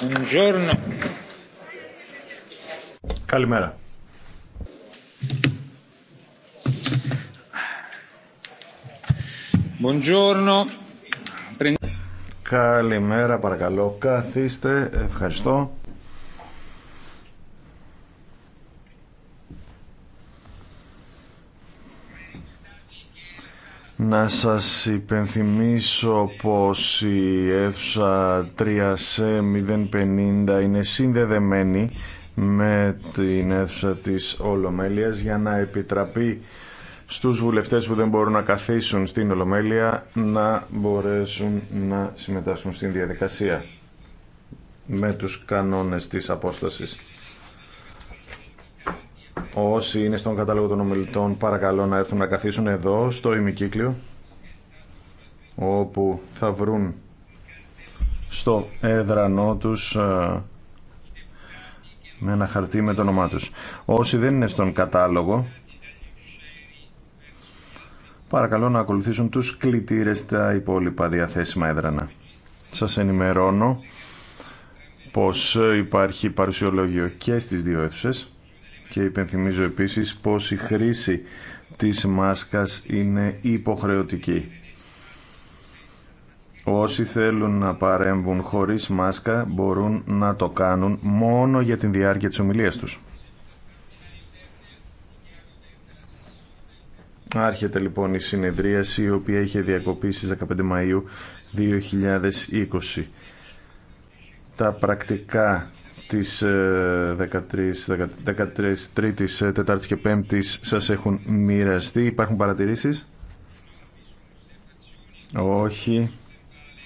Buongiorno. Καλημέρα. Buongiorno. Καλημέρα παρακαλώ. Καθίστε. Ευχαριστώ. Να σας υπενθυμίσω πως η αίθουσα 3C050 είναι συνδεδεμένη με την αίθουσα της Ολομέλειας για να επιτραπεί στους βουλευτές που δεν μπορούν να καθίσουν στην Ολομέλεια να μπορέσουν να συμμετάσχουν στην διαδικασία με τους κανόνες της απόστασης. Όσοι είναι στον κατάλογο των ομιλητών παρακαλώ να έρθουν να καθίσουν εδώ στο ημικύκλιο όπου θα βρουν στο έδρανό τους ε, με ένα χαρτί με το όνομά τους. Όσοι δεν είναι στον κατάλογο παρακαλώ να ακολουθήσουν τους κλητήρες τα υπόλοιπα διαθέσιμα έδρανα. Σας ενημερώνω πως υπάρχει παρουσιολόγιο και στις δύο αίθουσες και υπενθυμίζω επίσης πως η χρήση της μάσκας είναι υποχρεωτική. Όσοι θέλουν να παρέμβουν χωρίς μάσκα μπορούν να το κάνουν μόνο για την διάρκεια της ομιλίας τους. Άρχεται λοιπόν η συνεδρίαση η οποία είχε διακοπεί στις 15 Μαΐου 2020. Τα πρακτικά τι 13, 13 Τρίτης, ε, Τετάρτης και Πέμπτης σας έχουν μοιραστεί. Υπάρχουν παρατηρησει Όχι.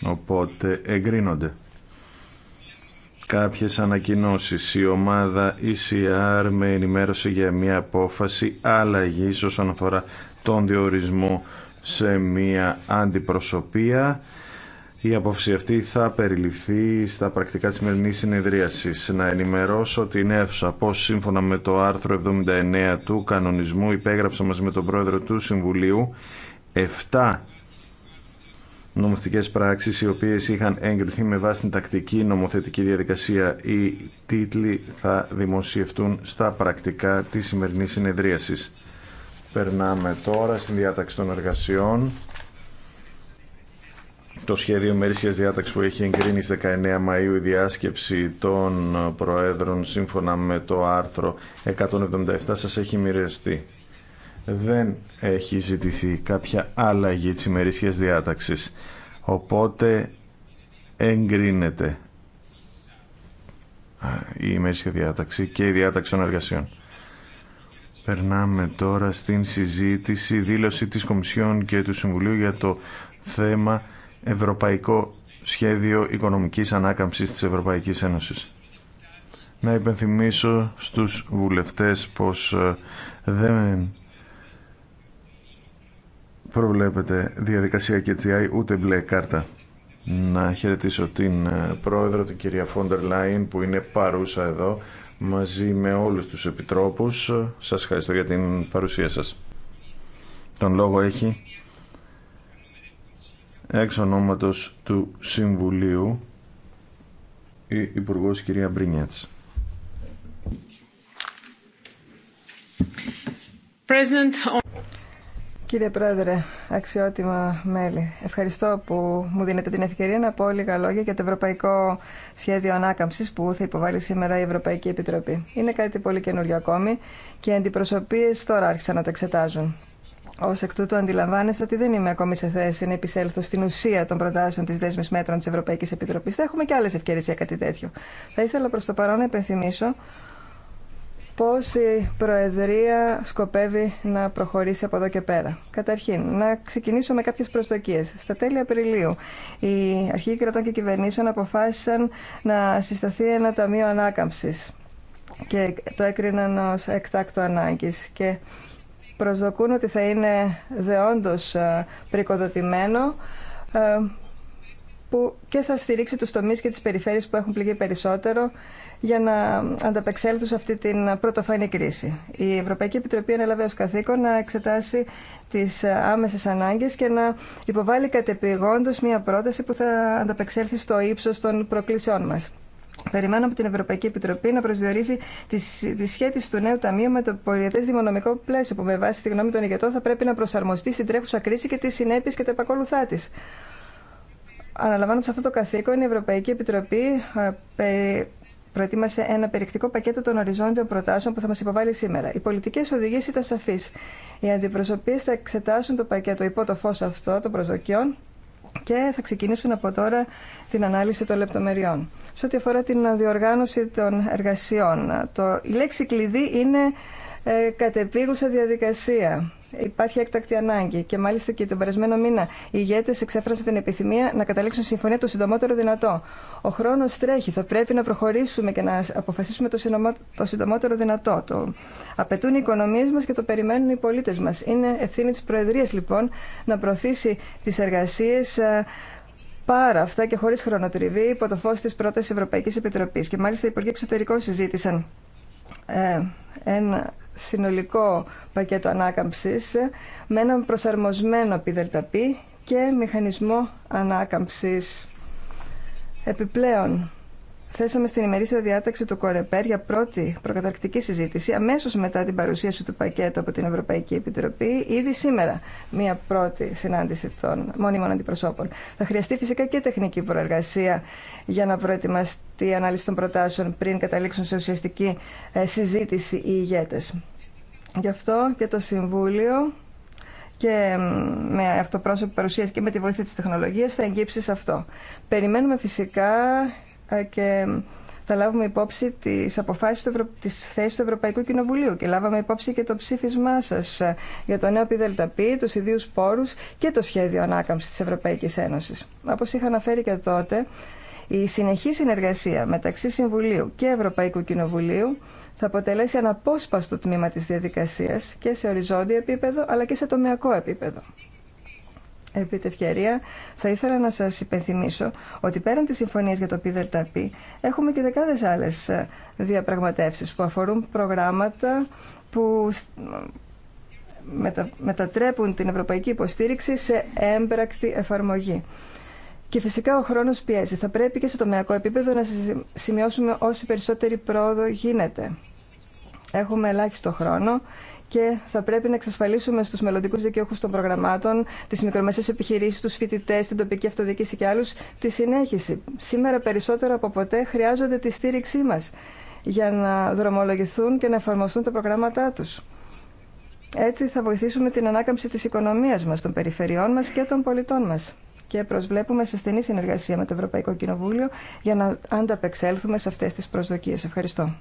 Οπότε εγκρίνονται. Κάποιες ανακοινωσει Η ομάδα ECR με ενημέρωσε για μια απόφαση αλλαγή όσον αφορά τον διορισμό σε μια αντιπροσωπεία. Η απόφαση αυτή θα περιληφθεί στα πρακτικά της σημερινή συνεδρίασης. Να ενημερώσω την αίθουσα πω σύμφωνα με το άρθρο 79 του κανονισμού υπέγραψα μας με τον πρόεδρο του Συμβουλίου 7 νομοθετικές πράξεις οι οποίες είχαν εγκριθεί με βάση την τακτική νομοθετική διαδικασία. Οι τίτλοι θα δημοσιευτούν στα πρακτικά της σημερινής συνεδρίασης. Περνάμε τώρα στην διάταξη των εργασιών το σχέδιο μερίσια διάταξη που έχει εγκρίνει στις 19 Μαΐου η διάσκεψη των Προέδρων σύμφωνα με το άρθρο 177 σας έχει μοιραστεί. Δεν έχει ζητηθεί κάποια άλλαγη της ημερήσιας διάταξης. Οπότε εγκρίνεται η ημερήσια διάταξη και η διάταξη των εργασιών. Περνάμε τώρα στην συζήτηση, δήλωση της Κομισιόν και του Συμβουλίου για το θέμα Ευρωπαϊκό Σχέδιο Οικονομικής Ανάκαμψης της Ευρωπαϊκής Ένωσης. Να υπενθυμίσω στους βουλευτές πως ε, δεν προβλέπεται διαδικασία και ούτε μπλε κάρτα. Να χαιρετήσω την ε, πρόεδρο, την κυρία Φόντερ Λάιν, που είναι παρούσα εδώ, μαζί με όλους τους επιτρόπους. Σας ευχαριστώ για την παρουσία σας. Τον λόγο έχει εξ ονόματος του Συμβουλίου η Υπουργός κυρία Μπρινιέτς. Κύριε Πρόεδρε, αξιότιμα μέλη, ευχαριστώ που μου δίνετε την ευκαιρία να πω λίγα λόγια για το Ευρωπαϊκό Σχέδιο Ανάκαμψης που θα υποβάλει σήμερα η Ευρωπαϊκή Επιτροπή. Είναι κάτι πολύ καινούριο ακόμη και οι αντιπροσωπείες τώρα άρχισαν να το εξετάζουν. Ω εκ τούτου, αντιλαμβάνεστε ότι δεν είμαι ακόμη σε θέση να επισέλθω στην ουσία των προτάσεων τη δέσμη μέτρων τη Ευρωπαϊκή Επιτροπή. Θα έχουμε και άλλε ευκαιρίε για κάτι τέτοιο. Θα ήθελα προ το παρόν να υπενθυμίσω πώ η Προεδρία σκοπεύει να προχωρήσει από εδώ και πέρα. Καταρχήν, να ξεκινήσω με κάποιε προσδοκίε. Στα τέλη Απριλίου, οι αρχηγοί κρατών και κυβερνήσεων αποφάσισαν να συσταθεί ένα ταμείο ανάκαμψη και το έκριναν ω εκτάκτο ανάγκη. Και προσδοκούν ότι θα είναι δεόντως ε, πρικοδοτημένο ε, που και θα στηρίξει τους τομείς και τις περιφέρειες που έχουν πληγεί περισσότερο για να ανταπεξέλθουν σε αυτή την πρωτοφανή κρίση. Η Ευρωπαϊκή Επιτροπή ανέλαβε ως καθήκον να εξετάσει τις ε, άμεσες ανάγκες και να υποβάλει κατεπηγόντως μια πρόταση που θα ανταπεξέλθει στο ύψος των προκλήσεών μας. Περιμένω από την Ευρωπαϊκή Επιτροπή να προσδιορίσει τη σχέση του νέου ταμείου με το πολιετέ δημονομικό πλαίσιο, που με βάση τη γνώμη των ηγετών θα πρέπει να προσαρμοστεί στην τρέχουσα κρίση και τι συνέπειε και τα επακολουθά τη. Αναλαμβάνοντα αυτό το καθήκον, η Ευρωπαϊκή Επιτροπή ε, προετοίμασε ένα περιεκτικό πακέτο των οριζόντιων προτάσεων που θα μα υποβάλει σήμερα. Οι πολιτικέ οδηγίε ήταν σαφεί. Οι αντιπροσωπείε θα εξετάσουν το πακέτο υπό το φω αυτό των προσδοκιών και θα ξεκινήσουν από τώρα την ανάλυση των λεπτομεριών. Σε ό,τι αφορά την διοργάνωση των εργασιών, το, η λέξη κλειδί είναι ε, κατεπίγουσα διαδικασία υπάρχει έκτακτη ανάγκη. Και μάλιστα και τον περασμένο μήνα οι ηγέτε εξέφρασαν την επιθυμία να καταλήξουν συμφωνία το συντομότερο δυνατό. Ο χρόνο τρέχει. Θα πρέπει να προχωρήσουμε και να αποφασίσουμε το συντομότερο δυνατό. Το απαιτούν οι οικονομίε μα και το περιμένουν οι πολίτε μα. Είναι ευθύνη τη Προεδρία λοιπόν να προωθήσει τι εργασίε ε, πάρα αυτά και χωρί χρονοτριβή υπό το φω τη πρώτη Ευρωπαϊκή Επιτροπή. Και μάλιστα οι Υπουργοί Εξωτερικών συζήτησαν. Ε, ένα, συνολικό πακέτο ανάκαμψης με έναν προσαρμοσμένο πιδελταπή και μηχανισμό ανάκαμψης. Επιπλέον, θέσαμε στην ημερήσια διάταξη του Κορεπέρ για πρώτη προκαταρκτική συζήτηση αμέσω μετά την παρουσίαση του πακέτου από την Ευρωπαϊκή Επιτροπή, ήδη σήμερα μία πρώτη συνάντηση των μόνιμων αντιπροσώπων. Θα χρειαστεί φυσικά και τεχνική προεργασία για να προετοιμαστεί η ανάλυση των προτάσεων πριν καταλήξουν σε ουσιαστική ε, συζήτηση οι ηγέτε. Γι' αυτό και το Συμβούλιο και με αυτοπρόσωπη παρουσίαση και με τη βοήθεια της τεχνολογίας θα εγγύψει σε αυτό. Περιμένουμε φυσικά ε, και θα λάβουμε υπόψη τις αποφάσεις του Ευρω... της του Ευρωπαϊκού Κοινοβουλίου και λάβαμε υπόψη και το ψήφισμά σας ε, για το νέο πιδελταπή, τους ιδίους πόρους και το σχέδιο ανάκαμψης της Ευρωπαϊκής Ένωσης. Όπως είχα αναφέρει και τότε, η συνεχή συνεργασία μεταξύ Συμβουλίου και Ευρωπαϊκού Κοινοβουλίου θα αποτελέσει αναπόσπαστο τμήμα της διαδικασίας και σε οριζόντιο επίπεδο αλλά και σε τομιακό επίπεδο. Επί τη ευκαιρία θα ήθελα να σα υπενθυμίσω ότι πέραν τη συμφωνία για το ΠΙΔΕΛΤΑΠΗ έχουμε και δεκάδε άλλε διαπραγματεύσει που αφορούν προγράμματα που μετατρέπουν την ευρωπαϊκή υποστήριξη σε έμπρακτη εφαρμογή. Και φυσικά ο χρόνο πιέζει. Θα πρέπει και στο τομεακό επίπεδο να σημειώσουμε όση περισσότερη πρόοδο γίνεται. Έχουμε ελάχιστο χρόνο και θα πρέπει να εξασφαλίσουμε στου μελλοντικού δικαιούχου των προγραμμάτων, τι μικρομεσαίε επιχειρήσει, του φοιτητέ, την τοπική αυτοδιοίκηση και άλλου, τη συνέχιση. Σήμερα περισσότερο από ποτέ χρειάζονται τη στήριξή μα για να δρομολογηθούν και να εφαρμοστούν τα προγράμματά του. Έτσι θα βοηθήσουμε την ανάκαμψη της οικονομίας μας, των περιφερειών μας και των πολιτών μας και προσβλέπουμε σε στενή συνεργασία με το Ευρωπαϊκό Κοινοβούλιο για να ανταπεξέλθουμε σε αυτές τις προσδοκίες. Ευχαριστώ.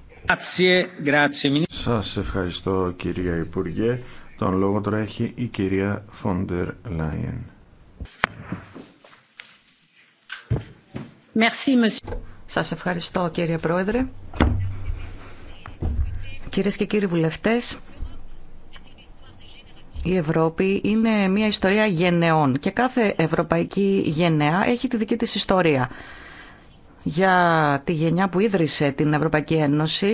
Σας ευχαριστώ κυρία Υπουργέ. Τον λόγο τώρα έχει η κυρία Φόντερ Λάιεν. Σας ευχαριστώ κύριε Πρόεδρε. Κυρίες και κύριοι βουλευτές, η Ευρώπη είναι μια ιστορία γενεών και κάθε ευρωπαϊκή γενεά έχει τη δική της ιστορία. Για τη γενιά που ίδρυσε την Ευρωπαϊκή Ένωση,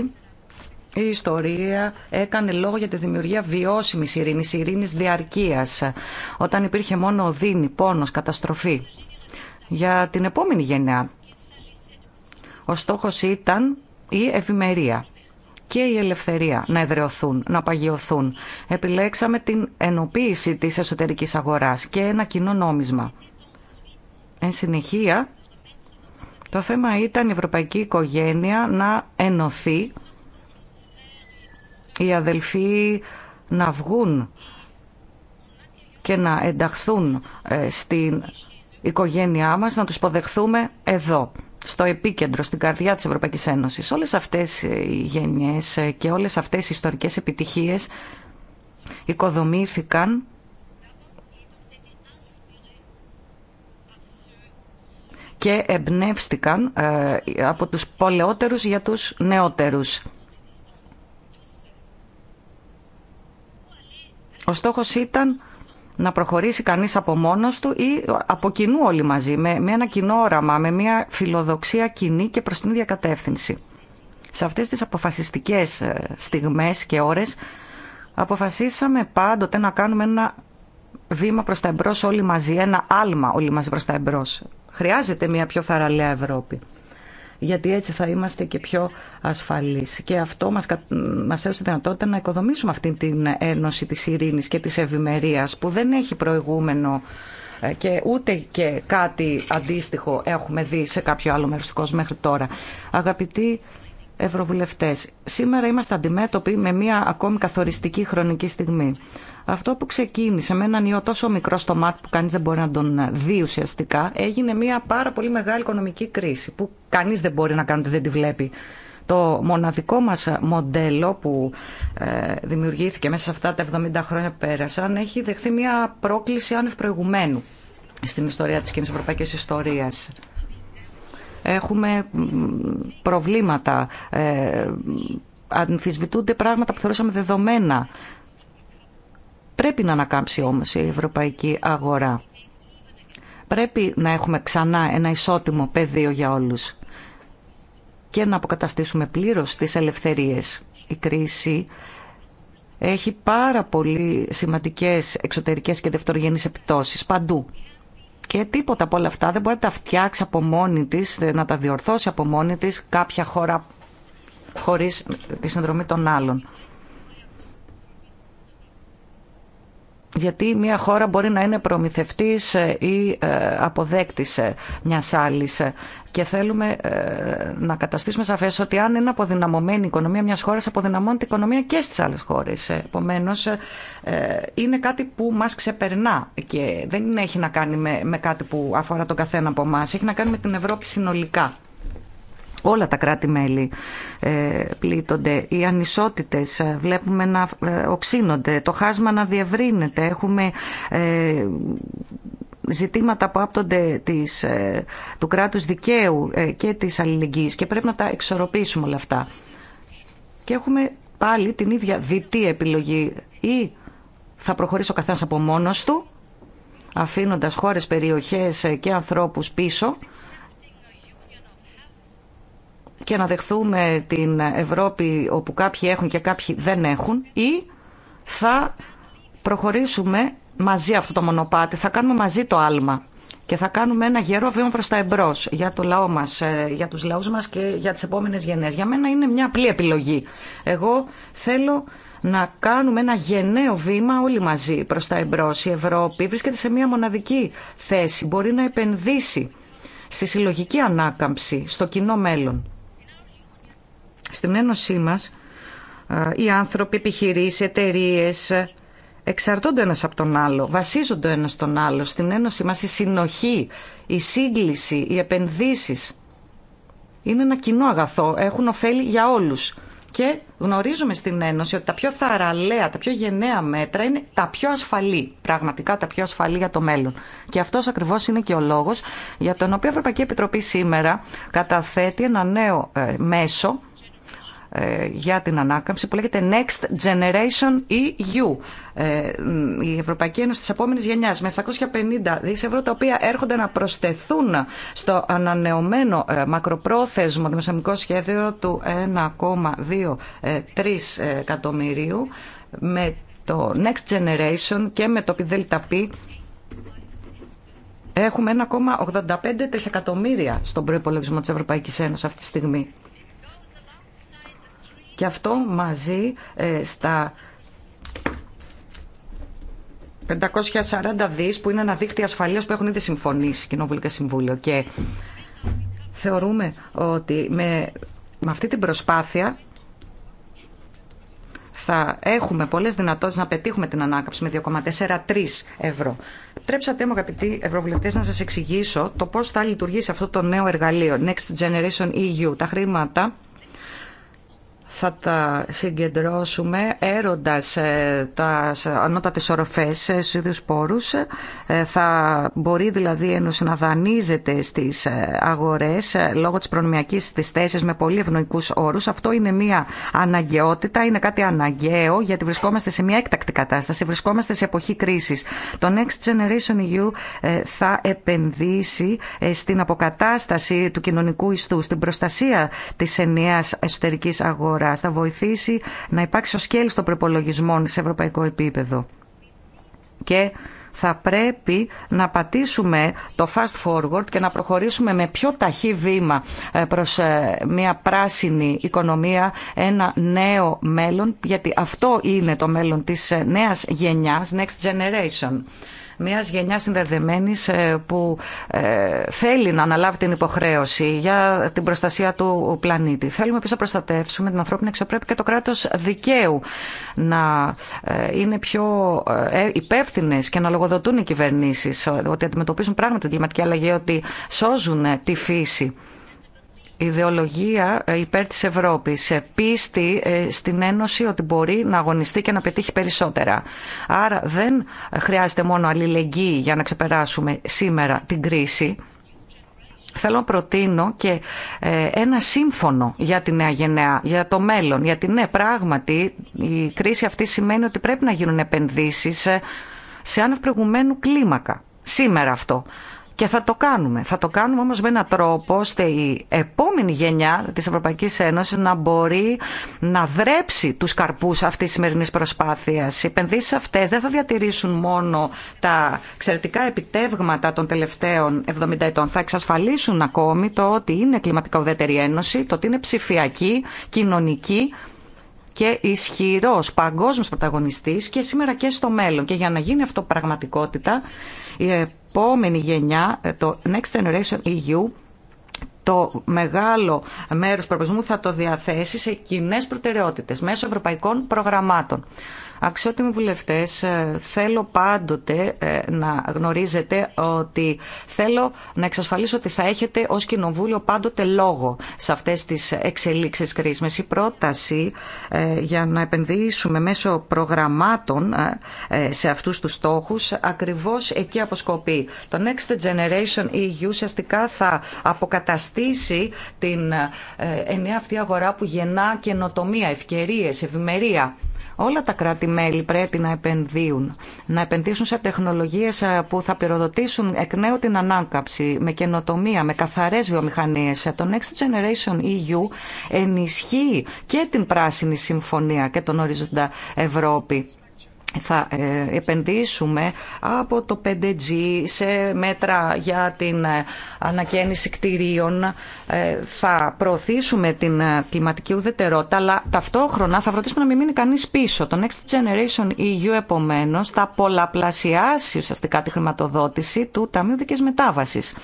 η ιστορία έκανε λόγο για τη δημιουργία βιώσιμης ειρήνης, ειρήνης διαρκείας, όταν υπήρχε μόνο οδύνη, πόνος, καταστροφή. Για την επόμενη γενιά, ο στόχος ήταν η ευημερία και η ελευθερία να εδρεωθούν, να παγιωθούν. Επιλέξαμε την ενοποίηση της εσωτερικής αγοράς και ένα κοινό νόμισμα. Εν συνεχεία, το θέμα ήταν η ευρωπαϊκή οικογένεια να ενωθεί, οι αδελφοί να βγουν και να ενταχθούν ε, στην οικογένειά μας, να τους υποδεχθούμε εδώ στο επίκεντρο, στην καρδιά της Ευρωπαϊκής Ένωσης. Όλες αυτές οι γενιές και όλες αυτές οι ιστορικές επιτυχίες οικοδομήθηκαν και εμπνεύστηκαν ε, από τους πολεότερους για τους νεότερους. Ο στόχος ήταν να προχωρήσει κανείς από μόνος του ή από κοινού όλοι μαζί, με, με ένα κοινό όραμα, με μια φιλοδοξία κοινή και προς την ίδια κατεύθυνση. Σε αυτές τις αποφασιστικές ε, στιγμές και ώρες αποφασίσαμε πάντοτε να κάνουμε ένα βήμα προς τα εμπρός όλοι μαζί, ένα άλμα όλοι μαζί προς τα εμπρός. Χρειάζεται μια πιο θαραλέα Ευρώπη γιατί έτσι θα είμαστε και πιο ασφαλείς. Και αυτό μας, μας έδωσε τη δυνατότητα να οικοδομήσουμε αυτή την ένωση της ειρήνης και της ευημερία που δεν έχει προηγούμενο ε, και ούτε και κάτι αντίστοιχο έχουμε δει σε κάποιο άλλο μέρος του κόσμου μέχρι τώρα. Αγαπητοί ευρωβουλευτές. Σήμερα είμαστε αντιμέτωποι με μια ακόμη καθοριστική χρονική στιγμή. Αυτό που ξεκίνησε με έναν ιό τόσο μικρό στο μάτι που κανείς δεν μπορεί να τον δει ουσιαστικά, έγινε μια πάρα πολύ μεγάλη οικονομική κρίση που κανείς δεν μπορεί να κάνει ότι δεν τη βλέπει. Το μοναδικό μας μοντέλο που ε, δημιουργήθηκε μέσα σε αυτά τα 70 χρόνια που πέρασαν έχει δεχθεί μια πρόκληση άνευ προηγουμένου στην ιστορία της κοινής ευρωπαϊκής ιστορίας έχουμε προβλήματα, ε, αντιμφισβητούνται πράγματα που θεωρούσαμε δεδομένα. Πρέπει να ανακάμψει όμως η ευρωπαϊκή αγορά. Πρέπει να έχουμε ξανά ένα ισότιμο πεδίο για όλους και να αποκαταστήσουμε πλήρως τις ελευθερίες. Η κρίση έχει πάρα πολύ σημαντικές εξωτερικές και δευτερογενείς επιπτώσεις παντού. Και τίποτα από όλα αυτά δεν μπορεί να τα φτιάξει από μόνη τη, να τα διορθώσει από μόνη τη κάποια χώρα χωρίς τη συνδρομή των άλλων. γιατί μια χώρα μπορεί να είναι προμηθευτής ε, ή ε, αποδέκτης ε, μιας άλλης και θέλουμε να καταστήσουμε σαφές ότι αν είναι αποδυναμωμένη η οικονομία μιας χώρας αποδυναμώνεται η οικονομία και στις άλλες χώρες. Επομένως είναι κάτι που μας ξεπερνά και δεν έχει να κάνει με, με κάτι που αφορά τον καθένα από εμά, έχει να κάνει με την Ευρώπη συνολικά. Όλα τα κράτη-μέλη ε, πλήττονται. Οι ανισότητες ε, βλέπουμε να ε, οξύνονται. Το χάσμα να διευρύνεται. Έχουμε ζητήματα που άπτονται της, του κράτους δικαίου και της αλληλεγγύης και πρέπει να τα εξορροπήσουμε όλα αυτά. Και έχουμε πάλι την ίδια διτή επιλογή ή θα προχωρήσει ο καθένας από μόνος του αφήνοντας χώρες, περιοχές και ανθρώπους πίσω και να δεχθούμε την Ευρώπη όπου κάποιοι έχουν και κάποιοι δεν έχουν ή θα προχωρήσουμε μαζί αυτό το μονοπάτι, θα κάνουμε μαζί το άλμα και θα κάνουμε ένα γερό βήμα προς τα εμπρός για το λαό μας, ε, για τους λαούς μας και για τις επόμενες γενναίες. Για μένα είναι μια απλή επιλογή. Εγώ θέλω να κάνουμε ένα γενναίο βήμα όλοι μαζί προς τα εμπρός. Η Ευρώπη βρίσκεται σε μια μοναδική θέση. Μπορεί να επενδύσει στη συλλογική ανάκαμψη, στο κοινό μέλλον. Στην Ένωσή μας οι άνθρωποι, επιχειρήσεις, εταιρείε εξαρτώνται ένας από τον άλλο, βασίζονται ένας στον άλλο. Στην Ένωση μας η συνοχή, η σύγκληση, οι επενδύσεις είναι ένα κοινό αγαθό, έχουν ωφέλη για όλους. Και γνωρίζουμε στην Ένωση ότι τα πιο θαραλέα, τα πιο γενναία μέτρα είναι τα πιο ασφαλή, πραγματικά τα πιο ασφαλή για το μέλλον. Και αυτός ακριβώς είναι και ο λόγος για τον οποίο η Ευρωπαϊκή Επιτροπή σήμερα καταθέτει ένα νέο ε, μέσο ε, για την ανάκαμψη που λέγεται Next Generation EU. Ε, η Ευρωπαϊκή Ένωση της επόμενης γενιάς με 750 δις ευρώ τα οποία έρχονται να προσθεθούν στο ανανεωμένο ε, μακροπρόθεσμο δημοσιονομικό σχέδιο του 1,23 εκατομμυρίου με το Next Generation και με το ΠΔΠ έχουμε 1,85 δισεκατομμύρια στον προϋπολογισμό της Ευρωπαϊκής Ένωσης αυτή τη στιγμή. Και αυτό μαζί ε, στα 540 δις που είναι ένα δίκτυο ασφαλείας που έχουν ήδη συμφωνήσει Κοινοβούλιο και Συμβούλιο. Και θεωρούμε ότι με, με αυτή την προσπάθεια θα έχουμε πολλές δυνατότητες να πετύχουμε την ανάκαψη με 2,43 ευρώ. Τρέψατε μου αγαπητοί ευρωβουλευτές να σας εξηγήσω το πώς θα λειτουργήσει αυτό το νέο εργαλείο Next Generation EU. Τα χρήματα θα τα συγκεντρώσουμε έροντας ε, τα ανώτατες οροφές ε, στους ίδιους πόρους. Ε, θα μπορεί δηλαδή η Ένωση να δανείζεται στις αγορές λόγω της προνομιακής της θέσης με πολύ ευνοϊκούς όρους. Αυτό είναι μια αναγκαιότητα, είναι κάτι αναγκαίο γιατί βρισκόμαστε σε μια έκτακτη κατάσταση, βρισκόμαστε σε εποχή κρίσης. Το Next Generation EU θα επενδύσει στην αποκατάσταση του κοινωνικού ιστού, στην προστασία της ενιαίας εσωτερικής αγοράς θα βοηθήσει να υπάρξει ο σκέλος των προπολογισμών σε ευρωπαϊκό επίπεδο. Και θα πρέπει να πατήσουμε το fast forward και να προχωρήσουμε με πιο ταχύ βήμα ε, προς ε, μια πράσινη οικονομία, ένα νέο μέλλον, γιατί αυτό είναι το μέλλον της ε, νέας γενιάς, next generation μιας γενιά συνδεδεμένης ε, που ε, θέλει να αναλάβει την υποχρέωση για την προστασία του πλανήτη. Θέλουμε επίση να προστατεύσουμε την ανθρώπινη αξιοπρέπεια και το κράτος δικαίου να ε, είναι πιο υπεύθυνε και να λογοδοτούν οι κυβερνήσεις ότι αντιμετωπίζουν πράγματι την κλιματική αλλαγή, ότι σώζουν τη φύση ιδεολογία ε, υπέρ της Ευρώπης, πίστη ε, στην Ένωση ότι μπορεί να αγωνιστεί και να πετύχει περισσότερα. Άρα δεν χρειάζεται μόνο αλληλεγγύη για να ξεπεράσουμε σήμερα την κρίση. Θέλω να προτείνω και ε, ένα σύμφωνο για τη νέα γενναία, για το μέλλον. Γιατί ναι, πράγματι η κρίση αυτή σημαίνει ότι πρέπει να γίνουν επενδύσεις σε άνευ προηγουμένου κλίμακα. Σήμερα αυτό. Και θα το κάνουμε. Θα το κάνουμε όμως με έναν τρόπο ώστε η επόμενη γενιά της Ευρωπαϊκής Ένωσης να μπορεί να δρέψει τους καρπούς αυτής της σημερινής προσπάθειας. Οι επενδύσεις αυτές δεν θα διατηρήσουν μόνο τα εξαιρετικά επιτεύγματα των τελευταίων 70 ετών. Θα εξασφαλίσουν ακόμη το ότι είναι κλιματικά ουδέτερη ένωση, το ότι είναι ψηφιακή, κοινωνική και ισχυρό παγκόσμιο πρωταγωνιστή και σήμερα και στο μέλλον. Και για να γίνει αυτό πραγματικότητα, επόμενη γενιά, ε, το Next Generation EU, το μεγάλο μέρος του θα το διαθέσει σε κοινέ προτεραιότητες μέσω ευρωπαϊκών προγραμμάτων. Αξιότιμοι βουλευτές, ε, θέλω πάντοτε ε, να γνωρίζετε ότι θέλω να εξασφαλίσω ότι θα έχετε ως Κοινοβούλιο πάντοτε λόγο σε αυτές τις εξελίξεις κρίσμες. Η πρόταση ε, για να επενδύσουμε μέσω προγραμμάτων σε αυτούς τους στόχους ακριβώς εκεί αποσκοπεί. Το Next Generation EU ουσιαστικά θα αποκαταστήσει την ενιαία αυτή αγορά που γεννά καινοτομία, ευκαιρίες, ευημερία. Όλα τα κράτη-μέλη πρέπει να επενδύουν, να επενδύσουν σε τεχνολογίες ε, που θα πυροδοτήσουν εκ νέου την ανάκαψη, με καινοτομία, με καθαρές βιομηχανίες. Το Next Generation EU ενισχύει και την Πράσινη Συμφωνία και τον Οριζοντα Ευρώπη θα ε, επενδύσουμε από το 5G σε μέτρα για την ε, ανακαίνιση κτηρίων, ε, θα προωθήσουμε την κλιματική ουδετερότητα, αλλά ταυτόχρονα θα φροντίσουμε να μην μείνει κανείς πίσω. Το Next Generation EU, επομένως, θα πολλαπλασιάσει ουσιαστικά τη χρηματοδότηση του Ταμείου Δικής Μετάβασης.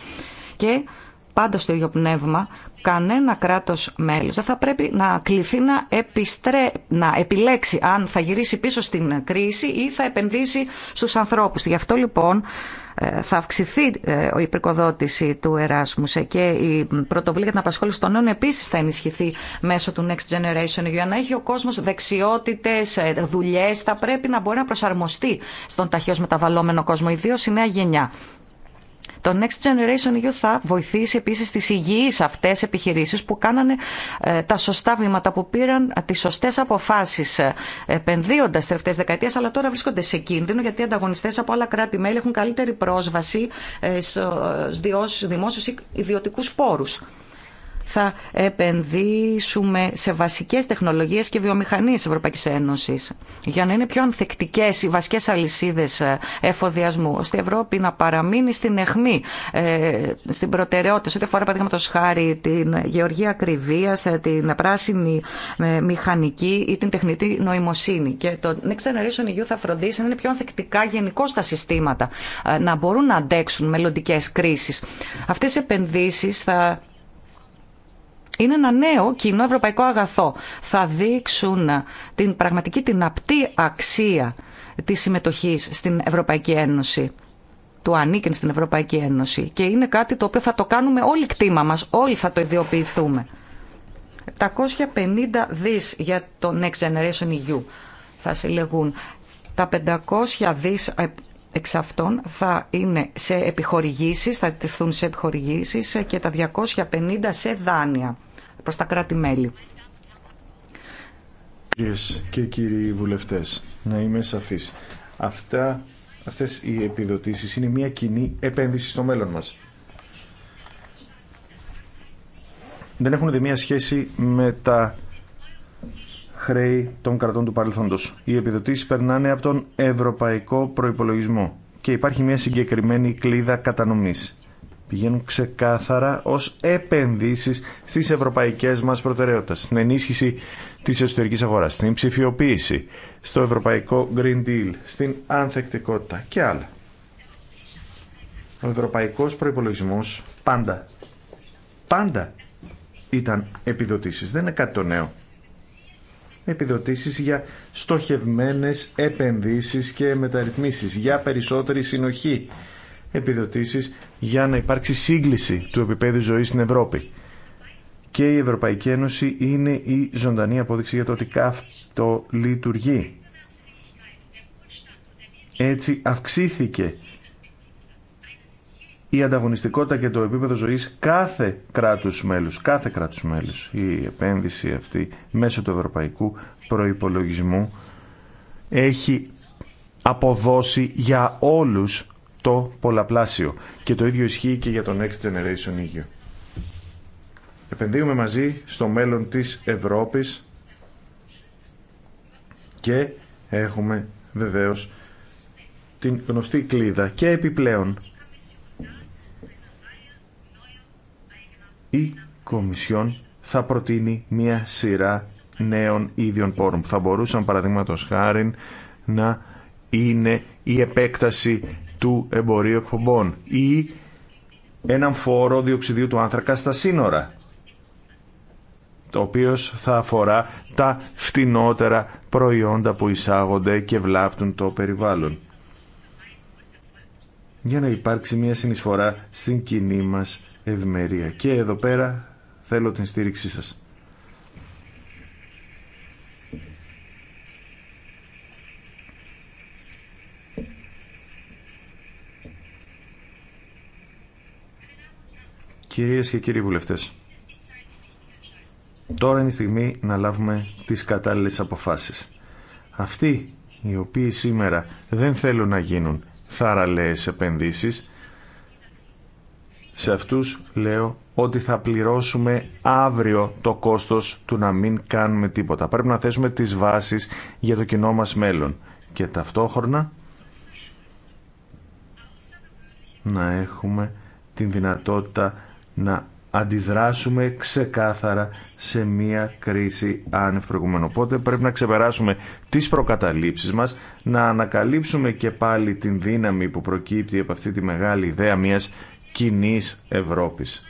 Και πάντα στο ίδιο πνεύμα, κανένα κράτος μέλος δεν θα πρέπει να κληθεί να, επιστρέ... να επιλέξει αν θα γυρίσει πίσω στην κρίση ή θα επενδύσει στους ανθρώπους. Γι' αυτό λοιπόν ε, θα αυξηθεί ε, η πρικοδότηση του Εράσμου και η πρωτοβουλία για την απασχόληση των νέων επίση θα ενισχυθεί μέσω του Next Generation. Για να έχει ο κόσμο δεξιότητε, ε, δουλειέ, θα πρέπει να μπορεί να προσαρμοστεί στον ταχύω μεταβαλλόμενο κόσμο, ιδίω η νέα γενιά. Το Next Generation EU θα βοηθήσει επίσης τις υγιείς αυτές επιχειρήσεις που κάνανε ε, τα σωστά βήματα, που πήραν ε, τις σωστές αποφάσεις ε, επενδύοντας τις τελευταίες δεκαετίες, αλλά τώρα βρίσκονται σε κίνδυνο γιατί οι ανταγωνιστές από άλλα κράτη-μέλη έχουν καλύτερη πρόσβαση στους δημόσιους ιδιωτικούς πόρους θα επενδύσουμε σε βασικές τεχνολογίες και βιομηχανίες της Ευρωπαϊκής Ένωσης για να είναι πιο ανθεκτικές οι βασικές αλυσίδες ε, εφοδιασμού ώστε η Ευρώπη να παραμείνει στην αιχμή, ε, στην προτεραιότητα σε ό,τι αφορά παραδείγματο χάρη την γεωργία ακριβία, ε, την πράσινη μηχανική ή την τεχνητή νοημοσύνη. Και το Next Generation EU θα φροντίσει να είναι πιο ανθεκτικά γενικώ τα συστήματα, να μπορούν να αντέξουν μελλοντικέ κρίσει. Αυτέ οι επενδύσει θα είναι ένα νέο κοινό ευρωπαϊκό αγαθό. Θα δείξουν την πραγματική, την απτή αξία της συμμετοχής στην Ευρωπαϊκή Ένωση του ανήκεν στην Ευρωπαϊκή Ένωση και είναι κάτι το οποίο θα το κάνουμε όλοι κτήμα μας, όλοι θα το ιδιοποιηθούμε. 750 δις για το Next Generation EU θα συλλεγούν. Τα 500 δις ε, εξ αυτών θα είναι σε επιχορηγήσεις, θα τεθούν σε επιχορηγήσεις και τα 250 σε δάνεια προς τα κράτη-μέλη. Κυρίες και κύριοι βουλευτές, να είμαι σαφής. Αυτά, αυτές οι επιδοτήσεις είναι μια κοινή επένδυση στο μέλλον μας. Δεν έχουν δε μια σχέση με τα χρέη των κρατών του παρελθόντος. Οι επιδοτήσει περνάνε από τον ευρωπαϊκό προϋπολογισμό και υπάρχει μια συγκεκριμένη κλίδα κατανομής. Πηγαίνουν ξεκάθαρα ως επενδύσεις στις ευρωπαϊκές μας προτεραιότητες, στην ενίσχυση της εσωτερική αγοράς, στην ψηφιοποίηση, στο ευρωπαϊκό Green Deal, στην ανθεκτικότητα και άλλα. Ο ευρωπαϊκό προπολογισμό πάντα, πάντα ήταν επιδοτήσεις. Δεν είναι κάτι το νέο επιδοτήσεις για στοχευμένες επενδύσεις και μεταρρυθμίσεις, για περισσότερη συνοχή επιδοτήσεις για να υπάρξει σύγκληση του επίπεδου ζωής στην Ευρώπη. Και η Ευρωπαϊκή Ένωση είναι η ζωντανή απόδειξη για το ότι αυτό λειτουργεί. Έτσι αυξήθηκε η ανταγωνιστικότητα και το επίπεδο ζωής κάθε κράτους μέλους. Κάθε κράτου μέλους. Η επένδυση αυτή μέσω του ευρωπαϊκού προϋπολογισμού έχει αποδώσει για όλους το πολλαπλάσιο. Και το ίδιο ισχύει και για το Next Generation EU. Επενδύουμε μαζί στο μέλλον της Ευρώπης και έχουμε βεβαίως την γνωστή κλίδα και επιπλέον η Κομισιόν θα προτείνει μία σειρά νέων ίδιων πόρων που θα μπορούσαν παραδείγματο χάρη να είναι η επέκταση του εμπορίου εκπομπών ή έναν φόρο διοξιδίου του άνθρακα στα σύνορα το οποίο θα αφορά τα φτηνότερα προϊόντα που εισάγονται και βλάπτουν το περιβάλλον για να υπάρξει μια συνεισφορά στην κοινή μας ευημερία. Και εδώ πέρα θέλω την στήριξή σας. Κυρίες και κύριοι βουλευτές, τώρα είναι η στιγμή να λάβουμε τις κατάλληλες αποφάσεις. Αυτοί οι οποίοι σήμερα δεν θέλουν να γίνουν θαραλέες επενδύσεις σε αυτούς λέω ότι θα πληρώσουμε αύριο το κόστος του να μην κάνουμε τίποτα. Πρέπει να θέσουμε τις βάσεις για το κοινό μας μέλλον. Και ταυτόχρονα να έχουμε την δυνατότητα να αντιδράσουμε ξεκάθαρα σε μια κρίση άνευ προηγουμένου. Οπότε πρέπει να ξεπεράσουμε τις προκαταλήψεις μας, να ανακαλύψουμε και πάλι την δύναμη που προκύπτει από αυτή τη μεγάλη ιδέα μιας κοινή Ευρώπης.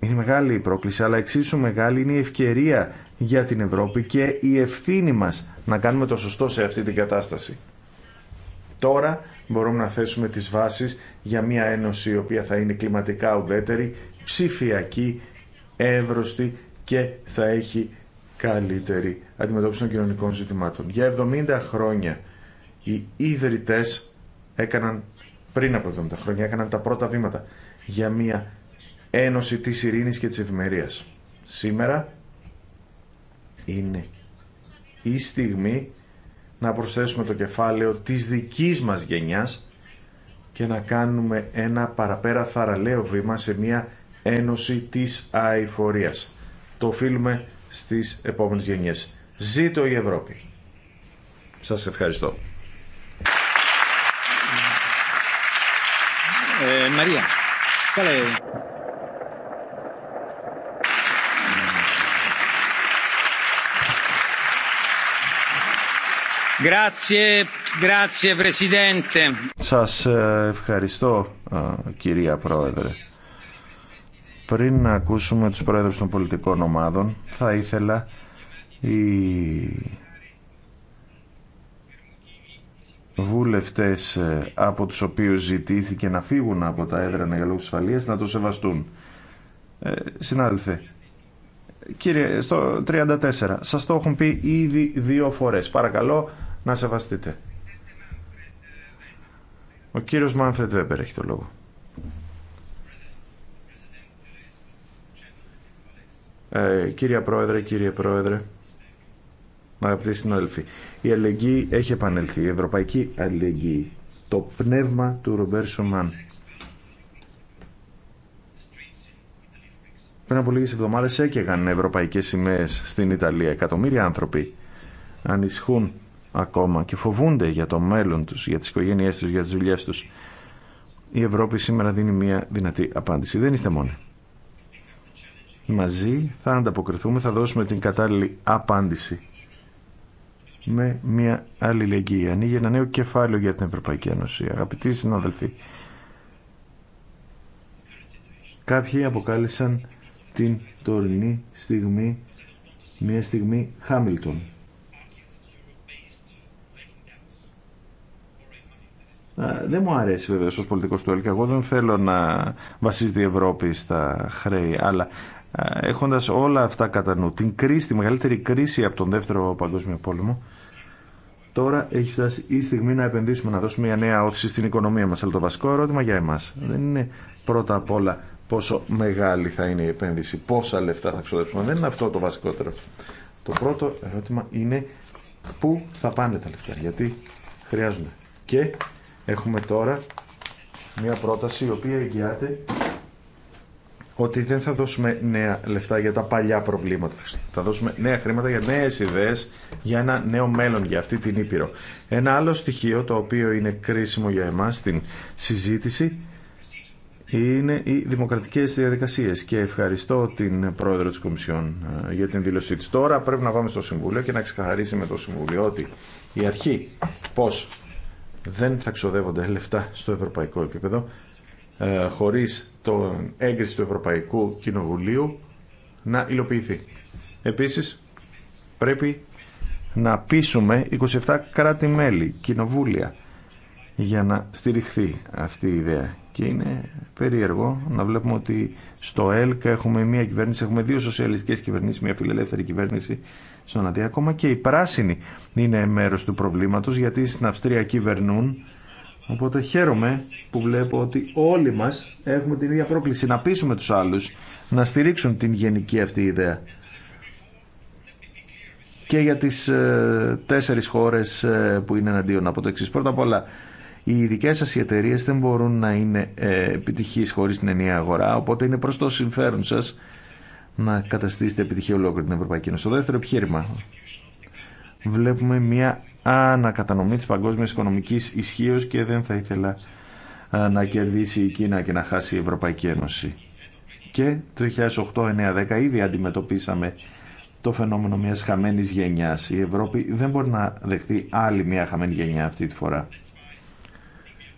Είναι μεγάλη η πρόκληση, αλλά εξίσου μεγάλη είναι η ευκαιρία για την Ευρώπη και η ευθύνη μας να κάνουμε το σωστό σε αυτή την κατάσταση. Τώρα μπορούμε να θέσουμε τις βάσεις για μια ένωση η οποία θα είναι κλιματικά ουδέτερη, ψηφιακή, εύρωστη και θα έχει καλύτερη αντιμετώπιση των κοινωνικών ζητημάτων. Για 70 χρόνια οι ίδρυτες έκαναν πριν από 70 χρόνια, έκαναν τα πρώτα βήματα για μια ένωση της ειρήνης και της ευημερίας. Σήμερα είναι η στιγμή να προσθέσουμε το κεφάλαιο της δικής μας γενιάς και να κάνουμε ένα παραπέρα θαραλέο βήμα σε μια ένωση της αηφορίας. Το οφείλουμε στις επόμενες γενιές. Ζήτω η Ευρώπη. Σας ευχαριστώ. Ε, Σας ε, ευχαριστώ ε, κυρία Πρόεδρε. Πριν να ακούσουμε τους πρόεδρους των πολιτικών ομάδων θα ήθελα η βουλευτές ε, από τους οποίους ζητήθηκε να φύγουν από τα έδρανα για λόγους ασφαλείας να το σεβαστούν. Ε, συνάδελφε, κύριε, στο 34, σας το έχουν πει ήδη δύο φορές. Παρακαλώ να σεβαστείτε. Ο κύριος Μάνφρετ Βέμπερ έχει το λόγο. Ε, κύριε Πρόεδρε, κύριε Πρόεδρε, Αγαπητοί συνάδελφοι, η αλληλεγγύη έχει επανέλθει, η ευρωπαϊκή αλληλεγγύη, το πνεύμα του Ρομπέρ Σουμάν. Πριν από λίγε εβδομάδε έκαιγαν ευρωπαϊκέ σημαίε στην Ιταλία. Εκατομμύρια άνθρωποι ανησυχούν ακόμα και φοβούνται για το μέλλον του, για τι οικογένειε του για τι δουλειέ του. Η Ευρώπη σήμερα δίνει μια δυνατή απάντηση. Δεν είστε μόνοι. Μαζί θα ανταποκριθούμε, θα δώσουμε την κατάλληλη απάντηση με μια αλληλεγγύη. Ανοίγει ένα νέο κεφάλαιο για την Ευρωπαϊκή Ένωση. Αγαπητοί συνάδελφοι, κάποιοι αποκάλυψαν την τωρινή στιγμή μια στιγμή Χάμιλτον. Δεν μου αρέσει βέβαια ως πολιτικός του Έλκα. Εγώ δεν θέλω να βασίζεται η Ευρώπη στα χρέη, αλλά έχοντας όλα αυτά κατά νου, την κρίση, τη μεγαλύτερη κρίση από τον Δεύτερο Παγκόσμιο Πόλεμο, τώρα έχει φτάσει η στιγμή να επενδύσουμε, να δώσουμε μια νέα όθηση στην οικονομία μας. Αλλά το βασικό ερώτημα για εμάς δεν είναι πρώτα απ' όλα πόσο μεγάλη θα είναι η επένδυση, πόσα λεφτά θα ξοδέψουμε. Δεν είναι αυτό το βασικότερο. Το πρώτο ερώτημα είναι πού θα πάνε τα λεφτά, γιατί χρειάζονται. Και έχουμε τώρα μια πρόταση η οποία εγγυάται ότι δεν θα δώσουμε νέα λεφτά για τα παλιά προβλήματα. Θα δώσουμε νέα χρήματα για νέες ιδέε για ένα νέο μέλλον για αυτή την Ήπειρο. Ένα άλλο στοιχείο το οποίο είναι κρίσιμο για εμάς στην συζήτηση είναι οι δημοκρατικέ διαδικασίες και ευχαριστώ την πρόεδρο της Κομισιόν ε, για την δήλωσή τη. Τώρα πρέπει να πάμε στο Συμβούλιο και να ξεκαθαρίσει με το Συμβούλιο ότι η αρχή πώ δεν θα ξοδεύονται λεφτά στο ευρωπαϊκό επίπεδο ε, χωρίς τον έγκριση του Ευρωπαϊκού Κοινοβουλίου να υλοποιηθεί. Επίσης, πρέπει να πείσουμε 27 κράτη-μέλη, κοινοβούλια, για να στηριχθεί αυτή η ιδέα. Και είναι περίεργο να βλέπουμε ότι στο ΕΛΚ έχουμε μία κυβέρνηση, έχουμε δύο σοσιαλιστικές κυβερνήσεις, μία φιλελεύθερη κυβέρνηση στον Αντιάκομα και οι πράσινοι είναι μέρος του προβλήματος, γιατί στην Αυστρία κυβερνούν Οπότε χαίρομαι που βλέπω ότι όλοι μας έχουμε την ίδια πρόκληση να πείσουμε τους άλλους να στηρίξουν την γενική αυτή ιδέα. Και για τις ε, τέσσερις χώρες ε, που είναι εναντίον από το εξή. Πρώτα απ' όλα, οι δικές σας οι δεν μπορούν να είναι ε, επιτυχείς χωρίς την ενιαία αγορά, οπότε είναι προς το συμφέρον σας να καταστήσετε επιτυχία ολόκληρη την Ευρωπαϊκή Ένωση. Το δεύτερο επιχείρημα, βλέπουμε μια ανακατανομή της παγκόσμιας οικονομικής ισχύω και δεν θα ήθελα να κερδίσει η Κίνα και να χάσει η Ευρωπαϊκή Ένωση. Και 2008-2010 ήδη αντιμετωπίσαμε το φαινόμενο μιας χαμένης γενιάς. Η Ευρώπη δεν μπορεί να δεχτεί άλλη μια χαμένη γενιά αυτή τη φορά.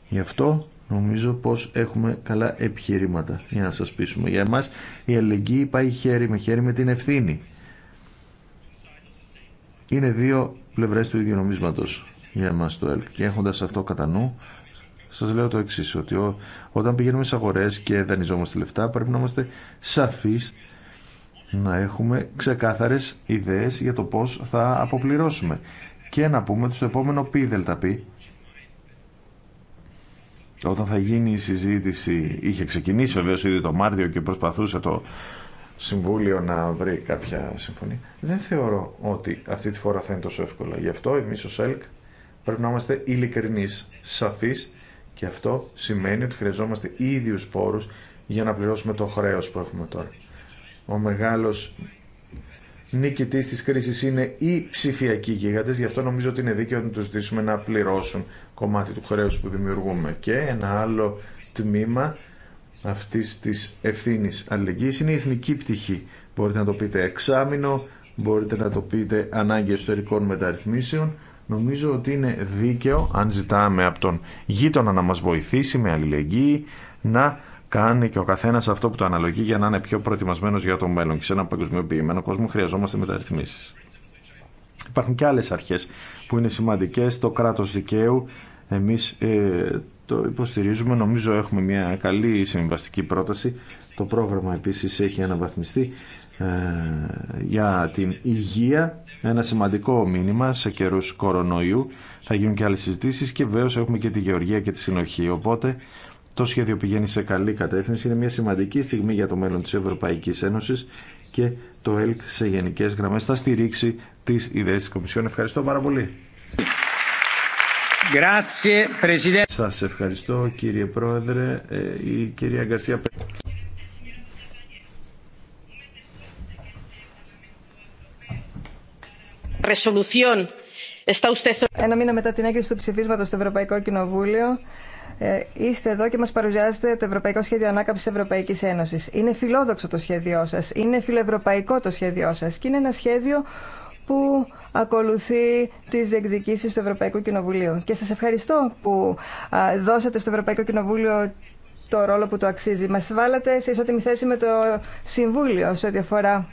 Γι' αυτό νομίζω πως έχουμε καλά επιχειρήματα για να σας πείσουμε. Για εμάς η αλληλεγγύη πάει χέρι με χέρι με την ευθύνη. Είναι δύο πλευρές του ίδιου νομίσματος για μας το ΕΛΚ. Και έχοντας αυτό κατά νου, σας λέω το εξής ότι όταν πηγαίνουμε σε αγορές και δανειζόμαστε λεφτά, πρέπει να είμαστε σαφείς να έχουμε ξεκάθαρες ιδέες για το πώς θα αποπληρώσουμε. Και να πούμε ότι στο επόμενο πι δελτα πι, όταν θα γίνει η συζήτηση, είχε ξεκινήσει βεβαίω ήδη το Μάρτιο και προσπαθούσε το Συμβούλιο να βρει κάποια συμφωνία. Δεν θεωρώ ότι αυτή τη φορά θα είναι τόσο εύκολα. Γι' αυτό εμείς ω ΕΛΚ πρέπει να είμαστε ειλικρινεί, σαφείς και αυτό σημαίνει ότι χρειαζόμαστε ίδιους πόρου για να πληρώσουμε το χρέος που έχουμε τώρα. Ο μεγάλος νικητής τη κρίση είναι οι ψηφιακοί γίγαντες, γι' αυτό νομίζω ότι είναι δίκαιο να του ζητήσουμε να πληρώσουν κομμάτι του χρέου που δημιουργούμε. Και ένα άλλο τμήμα αυτή τη ευθύνη αλληλεγγύη. είναι η εθνική πτυχή. Μπορείτε να το πείτε εξάμεινο, μπορείτε να το πείτε ανάγκη εσωτερικών μεταρρυθμίσεων. Νομίζω ότι είναι δίκαιο αν ζητάμε από τον γείτονα να μας βοηθήσει με αλληλεγγύη να κάνει και ο καθένα αυτό που το αναλογεί για να είναι πιο προετοιμασμένο για το μέλλον. Και σε ένα παγκοσμιοποιημένο κόσμο χρειαζόμαστε μεταρρυθμίσει. Υπάρχουν και άλλε αρχέ που είναι σημαντικέ. Το κράτο δικαίου. Εμεί ε, το υποστηρίζουμε. Νομίζω έχουμε μια καλή συμβαστική πρόταση. Το πρόγραμμα επίσης έχει αναβαθμιστεί ε, για την υγεία. Ένα σημαντικό μήνυμα σε καιρούς κορονοϊού. Θα γίνουν και άλλες συζητήσεις και βέβαια έχουμε και τη γεωργία και τη συνοχή. Οπότε το σχέδιο πηγαίνει σε καλή κατεύθυνση. Είναι μια σημαντική στιγμή για το μέλλον της Ευρωπαϊκής Ένωσης και το ΕΛΚ σε γενικές γραμμές θα στηρίξει τις ιδέες της Κομισιόν. Ευχαριστώ πάρα πολύ. Σας ευχαριστώ κύριε Πρόεδρε. Ε, η κυρία Γκαρσία Ένα μήνα μετά την έγκριση του ψηφίσματος στο Ευρωπαϊκό Κοινοβούλιο, ε, είστε εδώ και μας παρουσιάζετε το Ευρωπαϊκό Σχέδιο Ανάκαμψης Ευρωπαϊκής Ένωσης. Είναι φιλόδοξο το σχέδιό σας, είναι φιλοευρωπαϊκό το σχέδιό σας και είναι ένα σχέδιο που ακολουθεί τις διεκδικήσεις του Ευρωπαϊκού Κοινοβουλίου. Και σας ευχαριστώ που δώσατε στο Ευρωπαϊκό Κοινοβούλιο το ρόλο που το αξίζει. Μας βάλατε σε ισότιμη θέση με το Συμβούλιο σε ό,τι αφορά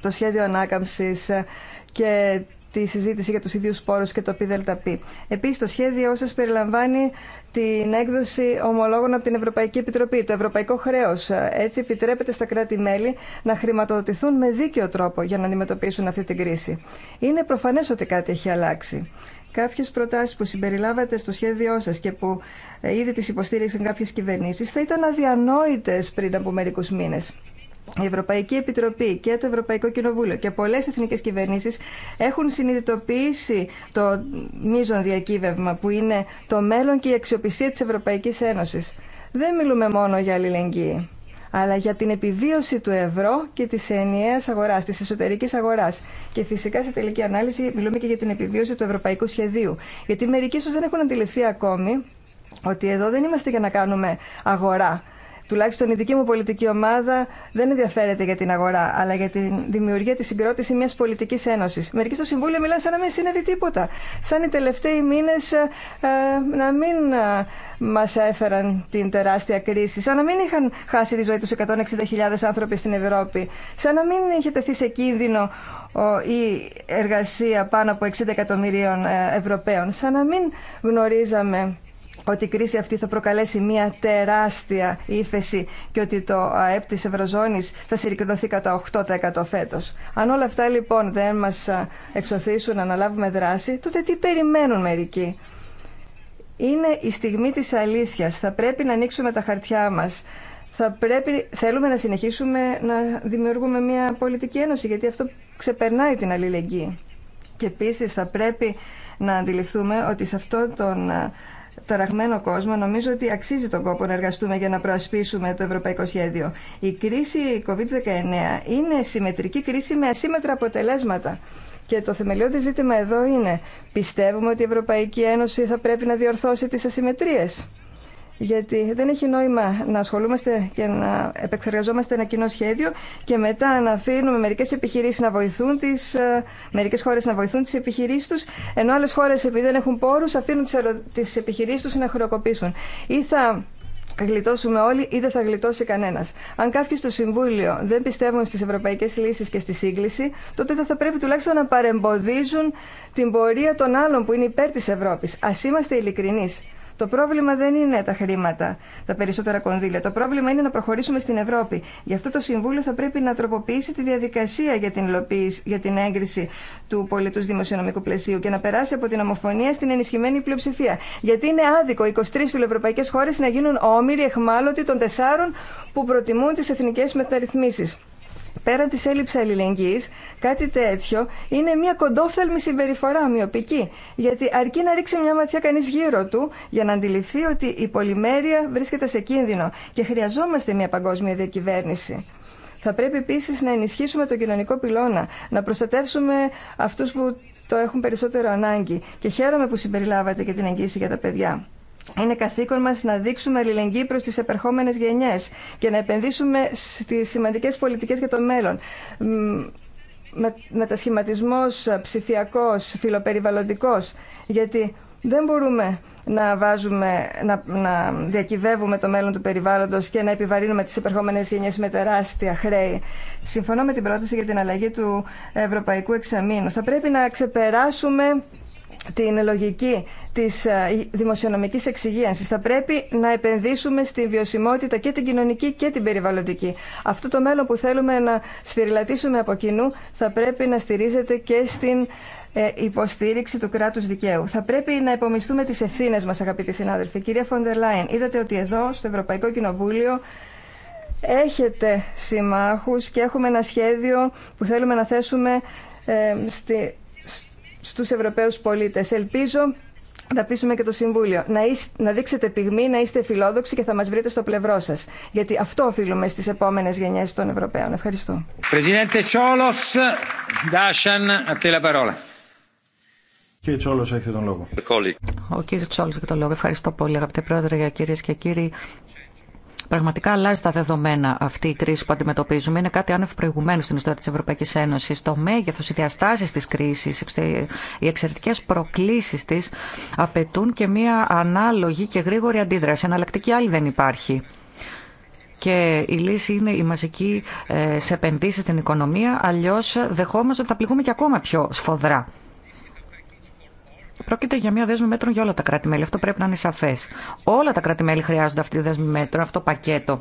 το σχέδιο ανάκαμψης ε, και τη συζήτηση για τους ίδιους πόρους και το ΠΔΠ. Επίσης, το σχέδιο σας περιλαμβάνει την έκδοση ομολόγων από την Ευρωπαϊκή Επιτροπή, το Ευρωπαϊκό Χρέος. Ε, έτσι επιτρέπεται στα κράτη-μέλη να χρηματοδοτηθούν με δίκαιο τρόπο για να αντιμετωπίσουν αυτή την κρίση. Είναι προφανές ότι κάτι έχει αλλάξει. Κάποιε προτάσει που συμπεριλάβατε στο σχέδιό σα και που ε, ήδη τι υποστήριξαν κάποιε κυβερνήσει θα ήταν αδιανόητε πριν από μερικού μήνε η Ευρωπαϊκή Επιτροπή και το Ευρωπαϊκό Κοινοβούλιο και πολλές εθνικές κυβερνήσεις έχουν συνειδητοποιήσει το μείζον διακύβευμα που είναι το μέλλον και η αξιοπιστία της Ευρωπαϊκής Ένωσης. Δεν μιλούμε μόνο για αλληλεγγύη αλλά για την επιβίωση του ευρώ και της ενιαίας αγοράς, της εσωτερικής αγοράς. Και φυσικά σε τελική ανάλυση μιλούμε και για την επιβίωση του ευρωπαϊκού σχεδίου. Γιατί μερικοί ίσως δεν έχουν αντιληφθεί ακόμη ότι εδώ δεν είμαστε για να κάνουμε αγορά τουλάχιστον η δική μου πολιτική ομάδα δεν ενδιαφέρεται για την αγορά, αλλά για τη δημιουργία τη συγκρότηση μια πολιτική ένωση. Μερικοί στο Συμβούλιο μιλάνε σαν να μην συνέβη τίποτα. Σαν οι τελευταίοι μήνε ε, ε, να μην ε, μα έφεραν την τεράστια κρίση, σαν να μην είχαν χάσει τη ζωή του 160.000 άνθρωποι στην Ευρώπη, σαν να μην είχε τεθεί σε κίνδυνο η εργασία πάνω από 60 εκατομμυρίων ε, Ευρωπαίων, σαν να μην γνωρίζαμε ότι η κρίση αυτή θα προκαλέσει μια τεράστια ύφεση και ότι το ΑΕΠ της Ευρωζώνης θα συρρικνωθεί κατά 8% φέτος. Αν όλα αυτά λοιπόν δεν μας εξωθήσουν να αναλάβουμε δράση, τότε τι περιμένουν μερικοί. Είναι η στιγμή της αλήθειας. Θα πρέπει να ανοίξουμε τα χαρτιά μας. Θα πρέπει, θέλουμε να συνεχίσουμε να δημιουργούμε μια πολιτική ένωση, γιατί αυτό ξεπερνάει την αλληλεγγύη. Και επίσης θα πρέπει να αντιληφθούμε ότι σε αυτόν τον ταραγμένο κόσμο, νομίζω ότι αξίζει τον κόπο να εργαστούμε για να προασπίσουμε το ευρωπαϊκό σχέδιο. Η κρίση COVID-19 είναι συμμετρική κρίση με ασύμετρα αποτελέσματα. Και το θεμελιώδη ζήτημα εδώ είναι, πιστεύουμε ότι η Ευρωπαϊκή Ένωση θα πρέπει να διορθώσει τις ασυμμετρίες. Γιατί δεν έχει νόημα να ασχολούμαστε και να επεξεργαζόμαστε ένα κοινό σχέδιο και μετά να αφήνουμε μερικέ επιχειρήσει να βοηθούν τι, ε, μερικέ χώρε να βοηθούν τι επιχειρήσει του, ενώ άλλε χώρε επειδή δεν έχουν πόρου αφήνουν τι επιχειρήσει του να χρεοκοπήσουν. Ή θα γλιτώσουμε όλοι ή δεν θα γλιτώσει κανένα. Αν κάποιοι στο Συμβούλιο δεν πιστεύουν στι ευρωπαϊκέ λύσει και στη σύγκληση, τότε δεν θα πρέπει τουλάχιστον να παρεμποδίζουν την πορεία των άλλων που είναι υπέρ τη Ευρώπη. Α είμαστε ειλικρινεί. Το πρόβλημα δεν είναι τα χρήματα, τα περισσότερα κονδύλια. Το πρόβλημα είναι να προχωρήσουμε στην Ευρώπη. Γι' αυτό το Συμβούλιο θα πρέπει να τροποποιήσει τη διαδικασία για την, για την έγκριση του πολιτού δημοσιονομικού πλαισίου και να περάσει από την ομοφωνία στην ενισχυμένη πλειοψηφία. Γιατί είναι άδικο 23 φιλοευρωπαϊκέ χώρε να γίνουν όμοιροι εχμάλωτοι των τεσσάρων που προτιμούν τι εθνικέ μεταρρυθμίσει πέραν της έλλειψη αλληλεγγύης, κάτι τέτοιο είναι μια κοντόφθαλμη συμπεριφορά ομοιοπική. Γιατί αρκεί να ρίξει μια ματιά κανείς γύρω του για να αντιληφθεί ότι η πολυμέρεια βρίσκεται σε κίνδυνο και χρειαζόμαστε μια παγκόσμια διακυβέρνηση. Θα πρέπει επίση να ενισχύσουμε τον κοινωνικό πυλώνα, να προστατεύσουμε αυτού που το έχουν περισσότερο ανάγκη. Και χαίρομαι που συμπεριλάβατε και την εγγύηση για τα παιδιά. Είναι καθήκον μας να δείξουμε αλληλεγγύη προς τις επερχόμενες γενιές και να επενδύσουμε στις σημαντικές πολιτικές για το μέλλον. Με, μετασχηματισμός ψηφιακός, φιλοπεριβαλλοντικός, γιατί δεν μπορούμε να, βάζουμε, να, να διακυβεύουμε το μέλλον του περιβάλλοντος και να επιβαρύνουμε τις επερχόμενες γενιές με τεράστια χρέη. Συμφωνώ με την πρόταση για την αλλαγή του Ευρωπαϊκού Εξαμήνου. Θα πρέπει να ξεπεράσουμε την λογική της ε, δημοσιονομικής εξυγίανσης. Θα πρέπει να επενδύσουμε στη βιωσιμότητα και την κοινωνική και την περιβαλλοντική. Αυτό το μέλλον που θέλουμε να σφυριλατήσουμε από κοινού θα πρέπει να στηρίζεται και στην ε, υποστήριξη του κράτου δικαίου. Θα πρέπει να υπομισθούμε τι ευθύνε μα, αγαπητοί συνάδελφοι. Κυρία Φοντερ Λάιν, είδατε ότι εδώ, στο Ευρωπαϊκό Κοινοβούλιο, έχετε συμμάχου και έχουμε ένα σχέδιο που θέλουμε να θέσουμε ε, στη, στους Ευρωπαίους πολίτες. Ελπίζω να πείσουμε και το Συμβούλιο. Να, είσ, να δείξετε πυγμή, να είστε φιλόδοξοι και θα μας βρείτε στο πλευρό σας. Γιατί αυτό οφείλουμε στις επόμενες γενιές των Ευρωπαίων. Ευχαριστώ. Κύριε Τσόλο, έχετε τον λόγο. Ο κύριο Τσόλο έχει τον λόγο. Ευχαριστώ πολύ, αγαπητέ πρόεδρε, κυρίε και κύριοι. Πραγματικά αλλάζει τα δεδομένα αυτή η κρίση που αντιμετωπίζουμε. Είναι κάτι άνευ προηγουμένου στην ιστορία τη Ευρωπαϊκή Ένωση. Το μέγεθο, οι διαστάσει τη κρίση, οι εξαιρετικέ προκλήσει τη απαιτούν και μία ανάλογη και γρήγορη αντίδραση. Εναλλακτική άλλη δεν υπάρχει και η λύση είναι η μαζική ε, σε επενδύσει στην οικονομία, αλλιώ δεχόμαστε ότι θα πληγούμε και ακόμα πιο σφοδρά. Πρόκειται για μια δέσμη μέτρων για όλα τα κράτη-μέλη. Αυτό πρέπει να είναι σαφέ. Όλα τα κράτη-μέλη χρειάζονται αυτή τη δέσμη μέτρων, αυτό το πακέτο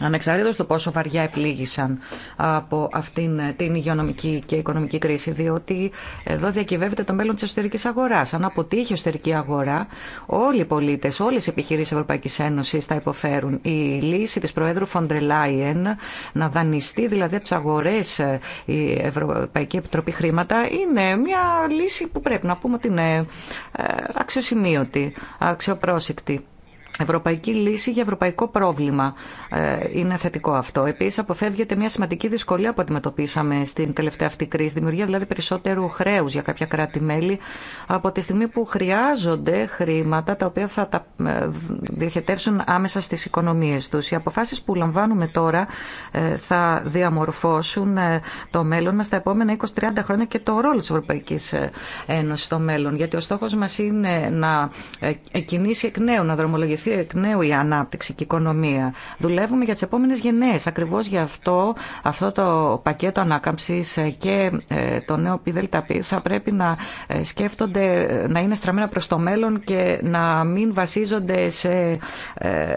ανεξαρτήτως το πόσο βαριά επλήγησαν από αυτήν την υγειονομική και οικονομική κρίση, διότι εδώ διακυβεύεται το μέλλον της εσωτερικής αγοράς. Αν αποτύχει η εσωτερική αγορά, όλοι οι πολίτες, όλες οι επιχειρήσεις Ευρωπαϊκής Ένωσης θα υποφέρουν. Η λύση της Προέδρου Φοντρελάιεν να δανειστεί δηλαδή από τις αγορές ε, η Ευρωπαϊκή Επιτροπή Χρήματα είναι μια λύση που πρέπει να πούμε ότι είναι ε, αξιοσημείωτη, αξιοπρόσεκτη. Ευρωπαϊκή λύση για ευρωπαϊκό πρόβλημα. Ε, είναι θετικό αυτό. Επίση, αποφεύγεται μια σημαντική δυσκολία που αντιμετωπίσαμε στην τελευταία αυτή κρίση. Δημιουργία δηλαδή περισσότερου χρέου για κάποια κράτη-μέλη από τη στιγμή που χρειάζονται χρήματα τα οποία θα τα ε, διοχετεύσουν άμεσα στι οικονομίε του. Οι αποφάσει που λαμβάνουμε τώρα ε, θα διαμορφώσουν το μέλλον μα τα επόμενα 20-30 χρόνια και το ρόλο τη Ευρωπαϊκή Ένωση στο μέλλον. Γιατί ο στόχο μα είναι να κινήσει εκ νέου, να δρομολογηθεί εκ νέου η ανάπτυξη και η οικονομία. Δουλεύουμε για τι επόμενε γενναίε. Ακριβώ γι' αυτό αυτό το πακέτο ανάκαμψη ε, και ε, το νέο ΠΔΕΛΤΑΠΗ θα πρέπει να ε, σκέφτονται να είναι στραμμένα προ το μέλλον και να μην βασίζονται σε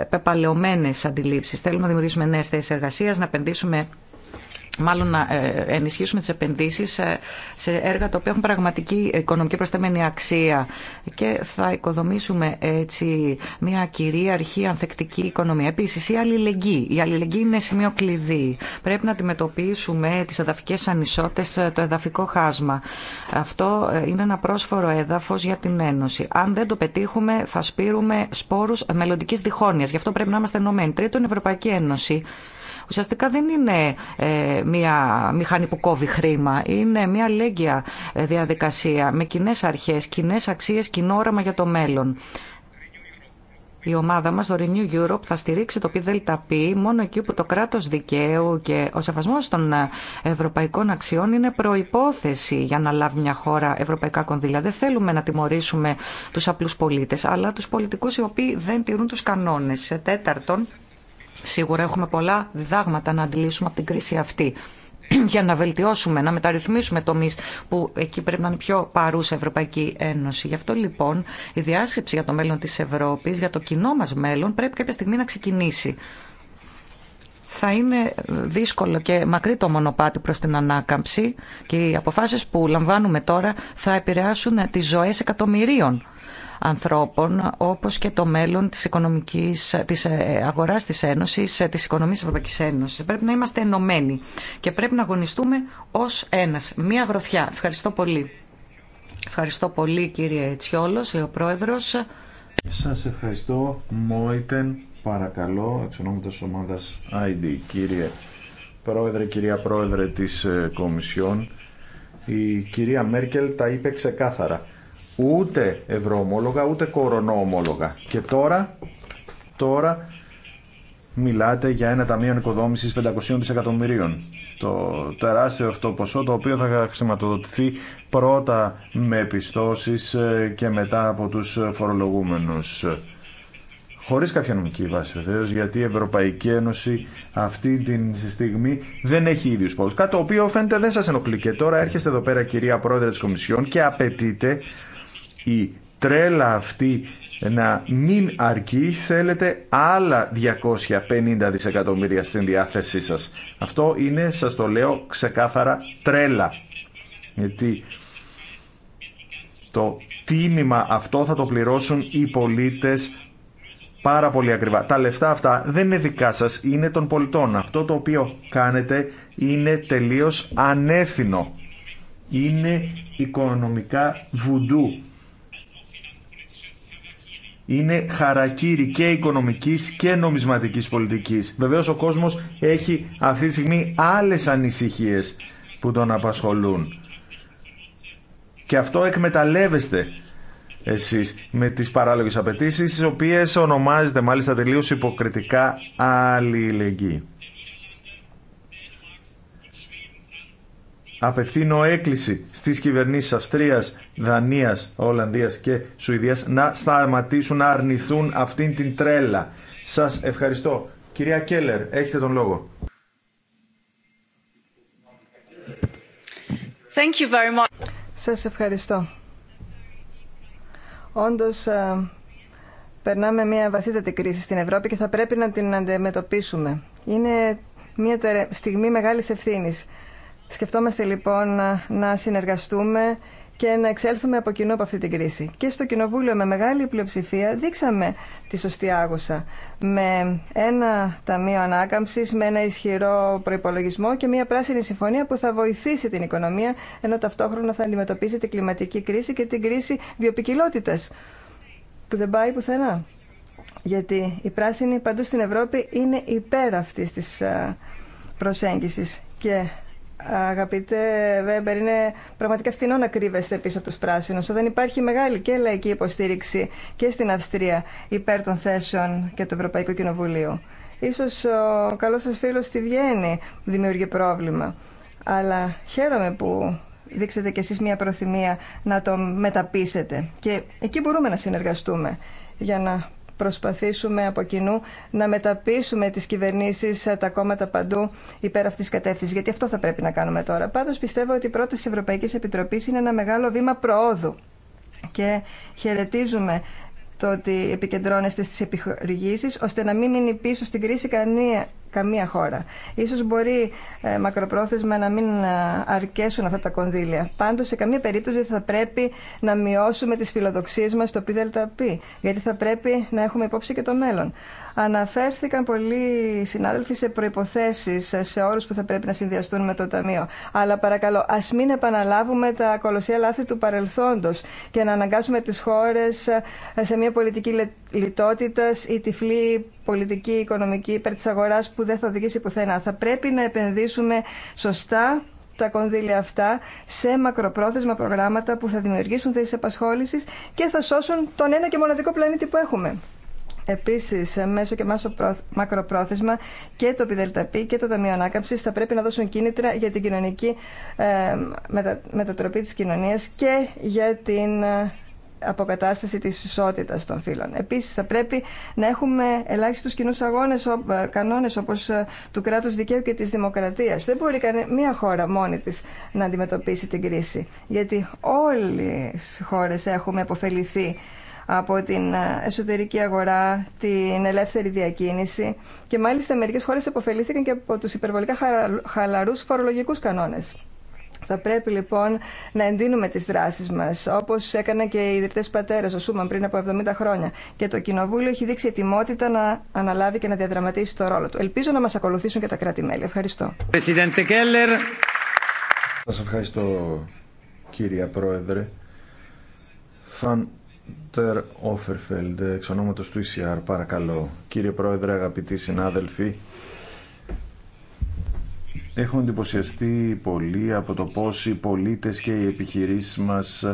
πεπαλαιωμένε αντιλήψει. Θέλουμε να δημιουργήσουμε νέε θέσει εργασία, να επενδύσουμε μάλλον να ε, ενισχύσουμε τι επενδύσει ε, σε έργα τα οποία έχουν πραγματική οικονομική προσθέμενη αξία και θα οικοδομήσουμε έτσι μια κυρίαρχη ανθεκτική οικονομία. ή αλληλεγγύη. η αλληλεγγύη. Η αλληλεγγύη είναι σημείο κλειδί. Πρέπει να αντιμετωπίσουμε τι εδαφικέ ανισότητες, ε, το εδαφικό χάσμα. Αυτό είναι ένα πρόσφορο έδαφο για την Ένωση. Αν δεν το πετύχουμε θα σπείρουμε σπόρου μελλοντική διχόνοια. Γι' αυτό πρέπει να είμαστε ενωμένοι. Τρίτον, η Ευρωπαϊκή Ένωση ουσιαστικά δεν είναι ε, μια μηχανή που κόβει χρήμα. Είναι μια λέγκια ε, διαδικασία με κοινέ αρχέ, κοινέ αξίε, κοινό όραμα για το μέλλον. Η ομάδα μας, το Renew Europe, θα στηρίξει το ΠΔΠ μόνο εκεί που το κράτος δικαίου και ο σεβασμός των ευρωπαϊκών αξιών είναι προϋπόθεση για να λάβει μια χώρα ευρωπαϊκά κονδύλια. Δεν θέλουμε να τιμωρήσουμε τους απλούς πολίτες, αλλά τους πολιτικούς οι οποίοι δεν τηρούν τους κανόνες. Σε τέταρτον, Σίγουρα έχουμε πολλά διδάγματα να αντιλήσουμε από την κρίση αυτή για να βελτιώσουμε, να μεταρρυθμίσουμε τομεί που εκεί πρέπει να είναι πιο παρούσα η Ευρωπαϊκή Ένωση. Γι' αυτό λοιπόν η διάσκεψη για το μέλλον τη Ευρώπη, για το κοινό μα μέλλον, πρέπει κάποια στιγμή να ξεκινήσει. Θα είναι δύσκολο και μακρύ το μονοπάτι προς την ανάκαμψη και οι αποφάσεις που λαμβάνουμε τώρα θα επηρεάσουν τις ζωές εκατομμυρίων ανθρώπων, όπως και το μέλλον της, οικονομικής, της ε, αγοράς της Ένωσης, ε, της οικονομίας της Ευρωπαϊκής Πρέπει να είμαστε ενωμένοι και πρέπει να αγωνιστούμε ως ένας. Μία γροθιά. Ευχαριστώ πολύ. Ευχαριστώ πολύ κύριε Τσιόλος, λέει ο Πρόεδρος. Σας ευχαριστώ. Μόιτεν, παρακαλώ, εξ ονόματος ομάδας ID, κύριε Πρόεδρε, κυρία Πρόεδρε της ε, Κομισιόν. Η κυρία Μέρκελ τα είπε ξεκάθαρα ούτε ευρωομόλογα ούτε κορονοομόλογα. Και τώρα, τώρα μιλάτε για ένα ταμείο οικοδόμησης 500 δισεκατομμυρίων. Το τεράστιο αυτό ποσό το οποίο θα χρηματοδοτηθεί πρώτα με επιστώσεις ε, και μετά από τους φορολογούμενους. Χωρί κάποια νομική βάση βεβαίω, γιατί η Ευρωπαϊκή Ένωση αυτή τη στιγμή δεν έχει ίδιου πόρου. Κάτι το οποίο φαίνεται δεν σα ενοχλεί. Και τώρα έρχεστε εδώ πέρα, κυρία Πρόεδρε τη Κομισιόν, και απαιτείτε η τρέλα αυτή να μην αρκεί, θέλετε άλλα 250 δισεκατομμύρια στην διάθεσή σας. Αυτό είναι, σας το λέω, ξεκάθαρα τρέλα. Γιατί το τίμημα αυτό θα το πληρώσουν οι πολίτες πάρα πολύ ακριβά. Τα λεφτά αυτά δεν είναι δικά σας, είναι των πολιτών. Αυτό το οποίο κάνετε είναι τελείως ανέθινο. Είναι οικονομικά βουντού είναι χαρακτήρι και οικονομικής και νομισματικής πολιτικής. Βεβαίω ο κόσμος έχει αυτή τη στιγμή άλλε ανησυχίε που τον απασχολούν. Και αυτό εκμεταλλεύεστε εσείς με τις παράλογες απαιτήσει, τις οποίες ονομάζεται μάλιστα τελείως υποκριτικά αλληλεγγύη. Απευθύνω έκκληση στις κυβερνήσεις Αυστρίας, Δανίας, Ολλανδίας και Σουηδίας να σταματήσουν να αρνηθούν αυτήν την τρέλα. Σας ευχαριστώ. Κυρία Κέλλερ, έχετε τον λόγο. Thank Σας ευχαριστώ. Όντως, ε, περνάμε μια βαθύτατη κρίση στην Ευρώπη και θα πρέπει να την αντιμετωπίσουμε. Είναι μια στιγμή μεγάλης ευθύνης Σκεφτόμαστε λοιπόν να συνεργαστούμε και να εξέλθουμε από κοινό από αυτή την κρίση. Και στο Κοινοβούλιο με μεγάλη πλειοψηφία δείξαμε τη σωστή άγουσα. Με ένα ταμείο ανάκαμψης, με ένα ισχυρό προϋπολογισμό και μια πράσινη συμφωνία που θα βοηθήσει την οικονομία, ενώ ταυτόχρονα θα αντιμετωπίσει την κλιματική κρίση και την κρίση βιοπικιλότητας, που δεν πάει πουθενά. Γιατί η πράσινη παντού στην Ευρώπη είναι υπέρ αυτής της ε, προσέγγισης και Αγαπητέ Βέμπερ, είναι πραγματικά φθηνό να κρύβεστε πίσω από του πράσινου όταν υπάρχει μεγάλη και λαϊκή υποστήριξη και στην Αυστρία υπέρ των θέσεων και του Ευρωπαϊκού Κοινοβουλίου. Ίσως ο καλός σας φίλος στη Βιέννη δημιουργεί πρόβλημα. Αλλά χαίρομαι που δείξετε κι εσείς μια προθυμία να το μεταπίσετε. Και εκεί μπορούμε να συνεργαστούμε για να προσπαθήσουμε από κοινού να μεταπίσουμε τις κυβερνήσεις, ε, τα κόμματα παντού υπέρ αυτής της κατεύθυνσης, γιατί αυτό θα πρέπει να κάνουμε τώρα. Πάντως πιστεύω ότι η πρόταση της Ευρωπαϊκής Επιτροπής είναι ένα μεγάλο βήμα προόδου και χαιρετίζουμε το ότι επικεντρώνεστε στις επιχορηγήσεις, ώστε να μην μείνει πίσω στην κρίση κανένα καμία χώρα. Ίσως μπορεί ε, μακροπρόθεσμα να μην ε, αρκέσουν αυτά τα κονδύλια. Πάντως σε καμία περίπτωση θα πρέπει να μειώσουμε τις φιλοδοξίες μας στο ΠΔΠ, γιατί θα πρέπει να έχουμε υπόψη και το μέλλον. Αναφέρθηκαν πολλοί συνάδελφοι σε προποθέσει σε όρου που θα πρέπει να συνδυαστούν με το Ταμείο. Αλλά παρακαλώ, α μην επαναλάβουμε τα κολοσσία λάθη του παρελθόντο και να αναγκάσουμε τι χώρε ε, σε μια πολιτική λιτότητα ή τυφλή πολιτική οικονομική υπέρ τη αγορά που δεν θα οδηγήσει πουθενά. Θα πρέπει να επενδύσουμε σωστά τα κονδύλια αυτά σε μακροπρόθεσμα προγράμματα που θα δημιουργήσουν θέσει απασχόληση και θα σώσουν τον ένα και μοναδικό πλανήτη που έχουμε. Επίσης, μέσω και μέσω μακροπρόθεσμα και το ΠΙΔΕΛΤΑΠΗ και το Ταμείο Ανάκαμψη θα πρέπει να δώσουν κίνητρα για την κοινωνική ε, μετατροπή τη κοινωνίας και για την ε, αποκατάσταση της ισότητας των φύλων. Επίσης θα πρέπει να έχουμε ελάχιστους κοινού αγώνες, ε, κανόνες όπως του κράτους δικαίου και της δημοκρατίας. Δεν μπορεί μία χώρα μόνη της να αντιμετωπίσει την κρίση, γιατί όλες οι χώρες έχουμε αποφεληθεί από την ε, εσωτερική αγορά, την ελεύθερη διακίνηση και μάλιστα μερικές χώρες αποφελήθηκαν και από τους υπερβολικά χαλαρούς φορολογικούς κανόνες. Θα πρέπει λοιπόν να εντείνουμε τις δράσεις μας, όπως έκαναν και οι ιδρυτές πατέρες, ο Σούμαν πριν από 70 χρόνια. Και το Κοινοβούλιο έχει δείξει ετοιμότητα να αναλάβει και να διαδραματίσει το ρόλο του. Ελπίζω να μας ακολουθήσουν και τα κράτη-μέλη. Ευχαριστώ. Σας ευχαριστώ κύριε Πρόεδρε. Τέρ Όφερφελντ, εξ του ECR, παρακαλώ. Κύριε Πρόεδρε, αγαπητοί συνάδελφοι, έχω εντυπωσιαστεί πολύ από το πώς οι πολίτες και οι επιχειρήσεις μας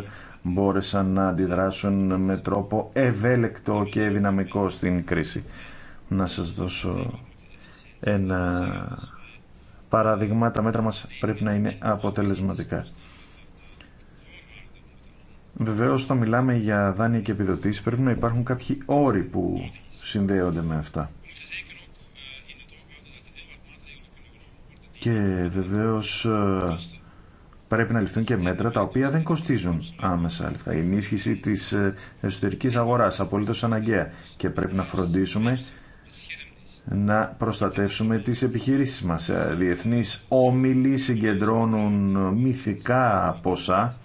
μπόρεσαν να αντιδράσουν με τρόπο ευέλικτο και δυναμικό στην κρίση. Να σας δώσω ένα παράδειγμα. Τα μέτρα μας πρέπει να είναι αποτελεσματικά. Βεβαίω όταν μιλάμε για δάνεια και επιδοτήσει, πρέπει να υπάρχουν κάποιοι όροι που συνδέονται με αυτά. Και βεβαίω ε, πρέπει να ληφθούν και μέτρα τα οποία δεν κοστίζουν άμεσα λεφτά. Η ενίσχυση της ε, εσωτερικής αγοράς απολύτω αναγκαία και πρέπει να φροντίσουμε να προστατεύσουμε τις επιχειρήσεις μας. Ε, διεθνείς όμιλοι συγκεντρώνουν μυθικά ποσά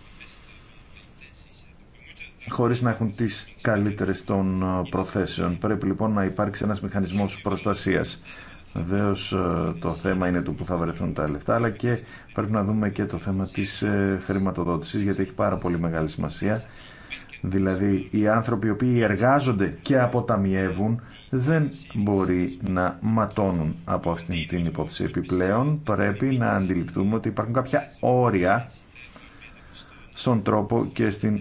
χωρίς να έχουν τις καλύτερες των ε, προθέσεων. Πρέπει λοιπόν να υπάρξει ένας μηχανισμός προστασίας. Βεβαίω ε, το θέμα είναι του που θα βρεθούν τα λεφτά, αλλά και πρέπει να δούμε και το θέμα της ε, χρηματοδότησης, γιατί έχει πάρα πολύ μεγάλη σημασία. Δηλαδή οι άνθρωποι οι οποίοι εργάζονται και αποταμιεύουν δεν μπορεί να ματώνουν από αυτήν την υπόθεση. Επιπλέον πρέπει να αντιληφθούμε ότι υπάρχουν κάποια όρια στον τρόπο και στην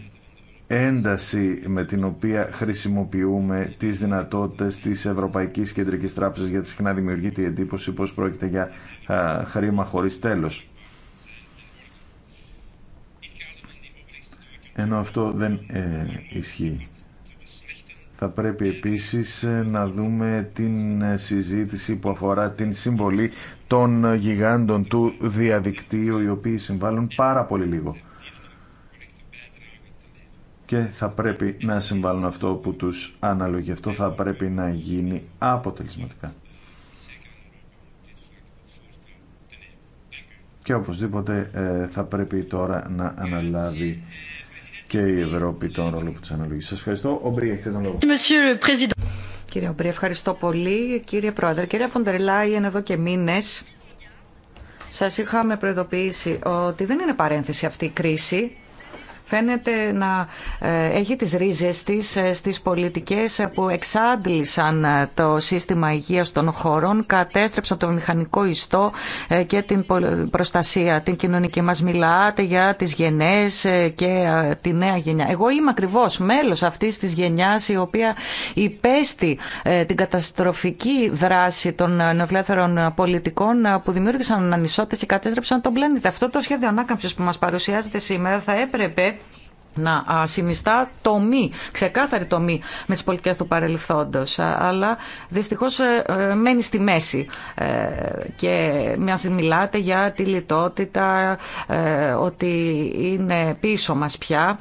ένταση με την οποία χρησιμοποιούμε τις δυνατότητες της Ευρωπαϊκής Κεντρικής Τράπεζας γιατί συχνά δημιουργείται η εντύπωση πως πρόκειται για α, χρήμα χωρίς τέλος. Ενώ αυτό δεν ε, ισχύει. Θα πρέπει επίσης ε, να δούμε την ε, συζήτηση που αφορά την συμβολή των γιγάντων του διαδικτύου οι οποίοι συμβάλλουν πάρα πολύ λίγο και θα πρέπει να συμβάλλουν αυτό που τους αναλογεί. Αυτό θα πρέπει να γίνει αποτελεσματικά. Και οπωσδήποτε ε, θα πρέπει τώρα να αναλάβει και η Ευρώπη τον ρόλο που της αναλογεί. Σας ευχαριστώ. Ομπρί, έχετε τον λόγο. Κύριε Ομπρή, ευχαριστώ πολύ. Κύριε Πρόεδρε, κύριε Φοντερ είναι εδώ και μήνες σας είχαμε προειδοποιήσει ότι δεν είναι παρένθεση αυτή η κρίση φαίνεται να ε, έχει τις ρίζες της ε, στις πολιτικές που εξάντλησαν ε, το σύστημα υγείας των χωρών, κατέστρεψαν το μηχανικό ιστό και την προστασία, την κοινωνική. Μας μιλάτε για τις γενές και τη νέα γενιά. Εγώ είμαι ακριβώ μέλος αυτής της γενιάς η οποία υπέστη την καταστροφική δράση των νεοφιλελεύθερων πολιτικών που δημιούργησαν ανισότητες και κατέστρεψαν τον πλανήτη. Αυτό το σχέδιο ανάκαμψης που μας παρουσιάζεται σήμερα θα έπρεπε να συνιστά τομή, ξεκάθαρη τομή με τις πολιτικές του παρελθόντος αλλά δυστυχώς ε, ε, μένει στη μέση ε, και μια μιλάτε για τη λιτότητα ότι είναι πίσω μας πια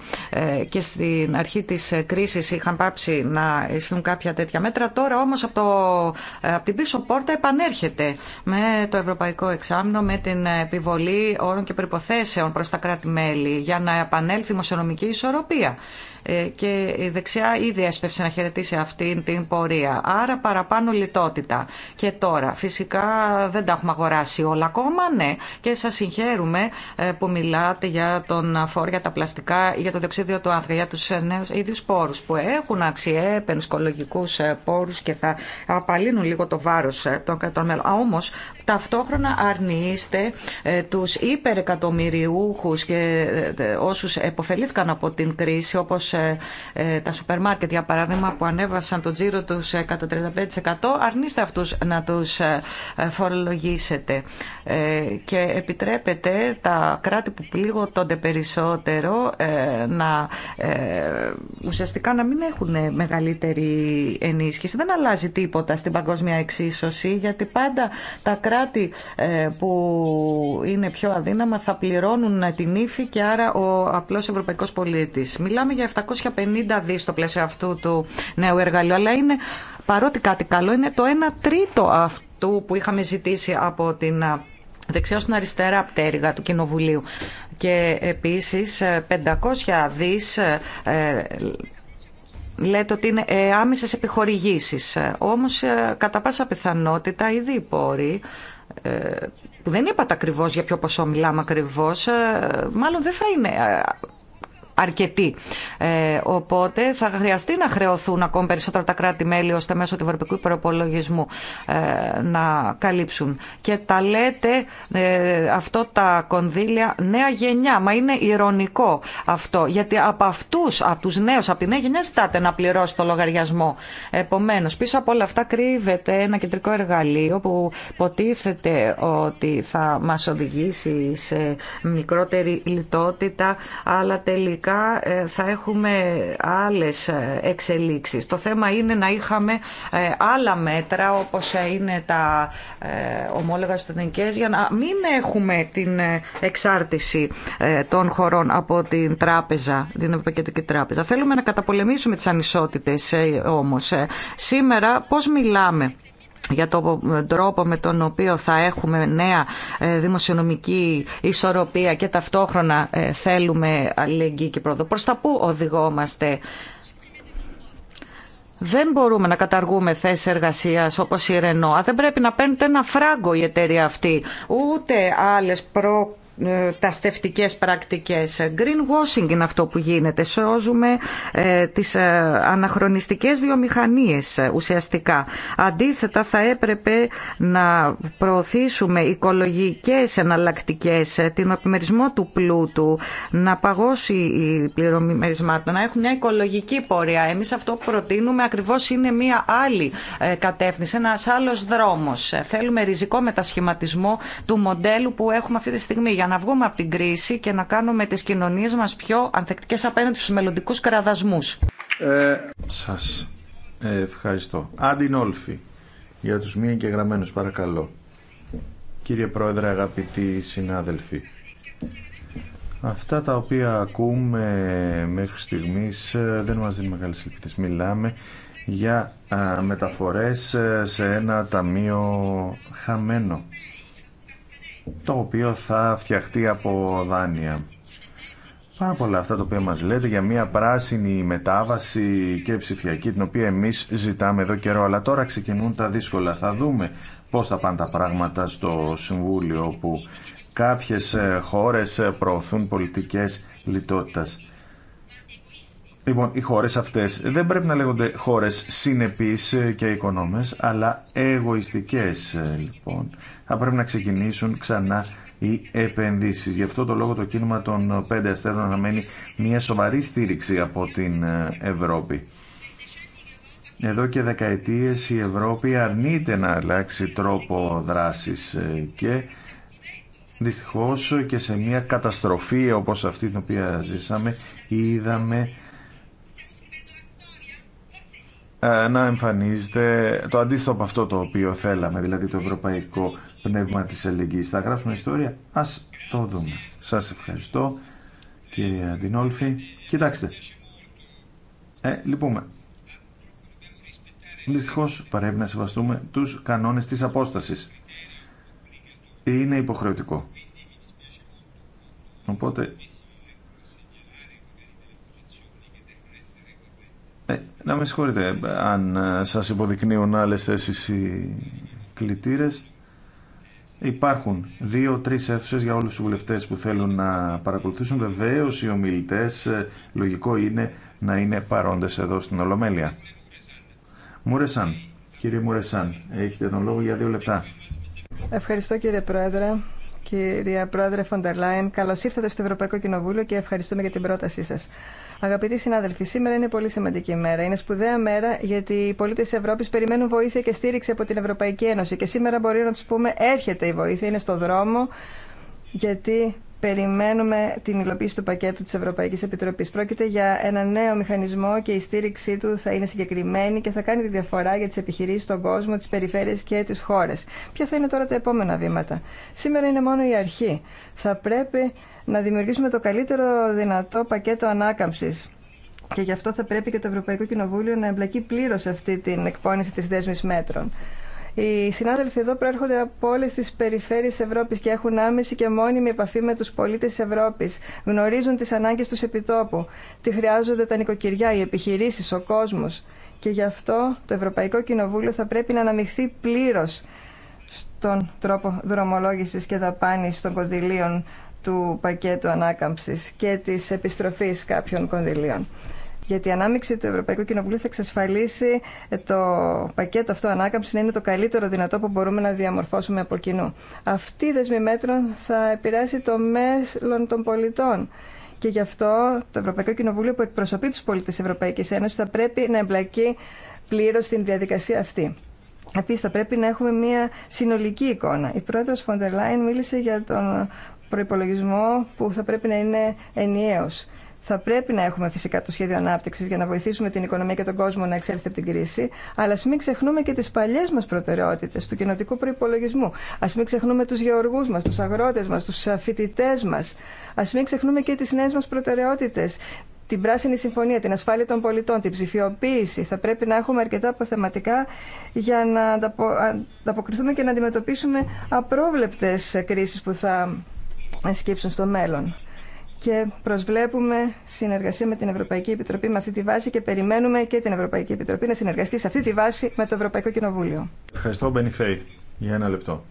και στην αρχή της κρίσης είχαν πάψει να ισχύουν κάποια τέτοια μέτρα τώρα όμως από, το, από την πίσω πόρτα επανέρχεται με το Ευρωπαϊκό Εξάμεινο με την επιβολή όρων και προϋποθέσεων προς τα κράτη-μέλη για να επανέλθει κοινωνική ισορροπία. Ε, και η δεξιά ήδη έσπευσε να χαιρετήσει αυτήν την πορεία. Άρα παραπάνω λιτότητα. Και τώρα, φυσικά δεν τα έχουμε αγοράσει όλα ακόμα, ναι. Και σα συγχαίρουμε ε, που μιλάτε για τον φόρ, για τα πλαστικά, για το διοξίδιο του άνθρακα, για του ε, νέου ίδιους πόρου που έχουν αξιέπαινου οικολογικού πόρου και θα απαλύνουν λίγο το βάρο των κρατών μέλων ταυτόχρονα αρνείστε ε, τους υπερεκατομμυριούχους και ε, ε, όσους επωφελήθηκαν από την κρίση όπως τα σούπερ μάρκετ για παράδειγμα που ανέβασαν το τζίρο τους κατά 35% αρνείστε αυτούς να τους φορολογήσετε και επιτρέπετε τα κράτη που πλήγονται περισσότερο να ουσιαστικά να μην έχουν μεγαλύτερη ενίσχυση. Δεν αλλάζει τίποτα στην παγκόσμια εξίσωση γιατί πάντα τα κράτη ε, που είναι πιο αδύναμα θα πληρώνουν την ύφη και άρα ο απλός ευρωπαϊκός πολίτης. Μιλάμε για 750 δις στο πλαίσιο αυτού του νέου εργαλείου, αλλά είναι παρότι κάτι καλό είναι το 1 τρίτο αυτού που είχαμε ζητήσει από την ε, δεξιά στην αριστερά πτέρυγα του Κοινοβουλίου. Και επίσης 500 ε, δις λέτε ότι είναι ε, άμεσες επιχορηγήσεις. Ε, όμως ε, κατά πάσα πιθανότητα ήδη οι πόροι που δεν είπατε ακριβώ για ποιο ποσό μιλάμε ακριβώ, μάλλον δεν θα είναι αρκετοί. Ε, οπότε θα χρειαστεί να χρεωθούν ακόμη περισσότερο τα κράτη-μέλη ώστε μέσω του ευρωπαϊκού προπολογισμού ε, να καλύψουν. Και τα λέτε ε, αυτό τα κονδύλια νέα γενιά. Μα είναι ηρωνικό αυτό. Γιατί από αυτού, από του νέου, από τη νέα γενιά ζητάτε να πληρώσει το λογαριασμό. Επομένω, πίσω από όλα αυτά κρύβεται ένα κεντρικό εργαλείο που υποτίθεται ότι θα μα οδηγήσει σε μικρότερη λιτότητα, αλλά τελικά ε, θα έχουμε άλλες ε, εξελίξεις. Το θέμα είναι να είχαμε ε, άλλα μέτρα όπως είναι τα ομόλογα στενικές για να μην έχουμε την εξάρτηση των χωρών από την τράπεζα, την Ευρωπαϊκή Τράπεζα. Θέλουμε να καταπολεμήσουμε τις ανισότητες όμως. Σήμερα πώς μιλάμε για τον τρόπο με τον οποίο θα έχουμε νέα ε, δημοσιονομική ισορροπία και ταυτόχρονα ε, θέλουμε αλληλεγγύη και πρόοδο. Προς τα πού οδηγόμαστε. Δεν μπορούμε να καταργούμε θέσει εργασία όπω η Ρενό. Δεν πρέπει να παίρνετε ένα φράγκο η εταιρεία αυτή. Ούτε άλλε προ ε, τα στευτικές πρακτικές. washing είναι αυτό που γίνεται. Σώζουμε ε, τις ε, αναχρονιστικές βιομηχανίες ε, ουσιαστικά. Αντίθετα θα έπρεπε να προωθήσουμε οικολογικές εναλλακτικές, ε, την επιμερισμό του πλούτου, να παγώσει η πληρωμή να έχουν μια οικολογική πορεία. Εμείς αυτό που προτείνουμε ακριβώς είναι μια άλλη κατεύθυνση, ένας άλλος δρόμος. Θέλουμε ριζικό μετασχηματισμό του μοντέλου που έχουμε αυτή τη στιγμή για να βγούμε από την κρίση και να κάνουμε τις κοινωνίες μας πιο ανθεκτικές απέναντι στους μελλοντικού κραδασμούς. Ε, σας ευχαριστώ. Άντιν Όλφη, για τους μη εγγεγραμμένους παρακαλώ. Κύριε Πρόεδρε, αγαπητοί συνάδελφοι, αυτά τα οποία ακούμε μέχρι στιγμής ε, δεν μας δίνουν μεγάλες ελπίδες. Μιλάμε για ε, μεταφορές ε, σε ένα ταμείο χαμένο το οποίο θα φτιαχτεί από δάνεια. Πάρα πολλά αυτά τα οποία μας λέτε για μια πράσινη μετάβαση και ψηφιακή την οποία εμείς ζητάμε εδώ καιρό αλλά τώρα ξεκινούν τα δύσκολα. Θα δούμε πώς θα πάνε τα πράγματα στο Συμβούλιο όπου κάποιες ε, χώρες ε, προωθούν πολιτικές λιτότητας. Λοιπόν, οι χώρε αυτές δεν πρέπει να λέγονται χώρε συνεπεί και οικονομε, αλλά εγωιστικέ, λοιπόν. Θα πρέπει να ξεκινήσουν ξανά οι επενδύσει. Γι' αυτό το λόγο το κίνημα των πέντε αστέρων αναμένει μια σοβαρή στήριξη από την ε, Ευρώπη. Εδώ και δεκαετίες η Ευρώπη αρνείται να αλλάξει τρόπο δράσης ε, και δυστυχώς και σε μια καταστροφή όπως αυτή την οποία ζήσαμε είδαμε ε, να εμφανίζεται το αντίθετο από αυτό το οποίο θέλαμε, δηλαδή το ευρωπαϊκό πνεύμα της ελληνικής Θα γράψουμε ιστορία, ας το δούμε. Σας ευχαριστώ κύριε Αντινόλφη. Κοιτάξτε, ε, λυπούμε. Δυστυχώ πρέπει να σεβαστούμε τους κανόνες της απόστασης. Είναι υποχρεωτικό. Οπότε Ε, να με συγχωρείτε αν ε, σας υποδεικνύουν άλλες θέσεις οι κλητήρες. Υπάρχουν δύο-τρεις αίθουσε για όλους τους βουλευτέ που θέλουν να παρακολουθήσουν. Βεβαίω οι ομιλητές ε, λογικό είναι να είναι παρόντες εδώ στην Ολομέλεια. Μουρεσάν, κύριε Μουρεσάν, έχετε τον λόγο για δύο λεπτά. Ευχαριστώ κύριε Πρόεδρε. Κυρία Πρόεδρε Φοντερ Λάιν, καλώ ήρθατε στο Ευρωπαϊκό Κοινοβούλιο και ευχαριστούμε για την πρότασή σα. Αγαπητοί συνάδελφοι, σήμερα είναι πολύ σημαντική μέρα. Είναι σπουδαία μέρα γιατί οι πολίτε τη Ευρώπη περιμένουν βοήθεια και στήριξη από την Ευρωπαϊκή Ένωση. Και σήμερα μπορεί να του πούμε έρχεται η βοήθεια, είναι στο δρόμο, γιατί περιμένουμε την υλοποίηση του πακέτου της Ευρωπαϊκής Επιτροπής. Πρόκειται για ένα νέο μηχανισμό και η στήριξή του θα είναι συγκεκριμένη και θα κάνει τη διαφορά για τις επιχειρήσεις, τον κόσμο, τις περιφέρειες και τις χώρες. Ποια θα είναι τώρα τα επόμενα βήματα. Σήμερα είναι μόνο η αρχή. Θα πρέπει να δημιουργήσουμε το καλύτερο δυνατό πακέτο ανάκαμψης. Και γι' αυτό θα πρέπει και το Ευρωπαϊκό Κοινοβούλιο να εμπλακεί πλήρω αυτή την εκπόνηση τη δέσμη μέτρων. Οι συνάδελφοι εδώ προέρχονται από όλε τι περιφέρειε Ευρώπη και έχουν άμεση και μόνιμη επαφή με του πολίτε Ευρώπη. Γνωρίζουν τι ανάγκε του επιτόπου. Τι χρειάζονται τα νοικοκυριά, οι επιχειρήσει, ο κόσμο. Και γι' αυτό το Ευρωπαϊκό Κοινοβούλιο θα πρέπει να αναμειχθεί πλήρω στον τρόπο δρομολόγηση και δαπάνη των κονδυλίων του πακέτου ανάκαμψη και τη επιστροφή κάποιων κονδυλίων γιατί η ανάμειξη του Ευρωπαϊκού Κοινοβουλίου θα εξασφαλίσει ε, το πακέτο αυτό ανάκαμψη να είναι το καλύτερο δυνατό που μπορούμε να διαμορφώσουμε από κοινού. Αυτή η δεσμή μέτρων θα επηρεάσει το μέλλον των πολιτών. Και γι' αυτό το Ευρωπαϊκό Κοινοβούλιο που εκπροσωπεί του πολίτε τη Ευρωπαϊκή Ένωση θα πρέπει να εμπλακεί πλήρω στην διαδικασία αυτή. Επίση θα πρέπει να έχουμε μια συνολική εικόνα. Η πρόεδρο Φοντερ Λάιν μίλησε για τον προπολογισμό που θα πρέπει να είναι ενιαίο. Θα πρέπει να έχουμε φυσικά το σχέδιο ανάπτυξη για να βοηθήσουμε την οικονομία και τον κόσμο να εξέλθει από την κρίση, αλλά α μην ξεχνούμε και τι παλιέ μα προτεραιότητε του κοινοτικού προπολογισμού. Α μην ξεχνούμε του γεωργού μα, του αγρότε μα, του ε, φοιτητέ μα. Α μην ξεχνούμε και τι νέε μα προτεραιότητε, την πράσινη συμφωνία, την ασφάλεια των πολιτών, την ψηφιοποίηση. Θα πρέπει να έχουμε αρκετά αποθεματικά για να ανταποκριθούμε και να αντιμετωπίσουμε απρόβλεπτε κρίσει που θα ε, σκύψουν στο μέλλον και προσβλέπουμε συνεργασία με την Ευρωπαϊκή Επιτροπή με αυτή τη βάση και περιμένουμε και την Ευρωπαϊκή Επιτροπή να συνεργαστεί σε αυτή τη βάση με το Ευρωπαϊκό Κοινοβούλιο. Ευχαριστώ, Μπενιφέη, για ένα λεπτό.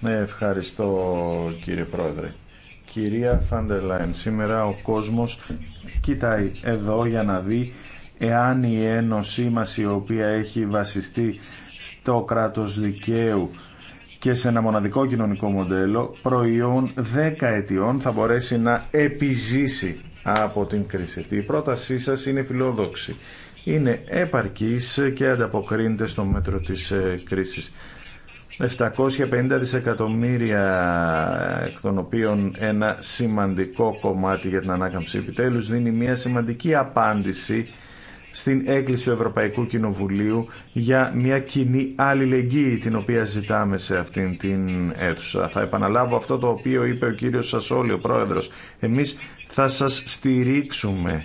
Ναι, ευχαριστώ, κύριε Πρόεδρε. Κυρία Φάντελαιν, σήμερα ο κόσμος κοιτάει εδώ για να δει εάν η ένωσή μα η οποία έχει βασιστεί στο κράτος δικαίου και σε ένα μοναδικό κοινωνικό μοντέλο προϊόν 10 ετιών θα μπορέσει να επιζήσει από την κρίση αυτή. Η πρότασή σας είναι φιλόδοξη. Είναι επαρκής και ανταποκρίνεται στο μέτρο της ε, κρίσης. 750 δισεκατομμύρια εκ των οποίων ένα σημαντικό κομμάτι για την ανάκαμψη επιτέλους δίνει μια σημαντική απάντηση στην έκκληση του Ευρωπαϊκού Κοινοβουλίου για μια κοινή αλληλεγγύη την οποία ζητάμε σε αυτήν την αίθουσα. Θα επαναλάβω αυτό το οποίο είπε ο κύριος Σασόλη, ο πρόεδρος. Εμείς θα σας στηρίξουμε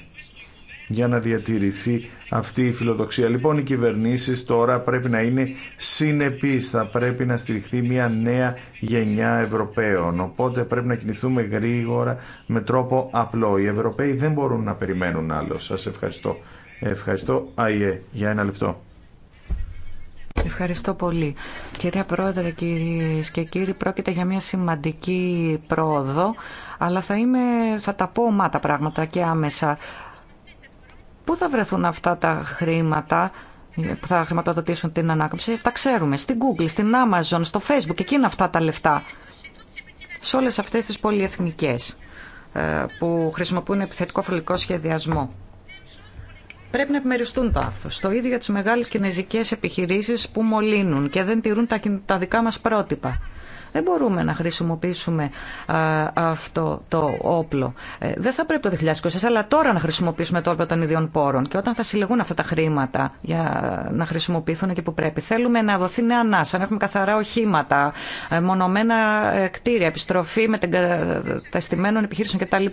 για να διατηρηθεί αυτή η φιλοδοξία. Λοιπόν, οι κυβερνήσει τώρα πρέπει να είναι συνεπίστα, Θα πρέπει να στηριχθεί μια νέα γενιά Ευρωπαίων. Οπότε πρέπει να κινηθούμε γρήγορα με τρόπο απλό. Οι Ευρωπαίοι δεν μπορούν να περιμένουν άλλο. Σα ευχαριστώ. Ευχαριστώ. ΑΙΕ, για ένα λεπτό. Ευχαριστώ πολύ. Κυρία Πρόεδρε, κύριε και κύριοι, πρόκειται για μια σημαντική πρόοδο, αλλά θα, είμαι, θα τα πω ομά πράγματα και άμεσα. Πού θα βρεθούν αυτά τα χρήματα που θα χρηματοδοτήσουν την ανάκαμψη, τα ξέρουμε. Στην Google, στην Amazon, στο Facebook, εκεί είναι αυτά τα λεφτά. Σε όλες αυτές τις πολυεθνικές ε, που χρησιμοποιούν επιθετικό φιλικό σχεδιασμό πρέπει να επιμεριστούν το αυτό Το ίδιο για τι μεγάλε κινεζικέ επιχειρήσεις που μολύνουν και δεν τηρούν τα δικά μας πρότυπα. Δεν μπορούμε να χρησιμοποιήσουμε αυτό το όπλο. Ε, δεν θα πρέπει το 2020, αλλά τώρα να χρησιμοποιήσουμε το όπλο των ιδιών πόρων. Και όταν θα συλλεγούν αυτά τα χρήματα για να χρησιμοποιηθούν εκεί που πρέπει. Θέλουμε να δοθεί νέα ανάσα, να έχουμε καθαρά οχήματα, ε, μονομένα ε, κτίρια, επιστροφή με τεστημένων επιχείρησεων κτλ.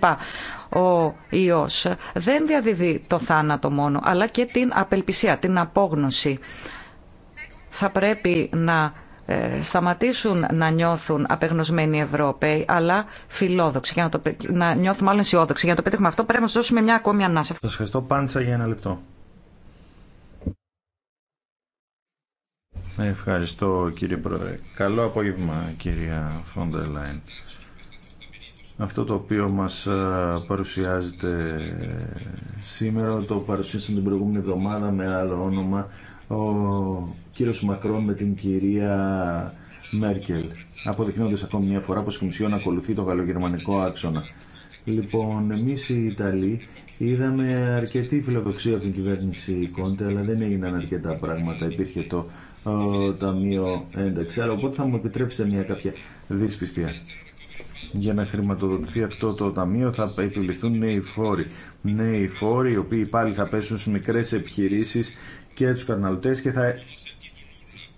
Ο ιό δεν διαδίδει το θάνατο μόνο, αλλά και την απελπισία, την απόγνωση. Θα πρέπει να ε, σταματήσουν να νιώθουν απεγνωσμένοι Ευρώπαιοι, αλλά φιλόδοξοι, για να, το, να αισιόδοξοι. Για να το πετύχουμε αυτό πρέπει να σα δώσουμε μια ακόμη ανάσα. Σας ευχαριστώ πάντσα για ένα λεπτό. Ευχαριστώ κύριε Πρόεδρε. Καλό απόγευμα κυρία Φόντερ Λάιν. Αυτό το οποίο μας ε, παρουσιάζεται σήμερα το παρουσίασαν την προηγούμενη εβδομάδα με άλλο όνομα ο κύριος Μακρόν με την κυρία Μέρκελ, αποδεικνύοντας ακόμη μια φορά πως η Κομισιόν ακολουθεί το γαλλογερμανικό άξονα. Λοιπόν, εμείς οι Ιταλοί είδαμε αρκετή φιλοδοξία από την κυβέρνηση Κόντε, αλλά δεν έγιναν αρκετά πράγματα. Υπήρχε το ο, Ταμείο Ένταξη. αλλά οπότε θα μου επιτρέψετε μια κάποια δυσπιστία. Για να χρηματοδοτηθεί αυτό το ταμείο θα επιβληθούν νέοι φόροι. Νέοι φόροι οι οποίοι πάλι θα πέσουν στις μικρές επιχειρήσεις και τους καταναλωτές και θα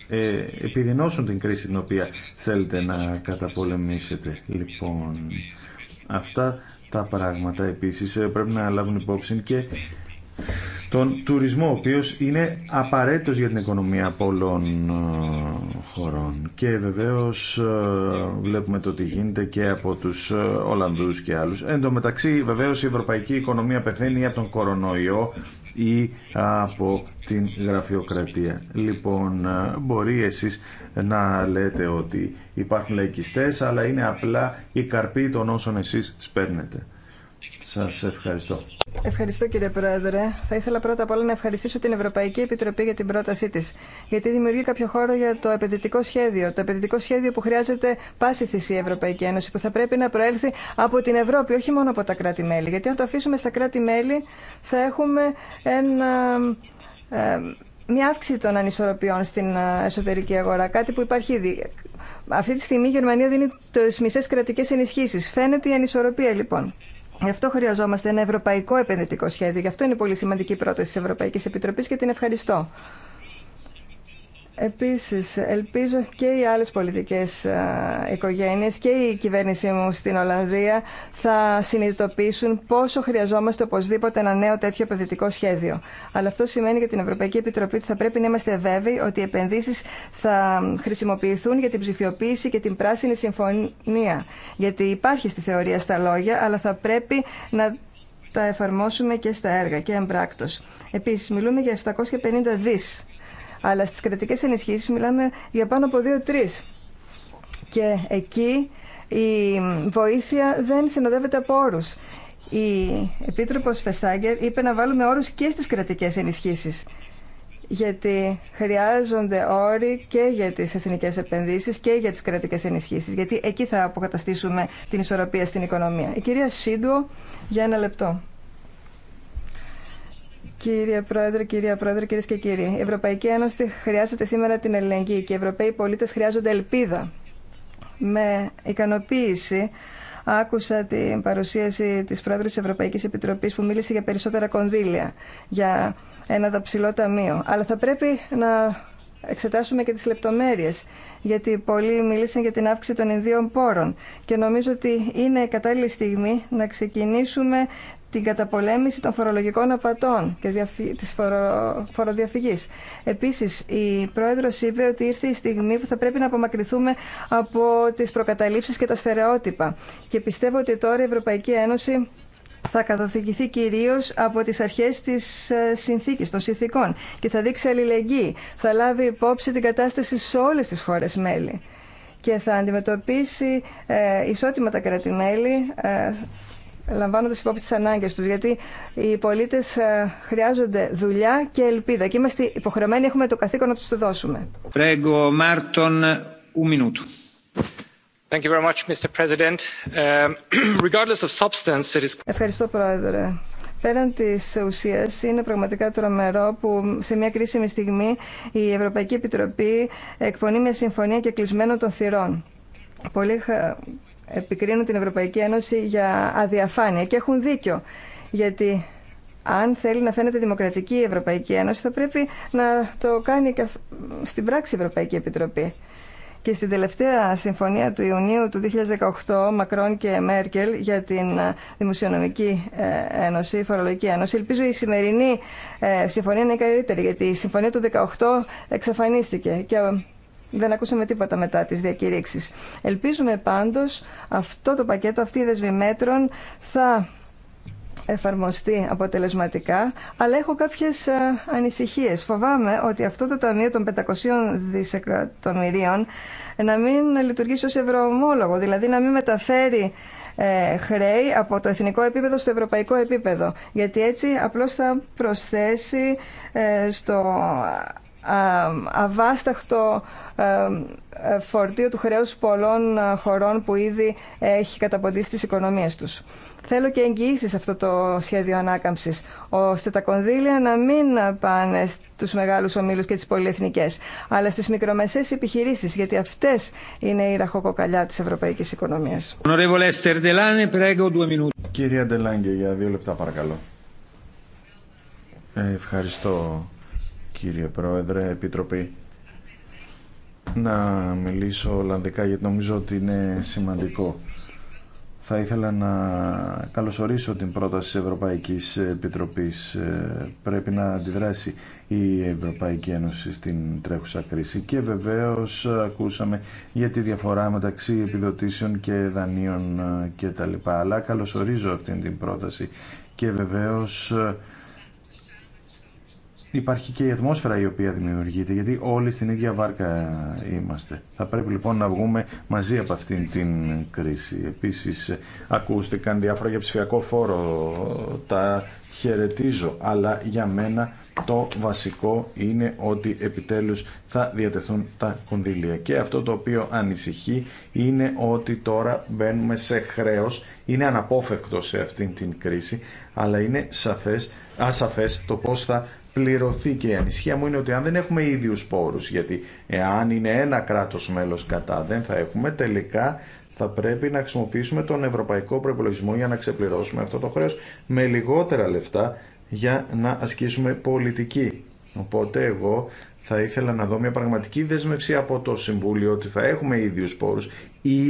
ε, επιδεινώσουν την κρίση την οποία θέλετε να καταπολεμήσετε. Λοιπόν, αυτά τα πράγματα επίσης ε, πρέπει να λάβουν υπόψη και τον τουρισμό, ο οποίος είναι απαραίτητος για την οικονομία πολλών ε, χωρών. Και βεβαίως ε, βλέπουμε το τι γίνεται και από τους Ολλανδούς και άλλους. Εν τω μεταξύ, βεβαίως η ευρωπαϊκή οικονομία πεθαίνει από τον κορονοϊό ή από την γραφειοκρατία. Λοιπόν, ε, μπορεί εσείς να λέτε ότι υπάρχουν λαϊκιστές, αλλά είναι απλά η καρπή των όσων εσείς σπέρνετε. Σας ευχαριστώ. Ευχαριστώ κύριε Πρόεδρε. Θα ήθελα πρώτα απ' όλα να ευχαριστήσω την Ευρωπαϊκή Επιτροπή για την πρότασή τη. Γιατί δημιουργεί κάποιο χώρο για το επενδυτικό σχέδιο. Το επενδυτικό σχέδιο που χρειάζεται πάση θυσία η Ευρωπαϊκή Ένωση, που θα πρέπει να προέλθει από την Ευρώπη, όχι μόνο από τα κράτη-μέλη. Γιατί αν το αφήσουμε στα κράτη-μέλη, θα έχουμε ένα, ε, μια αύξηση των ανισορροπιών στην ε, εσωτερική αγορά. Κάτι που υπάρχει ήδη. Αυτή τη στιγμή η Γερμανία δίνει τι μισέ κρατικέ ενισχύσει. Φαίνεται η ανισορροπία λοιπόν. Γι' αυτό χρειαζόμαστε ένα ευρωπαϊκό επενδυτικό σχέδιο. Γι' αυτό είναι πολύ σημαντική η πρόταση τη Ευρωπαϊκή Επιτροπή και την ευχαριστώ. Επίσης, ελπίζω και οι άλλες πολιτικές ε, οικογένειες και η κυβέρνησή μου στην Ολλανδία θα συνειδητοποιήσουν πόσο χρειαζόμαστε οπωσδήποτε ένα νέο τέτοιο επενδυτικό σχέδιο. Αλλά αυτό σημαίνει για την Ευρωπαϊκή Επιτροπή ότι θα πρέπει να είμαστε βέβαιοι ότι οι επενδύσεις θα χρησιμοποιηθούν για την ψηφιοποίηση και την πράσινη συμφωνία. Γιατί υπάρχει στη θεωρία στα λόγια, αλλά θα πρέπει να τα εφαρμόσουμε και στα έργα και εμπράκτος. Επίσης, μιλούμε για 750 δις αλλά στις κρατικές ενισχύσεις μιλάμε για πάνω από 2-3. Και εκεί η βοήθεια δεν συνοδεύεται από όρους. Η Επίτροπος Φεστάγκερ είπε να βάλουμε όρους και στις κρατικές ενισχύσεις γιατί χρειάζονται όροι και για τις εθνικές επενδύσεις και για τις κρατικές ενισχύσεις, γιατί εκεί θα αποκαταστήσουμε την ισορροπία στην οικονομία. Η κυρία Σίντουο, για ένα λεπτό. Κύριε Πρόεδρε, κύριε Πρόεδρε, κυρίε και κύριοι. Η Ευρωπαϊκή Ένωση χρειάζεται σήμερα την ελληνική και οι Ευρωπαίοι πολίτε χρειάζονται ελπίδα. Με ικανοποίηση άκουσα την παρουσίαση τη Πρόεδρου τη Ευρωπαϊκή Επιτροπή που μίλησε για περισσότερα κονδύλια, για ένα δαψιλό ταμείο. Αλλά θα πρέπει να εξετάσουμε και τις λεπτομέρειες, γιατί πολλοί μίλησαν για την αύξηση των ιδίων πόρων και νομίζω ότι είναι κατάλληλη στιγμή να ξεκινήσουμε την καταπολέμηση των φορολογικών απατών και της φορο... φοροδιαφυγής. Επίσης, η Πρόεδρος είπε ότι ήρθε η στιγμή που θα πρέπει να απομακρυνθούμε από τις προκαταλήψεις και τα στερεότυπα. Και πιστεύω ότι τώρα η Ευρωπαϊκή Ένωση θα καθοδηγηθεί κυρίω από τι αρχέ τη ε, συνθήκη, των συνθήκων και θα δείξει αλληλεγγύη. Θα λάβει υπόψη την κατάσταση σε όλε τι χώρε μέλη και θα αντιμετωπίσει ε, ισότιμα τα κράτη-μέλη ε, λαμβάνοντα υπόψη τι ανάγκε του. Γιατί οι πολίτε ε, χρειάζονται δουλειά και ελπίδα και είμαστε υποχρεωμένοι, έχουμε το καθήκον να του το δώσουμε. Πρέγκο, Μάρτον, um, Ευχαριστώ, Πρόεδρε. Πέραν τη ουσία, είναι πραγματικά τρομερό που σε μια κρίσιμη στιγμή η Ευρωπαϊκή Επιτροπή εκπονεί μια συμφωνία και κλεισμένο των θυρών επικρίνουν την Ευρωπαϊκή Ένωση για αδιαφάνεια και έχουν δίκιο. Γιατί αν θέλει να φαίνεται δημοκρατική η Ευρωπαϊκή Ένωση θα πρέπει να το κάνει και στην πράξη η Ευρωπαϊκή Επιτροπή. Και στην τελευταία συμφωνία του Ιουνίου του 2018, Μακρόν και Μέρκελ για την ε, Δημοσιονομική ε, Ένωση, Φορολογική Ένωση, ελπίζω η σημερινή ε, συμφωνία να είναι καλύτερη, γιατί η συμφωνία του 2018 εξαφανίστηκε. Και δεν ακούσαμε τίποτα μετά τις διακηρύξεις. Ελπίζουμε πάντως αυτό το πακέτο, αυτή η δεσμή μέτρων θα εφαρμοστεί αποτελεσματικά, αλλά έχω κάποιες ε, ανησυχίες. Φοβάμαι ότι αυτό το Ταμείο των 500 δισεκατομμυρίων να μην λειτουργήσει ως ευρωομόλογο, δηλαδή να μην μεταφέρει ε, χρέη από το εθνικό επίπεδο στο ευρωπαϊκό επίπεδο. Γιατί έτσι απλώς θα προσθέσει ε, στο αβάσταχτο ε, φορτίο του χρέους πολλών ε, χωρών που ήδη έχει καταποντήσει τις οικονομίες τους. Θέλω και εγγυήσει σε αυτό το σχέδιο ανάκαμψης, ώστε τα κονδύλια να μην πάνε στους μεγάλους ομίλους και τις πολυεθνικές, αλλά στις μικρομεσαίες επιχειρήσεις, γιατί αυτές είναι η ραχοκοκαλιά της ευρωπαϊκής οικονομίας. Κύριε Αντελάνγκε, για δύο λεπτά παρακαλώ. Ε, ευχαριστώ κύριε Πρόεδρε, Επίτροπη. Να μιλήσω Ολλανδικά γιατί νομίζω ότι είναι σημαντικό. Θα ήθελα να καλωσορίσω την πρόταση της Ευρωπαϊκής Επιτροπής. Ε, πρέπει να αντιδράσει η Ευρωπαϊκή Ένωση στην τρέχουσα κρίση. Και βεβαίως ακούσαμε για τη διαφορά μεταξύ επιδοτήσεων και δανείων ε, κτλ. Αλλά καλωσορίζω αυτή την πρόταση. Και βεβαίως ε, υπάρχει και η ατμόσφαιρα η οποία δημιουργείται, γιατί όλοι στην ίδια βάρκα είμαστε. Θα πρέπει λοιπόν να βγούμε μαζί από αυτήν την κρίση. Επίσης, ακούστηκαν διάφορα για ψηφιακό φόρο, τα χαιρετίζω, αλλά για μένα το βασικό είναι ότι επιτέλους θα διατεθούν τα κονδύλια. Και αυτό το οποίο ανησυχεί είναι ότι τώρα μπαίνουμε σε χρέος, είναι αναπόφευκτο σε αυτήν την κρίση, αλλά είναι σαφές, ασαφές το πώς θα πληρωθεί και η ανησυχία μου είναι ότι αν δεν έχουμε ίδιους πόρου. γιατί εάν είναι ένα κράτο μέλο κατά δεν θα έχουμε, τελικά θα πρέπει να χρησιμοποιήσουμε τον ευρωπαϊκό προπολογισμό για να ξεπληρώσουμε αυτό το χρέο με λιγότερα λεφτά για να ασκήσουμε πολιτική. Οπότε εγώ θα ήθελα να δω μια πραγματική δέσμευση από το Συμβούλιο ότι θα έχουμε ίδιους πόρους ή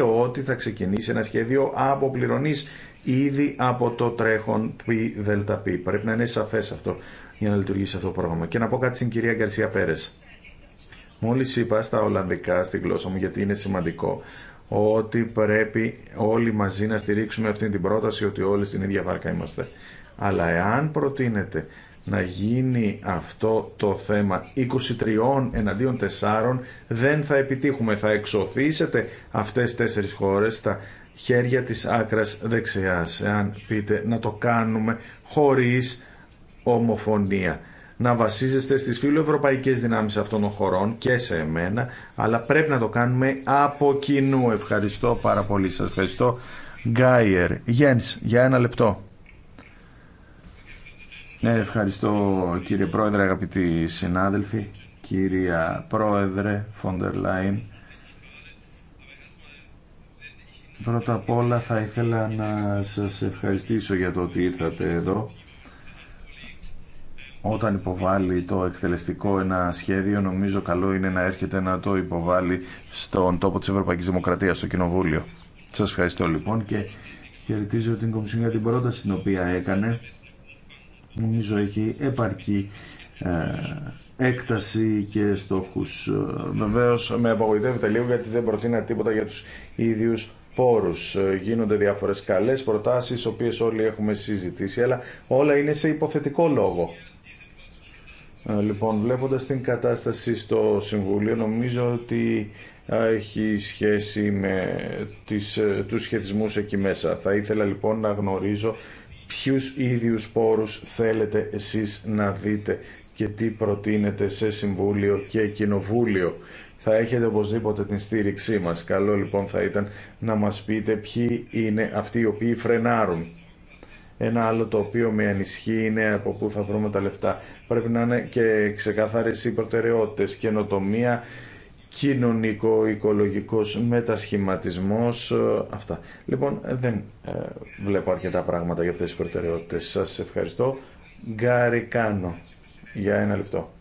ότι θα ξεκινήσει ένα σχέδιο αποπληρωνής ήδη από το τρέχον ΠΔΠ. Πρέπει να είναι σαφές αυτό για να λειτουργήσει αυτό το πρόγραμμα. Και να πω κάτι στην κυρία Γκαρσία Πέρε. Μόλι είπα στα Ολλανδικά, στη γλώσσα μου, γιατί είναι σημαντικό, ότι πρέπει όλοι μαζί να στηρίξουμε αυτή την πρόταση ότι όλοι στην ίδια βάρκα είμαστε. Αλλά εάν προτείνεται να γίνει αυτό το θέμα 23 εναντίον 4 δεν θα επιτύχουμε. Θα εξωθήσετε αυτές τις τέσσερις χώρες στα χέρια της άκρας δεξιάς. Εάν πείτε να το κάνουμε χωρίς ομοφωνία. Να βασίζεστε στις φιλοευρωπαϊκές δυνάμεις αυτών των χωρών και σε εμένα, αλλά πρέπει να το κάνουμε από κοινού. Ευχαριστώ πάρα πολύ. Σας ευχαριστώ. Γκάιερ. Γιάννης, για ένα λεπτό. Ναι, ευχαριστώ κύριε Πρόεδρε, αγαπητοί συνάδελφοι, κύρια Πρόεδρε Φόντερ Λάιν. Πρώτα απ' όλα θα ήθελα να σας ευχαριστήσω για το ότι ήρθατε εδώ όταν υποβάλει το εκτελεστικό ένα σχέδιο, νομίζω καλό είναι να έρχεται να το υποβάλει στον τόπο της Ευρωπαϊκής Δημοκρατίας, στο Κοινοβούλιο. Σας ευχαριστώ λοιπόν και χαιρετίζω την Κομισιόν για την πρόταση την οποία έκανε. Νομίζω έχει επαρκή ε, έκταση και στόχους. Βεβαίως με απογοητεύεται λίγο γιατί δεν προτείνα τίποτα για τους ίδιους πόρους. Γίνονται διάφορες καλές προτάσεις, οποίες όλοι έχουμε συζητήσει, αλλά όλα είναι σε υποθετικό λόγο. Ε, λοιπόν, βλέποντας την κατάσταση στο Συμβούλιο, νομίζω ότι έχει σχέση με τις, ε, τους σχετισμούς εκεί μέσα. Θα ήθελα λοιπόν να γνωρίζω ποιους ίδιους πόρους θέλετε εσείς να δείτε και τι προτείνετε σε Συμβούλιο και Κοινοβούλιο. Θα έχετε οπωσδήποτε την στήριξή μας. Καλό λοιπόν θα ήταν να μας πείτε ποιοι είναι αυτοί οι οποίοι φρενάρουν. Ένα άλλο το οποίο με ανισχύει είναι από πού θα βρούμε τα λεφτά. Πρέπει να είναι και ξεκάθαρε οι προτεραιοτητε καινοτομια καινοτομία, κοινωνικό-οικολογικός μετασχηματισμός, αυτά. Λοιπόν, δεν ε, βλέπω αρκετά πράγματα για αυτές τις προτεραιότητε. Σας ευχαριστώ. Κάνο για ένα λεπτό.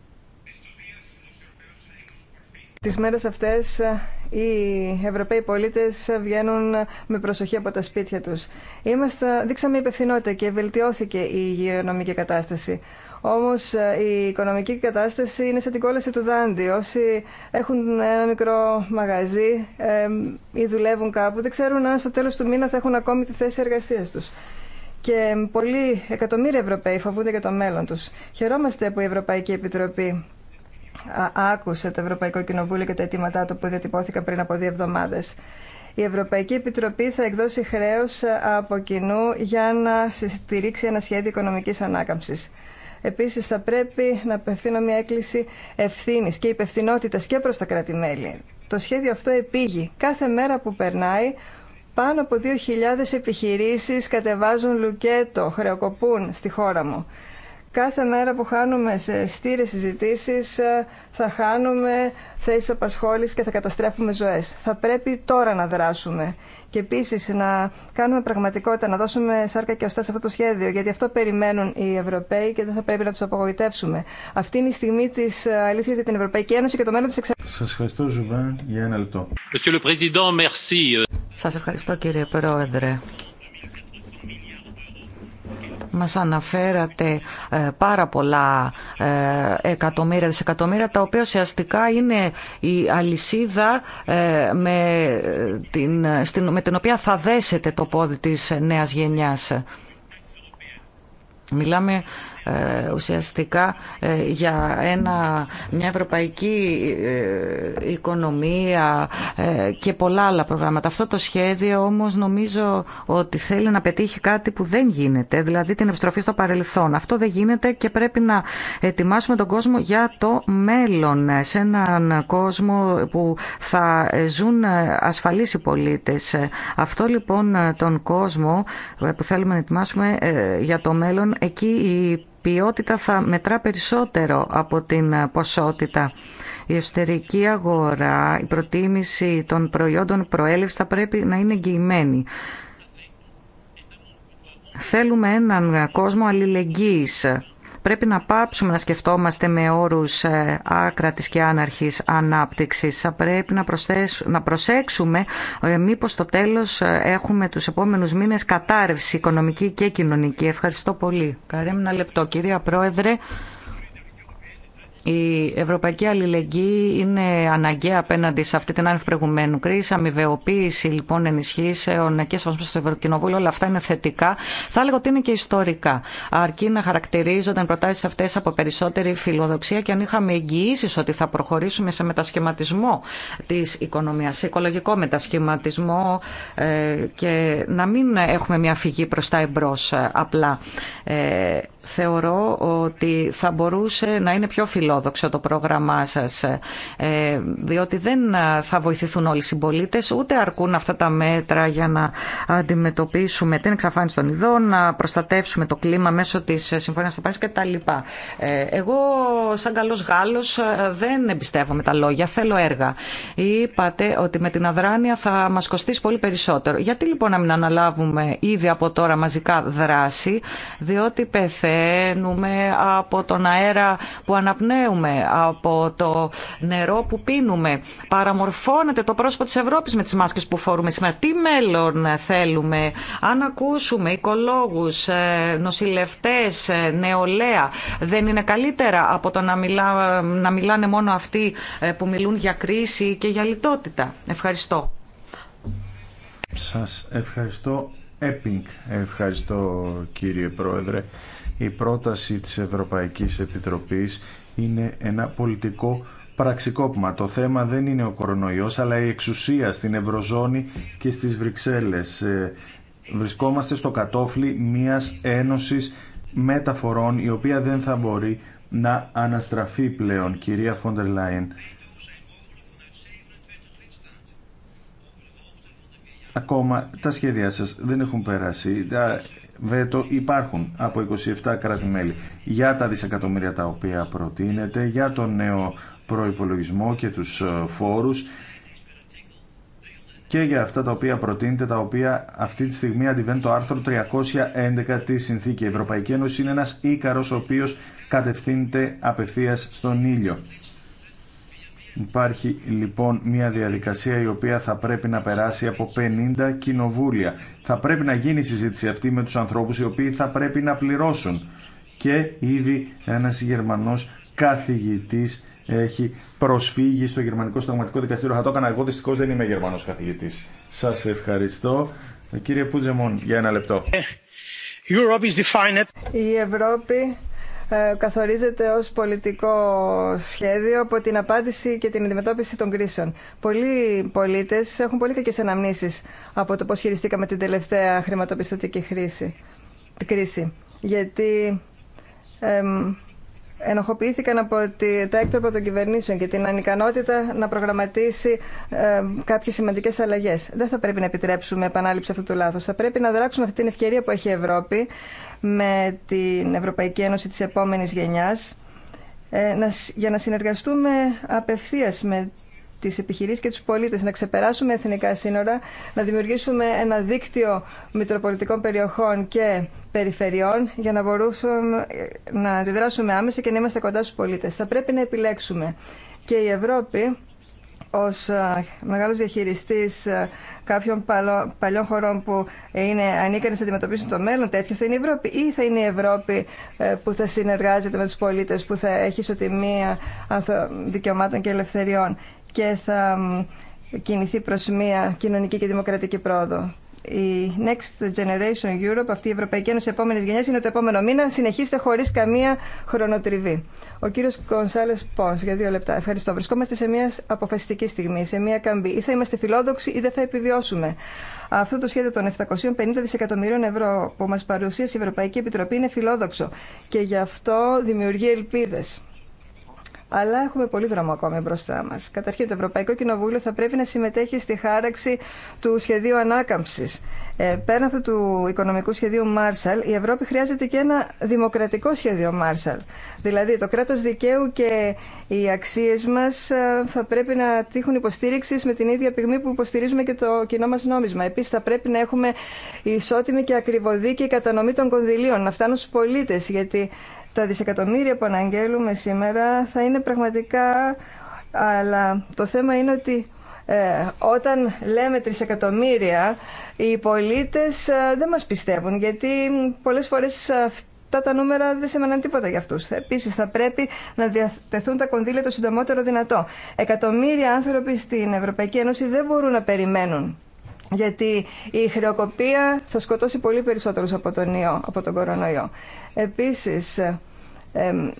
Τις μέρες αυτές οι Ευρωπαίοι πολίτε βγαίνουν με προσοχή από τα σπίτια του. δείξαμε υπευθυνότητα και βελτιώθηκε η υγειονομική κατάσταση. Όμω ε, η οικονομική κατάσταση είναι σαν την κόλαση του δάντη. Όσοι έχουν ένα μικρό μαγαζί ή δουλεύουν κάπου, δεν ξέρουν αν στο τέλο του μήνα θα έχουν ακόμη τη θέση εργασία του. Και πολλοί εκατομμύρια Ευρωπαίοι φοβούνται για το μέλλον του. Χαιρόμαστε που η Ευρωπαϊκή Επιτροπή άκουσε το Ευρωπαϊκό Κοινοβούλιο και τα αιτήματά του που διατυπώθηκαν πριν από δύο εβδομάδε. Η Ευρωπαϊκή Επιτροπή θα εκδώσει χρέο ε, από κοινού για να στηρίξει ένα σχέδιο οικονομική ανάκαμψη. Επίση, θα πρέπει να απευθύνω μια έκκληση ευθύνη και υπευθυνότητα και προ τα κράτη-μέλη. Το σχέδιο αυτό επήγει. Κάθε μέρα που περνάει πάνω από 2.000 επιχειρήσει κατεβάζουν λουκέτο, χρεοκοπούν στη χώρα μου. Κάθε μέρα που χάνουμε σε στήρες συζητήσει ε, θα χάνουμε θέσει απασχόλησης και θα καταστρέφουμε ζωές. Θα πρέπει τώρα να δράσουμε και επίσης να κάνουμε πραγματικότητα, να δώσουμε σάρκα και οστά σε αυτό το σχέδιο, γιατί αυτό περιμένουν οι Ευρωπαίοι και δεν θα πρέπει να τους απογοητεύσουμε. Αυτή είναι η στιγμή της ε, αλήθειας για την Ευρωπαϊκή Ένωση και το μέλλον της εξαρτησίας. Σας ευχαριστώ, Ζουβάν, για ένα λεπτό. Σα ευχαριστώ, κύριε Πρόεδρε. Μας αναφέρατε ε, πάρα πολλά ε, εκατομμύρια, δισεκατομμύρια, τα οποία ουσιαστικά είναι η αλυσίδα ε, με την, με την οποία θα δέσετε το πόδι της νέας γενιάς. Μιλάμε ε, ουσιαστικά ε, για ένα, μια ευρωπαϊκή ε, οικονομία και πολλά άλλα προγράμματα. Αυτό το σχέδιο όμως νομίζω ότι θέλει να πετύχει κάτι που δεν γίνεται, δηλαδή την επιστροφή στο παρελθόν. Αυτό δεν γίνεται και πρέπει να ετοιμάσουμε τον κόσμο για το μέλλον, σε έναν κόσμο που θα ζουν ασφαλείς οι πολίτες. Αυτό λοιπόν τον κόσμο που θέλουμε να ετοιμάσουμε για το μέλλον, εκεί η ποιότητα θα μετρά περισσότερο από την ποσότητα. Η εσωτερική αγορά, η προτίμηση των προϊόντων προέλευσης θα πρέπει να είναι εγγυημένη. Θέλουμε έναν κόσμο αλληλεγγύης Πρέπει να πάψουμε να σκεφτόμαστε με όρους ε, άκρατης και άναρχης ανάπτυξης. Θα πρέπει να, να προσέξουμε ε, μήπως στο τέλος ε, έχουμε τους επόμενους μήνες κατάρρευση οικονομική και κοινωνική. Ευχαριστώ πολύ. Καρέμνα λεπτό. Κυρία Πρόεδρε, η ευρωπαϊκή αλληλεγγύη είναι αναγκαία απέναντι σε αυτή την άνευ προηγουμένου κρίση, αμοιβαιοποίηση λοιπόν ενισχύσεων και σεβασμό στο Ευρωκοινοβούλιο. Όλα αυτά είναι θετικά. Θα έλεγα ότι είναι και ιστορικά. Αρκεί να οι προτάσει αυτέ από περισσότερη φιλοδοξία και αν είχαμε εγγυήσει ότι θα προχωρήσουμε σε μετασχηματισμό τη οικονομία, σε οικολογικό μετασχηματισμό ε, και να μην έχουμε μια φυγή προ τα εμπρό ε, απλά. Ε, θεωρώ ότι θα μπορούσε να είναι πιο φιλόδοξο φιλόδοξο το πρόγραμμά σας, ε, διότι δεν ε, θα βοηθηθούν όλοι οι συμπολίτες, ούτε αρκούν αυτά τα μέτρα για να αντιμετωπίσουμε την εξαφάνιση των ειδών, να προστατεύσουμε το κλίμα μέσω της ε, Συμφωνίας του Παρίσι κτλ. Εγώ, σαν καλό Γάλλος, δεν εμπιστεύομαι τα λόγια, θέλω έργα. Είπατε ότι με την αδράνεια θα μας κοστίσει πολύ περισσότερο. Γιατί λοιπόν να μην αναλάβουμε ήδη από τώρα μαζικά δράση, διότι πεθαίνουμε από τον αέρα που αναπνέουμε από το νερό που πίνουμε. Παραμορφώνεται το πρόσωπο της Ευρώπης με τις μάσκες που φορούμε σήμερα. Τι μέλλον θέλουμε, αν ακούσουμε οικολόγους, ε, νοσηλευτές, ε, νεολαία, δεν είναι καλύτερα από το να, μιλά, να μιλάνε μόνο αυτοί ε, που μιλούν για κρίση και για λιτότητα. Ευχαριστώ. Σας ευχαριστώ. Έπινγκ, ευχαριστώ κύριε Πρόεδρε. Η πρόταση της Ευρωπαϊκής Επιτροπής είναι ένα πολιτικό πραξικόπημα. Το θέμα δεν είναι ο κορονοϊός, αλλά η εξουσία στην Ευρωζώνη και στις Βρυξέλλες. Ε, βρισκόμαστε στο κατόφλι μιας ένωσης μεταφορών, η οποία δεν θα μπορεί να αναστραφεί πλέον, κυρία Φόντερ Λάιν. Ακόμα τα σχέδιά σας δεν έχουν περάσει βέτο υπάρχουν από 27 κράτη-μέλη για τα δισεκατομμύρια τα οποία προτείνεται, για τον νέο προϋπολογισμό και τους ε, φόρους και για αυτά τα οποία προτείνεται, τα οποία αυτή τη στιγμή αντιβαίνει το άρθρο 311 της Συνθήκη. Η Ευρωπαϊκή Ένωση είναι ένας ίκαρος ο οποίος κατευθύνεται απευθείας στον ήλιο. Υπάρχει λοιπόν μια διαδικασία η οποία θα πρέπει να περάσει από 50 κοινοβούλια. Θα πρέπει να γίνει η συζήτηση αυτή με τους ανθρώπους οι οποίοι θα πρέπει να πληρώσουν. Και ήδη ένας Γερμανός καθηγητής έχει προσφύγει στο Γερμανικό Συνταγματικό Δικαστήριο. Θα το έκανα εγώ, δυστυχώς δεν είμαι Γερμανός καθηγητής. Σας ευχαριστώ. Ε, κύριε Πούτζεμον, για ένα λεπτό. Ε, η Ευρώπη ε, καθορίζεται ως πολιτικό σχέδιο από την απάντηση και την αντιμετώπιση των κρίσεων. Πολλοί πολίτες έχουν πολύ κακές αναμνήσεις από το πώς χειριστήκαμε την τελευταία χρηματοπιστωτική χρήση, την κρίση. Γιατί ε, ενοχοποιήθηκαν από τα έκτροπα των κυβερνήσεων και την ανικανότητα να προγραμματίσει ε, κάποιες σημαντικές αλλαγές. Δεν θα πρέπει να επιτρέψουμε επανάληψη αυτού του λάθους. Θα πρέπει να δράξουμε αυτή την ευκαιρία που έχει η Ευρώπη με την Ευρωπαϊκή Ένωση της επόμενης γενιάς ε, για να συνεργαστούμε απευθείας με τις επιχειρήσεις και τους πολίτες, να ξεπεράσουμε εθνικά σύνορα, να δημιουργήσουμε ένα δίκτυο μητροπολιτικών περιοχών και περιφερειών για να μπορούσαμε ε, να αντιδράσουμε άμεσα και να είμαστε κοντά στους πολίτες. Θα πρέπει να επιλέξουμε. Και η Ευρώπη ως ε, μεγάλος διαχειριστής ε, κάποιων παλιών χωρών που είναι ανίκανες να αντιμετωπίσουν το μέλλον, τέτοια θα είναι η Ευρώπη ή θα είναι η Ευρώπη ε, που θα συνεργάζεται με τους πολίτες, που θα έχει ισοτιμία δικαιωμάτων και ελευθεριών και θα κινηθεί προς μια κοινωνική και δημοκρατική πρόοδο η Next Generation Europe, αυτή η Ευρωπαϊκή Ένωση επόμενη γενιά, είναι το επόμενο μήνα. Συνεχίστε χωρί καμία χρονοτριβή. Ο κύριο Κονσάλε Πόν, για δύο λεπτά. Ευχαριστώ. Βρισκόμαστε σε μια αποφασιστική στιγμή, σε μια καμπή. Ή θα είμαστε φιλόδοξοι ή δεν θα επιβιώσουμε. Αυτό το σχέδιο των 750 δισεκατομμυρίων ευρώ που μα παρουσίασε η Ευρωπαϊκή Επιτροπή είναι φιλόδοξο και γι' αυτό δημιουργεί ελπίδε αλλά έχουμε πολύ δρόμο ακόμη μπροστά μα. Καταρχήν, το Ευρωπαϊκό Κοινοβούλιο θα πρέπει να συμμετέχει στη χάραξη του σχεδίου ανάκαμψη. Ε, πέραν αυτού του οικονομικού σχεδίου Μάρσαλ, η Ευρώπη χρειάζεται και ένα δημοκρατικό σχέδιο Μάρσαλ. Δηλαδή, το κράτο δικαίου και οι αξίε μα ε, θα πρέπει να τύχουν υποστήριξη με την ίδια πυγμή που υποστηρίζουμε και το κοινό μα νόμισμα. Επίση, θα πρέπει να έχουμε ισότιμη και ακριβωδίκη κατανομή των κονδυλίων, να φτάνουν στου πολίτε, γιατί τα δισεκατομμύρια που αναγγέλουμε σήμερα θα είναι πραγματικά, αλλά το θέμα είναι ότι ε, όταν λέμε τρισεκατομμύρια, οι πολίτες ε, δεν μας πιστεύουν, γιατί πολλές φορές αυτά τα νούμερα δεν σημαίνουν τίποτα για αυτούς. Επίσης, θα πρέπει να διατεθούν τα κονδύλια το συντομότερο δυνατό. Εκατομμύρια άνθρωποι στην Ευρωπαϊκή Ένωση δεν μπορούν να περιμένουν γιατί η χρεοκοπία θα σκοτώσει πολύ περισσότερους από τον ιό, από τον κορονοϊό. Επίσης,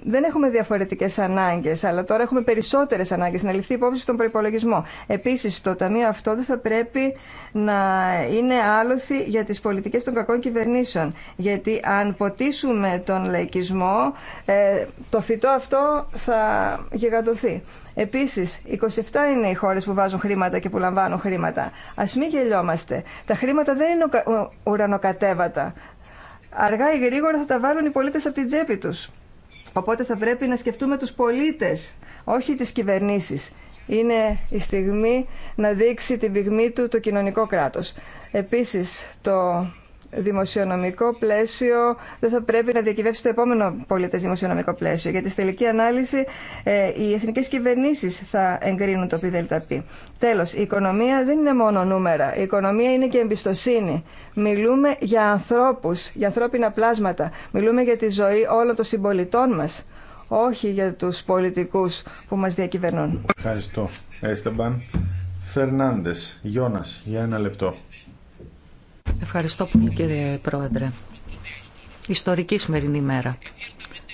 δεν έχουμε διαφορετικέ ανάγκε, αλλά τώρα έχουμε περισσότερε ανάγκε να ληφθεί υπόψη στον προπολογισμό. Επίση, το ταμείο αυτό δεν θα πρέπει να είναι άλοθη για τι πολιτικέ των κακών κυβερνήσεων. Γιατί αν ποτίσουμε τον λαϊκισμό, ε, το φυτό αυτό θα γιγαντωθεί. Επίσης, 27 είναι οι χώρες που βάζουν χρήματα και που λαμβάνουν χρήματα. Α μην γελιόμαστε. Τα χρήματα δεν είναι ουρανοκατέβατα. Αργά ή γρήγορα θα τα βάλουν οι πολίτες από την τσέπη του. Οπότε θα πρέπει να σκεφτούμε τους πολίτες, όχι τις κυβερνήσεις. Είναι η στιγμή να δείξει την πυγμή του το κοινωνικό κράτος. Επίση το δημοσιονομικό πλαίσιο δεν θα πρέπει να διακυβεύσει το επόμενο πολίτες δημοσιονομικό πλαίσιο. Γιατί στη τελική ανάλυση ε, οι εθνικές κυβερνήσεις θα εγκρίνουν το ΠΔΠ. Τέλος, η οικονομία δεν είναι μόνο νούμερα. Η οικονομία είναι και εμπιστοσύνη. Μιλούμε για ανθρώπους, για ανθρώπινα πλάσματα. Μιλούμε για τη ζωή όλων των συμπολιτών μας. Όχι για τους πολιτικούς που μας διακυβερνούν. Ευχαριστώ. Έστεμπαν. Φερνάντες, Γιώνας, για ένα λεπτό. Ευχαριστώ πολύ κύριε Πρόεδρε. Ιστορική σημερινή ημέρα.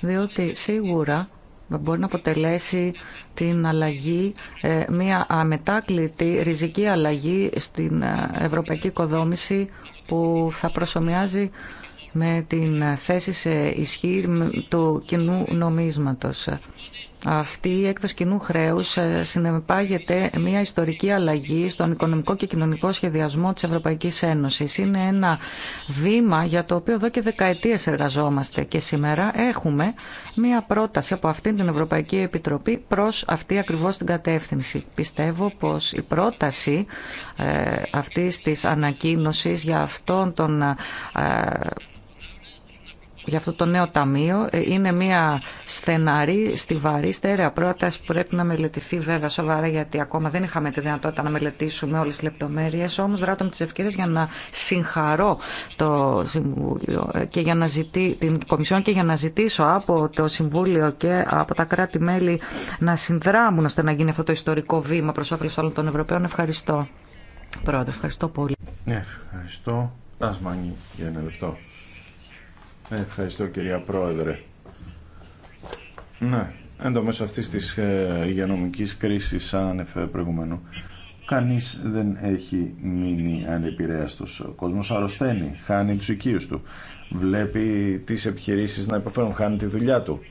Διότι σίγουρα μπορεί να αποτελέσει την αλλαγή, ε, μια αμετάκλητη ριζική αλλαγή στην ε, ευρωπαϊκή οικοδόμηση που θα προσωμιάζει με την θέση σε ισχύ του κοινού νομίσματος. Αυτή η έκδοση κοινού χρέου ε, συνεπάγεται μια ιστορική αλλαγή στον οικονομικό και κοινωνικό σχεδιασμό τη Ευρωπαϊκή Ένωση. Είναι ένα βήμα για το οποίο εδώ και δεκαετίε εργαζόμαστε και σήμερα έχουμε μια πρόταση από αυτήν την Ευρωπαϊκή Επιτροπή προ αυτή ακριβώ την κατεύθυνση. Πιστεύω πω η πρόταση ε, αυτή τη ανακοίνωση για αυτόν τον ε, για αυτό το νέο ταμείο ε, είναι μια στεναρή, στιβαρή, στέρεα πρόταση που πρέπει να μελετηθεί βέβαια σοβαρά γιατί ακόμα δεν είχαμε τη δυνατότητα να μελετήσουμε όλε τι λεπτομέρειε όμω δράτω με τις ευκαιρίε για να συγχαρώ το Συμβούλιο ε, και για να ζητή, την Κομισιόν και για να ζητήσω από το Συμβούλιο και από τα κράτη-μέλη να συνδράμουν ώστε να γίνει αυτό το ιστορικό βήμα προ όφελο όλων των Ευρωπαίων. Ευχαριστώ. Πρόεδρε, ευχαριστώ πολύ. Ναι, ευχαριστώ. Τάσμανι για ένα λεπτό. Ευχαριστώ κυρία Πρόεδρε. Ναι, εντωμέσω αυτής της ε, υγειονομικής κρίσης ανέφερε προηγουμένου κανείς δεν έχει μείνει ανεπηρέαστος. Ο κόσμος αρρωσταίνει, χάνει τους οικείους του, βλέπει τις επιχειρήσεις να υποφέρουν, χάνει τη δουλειά του.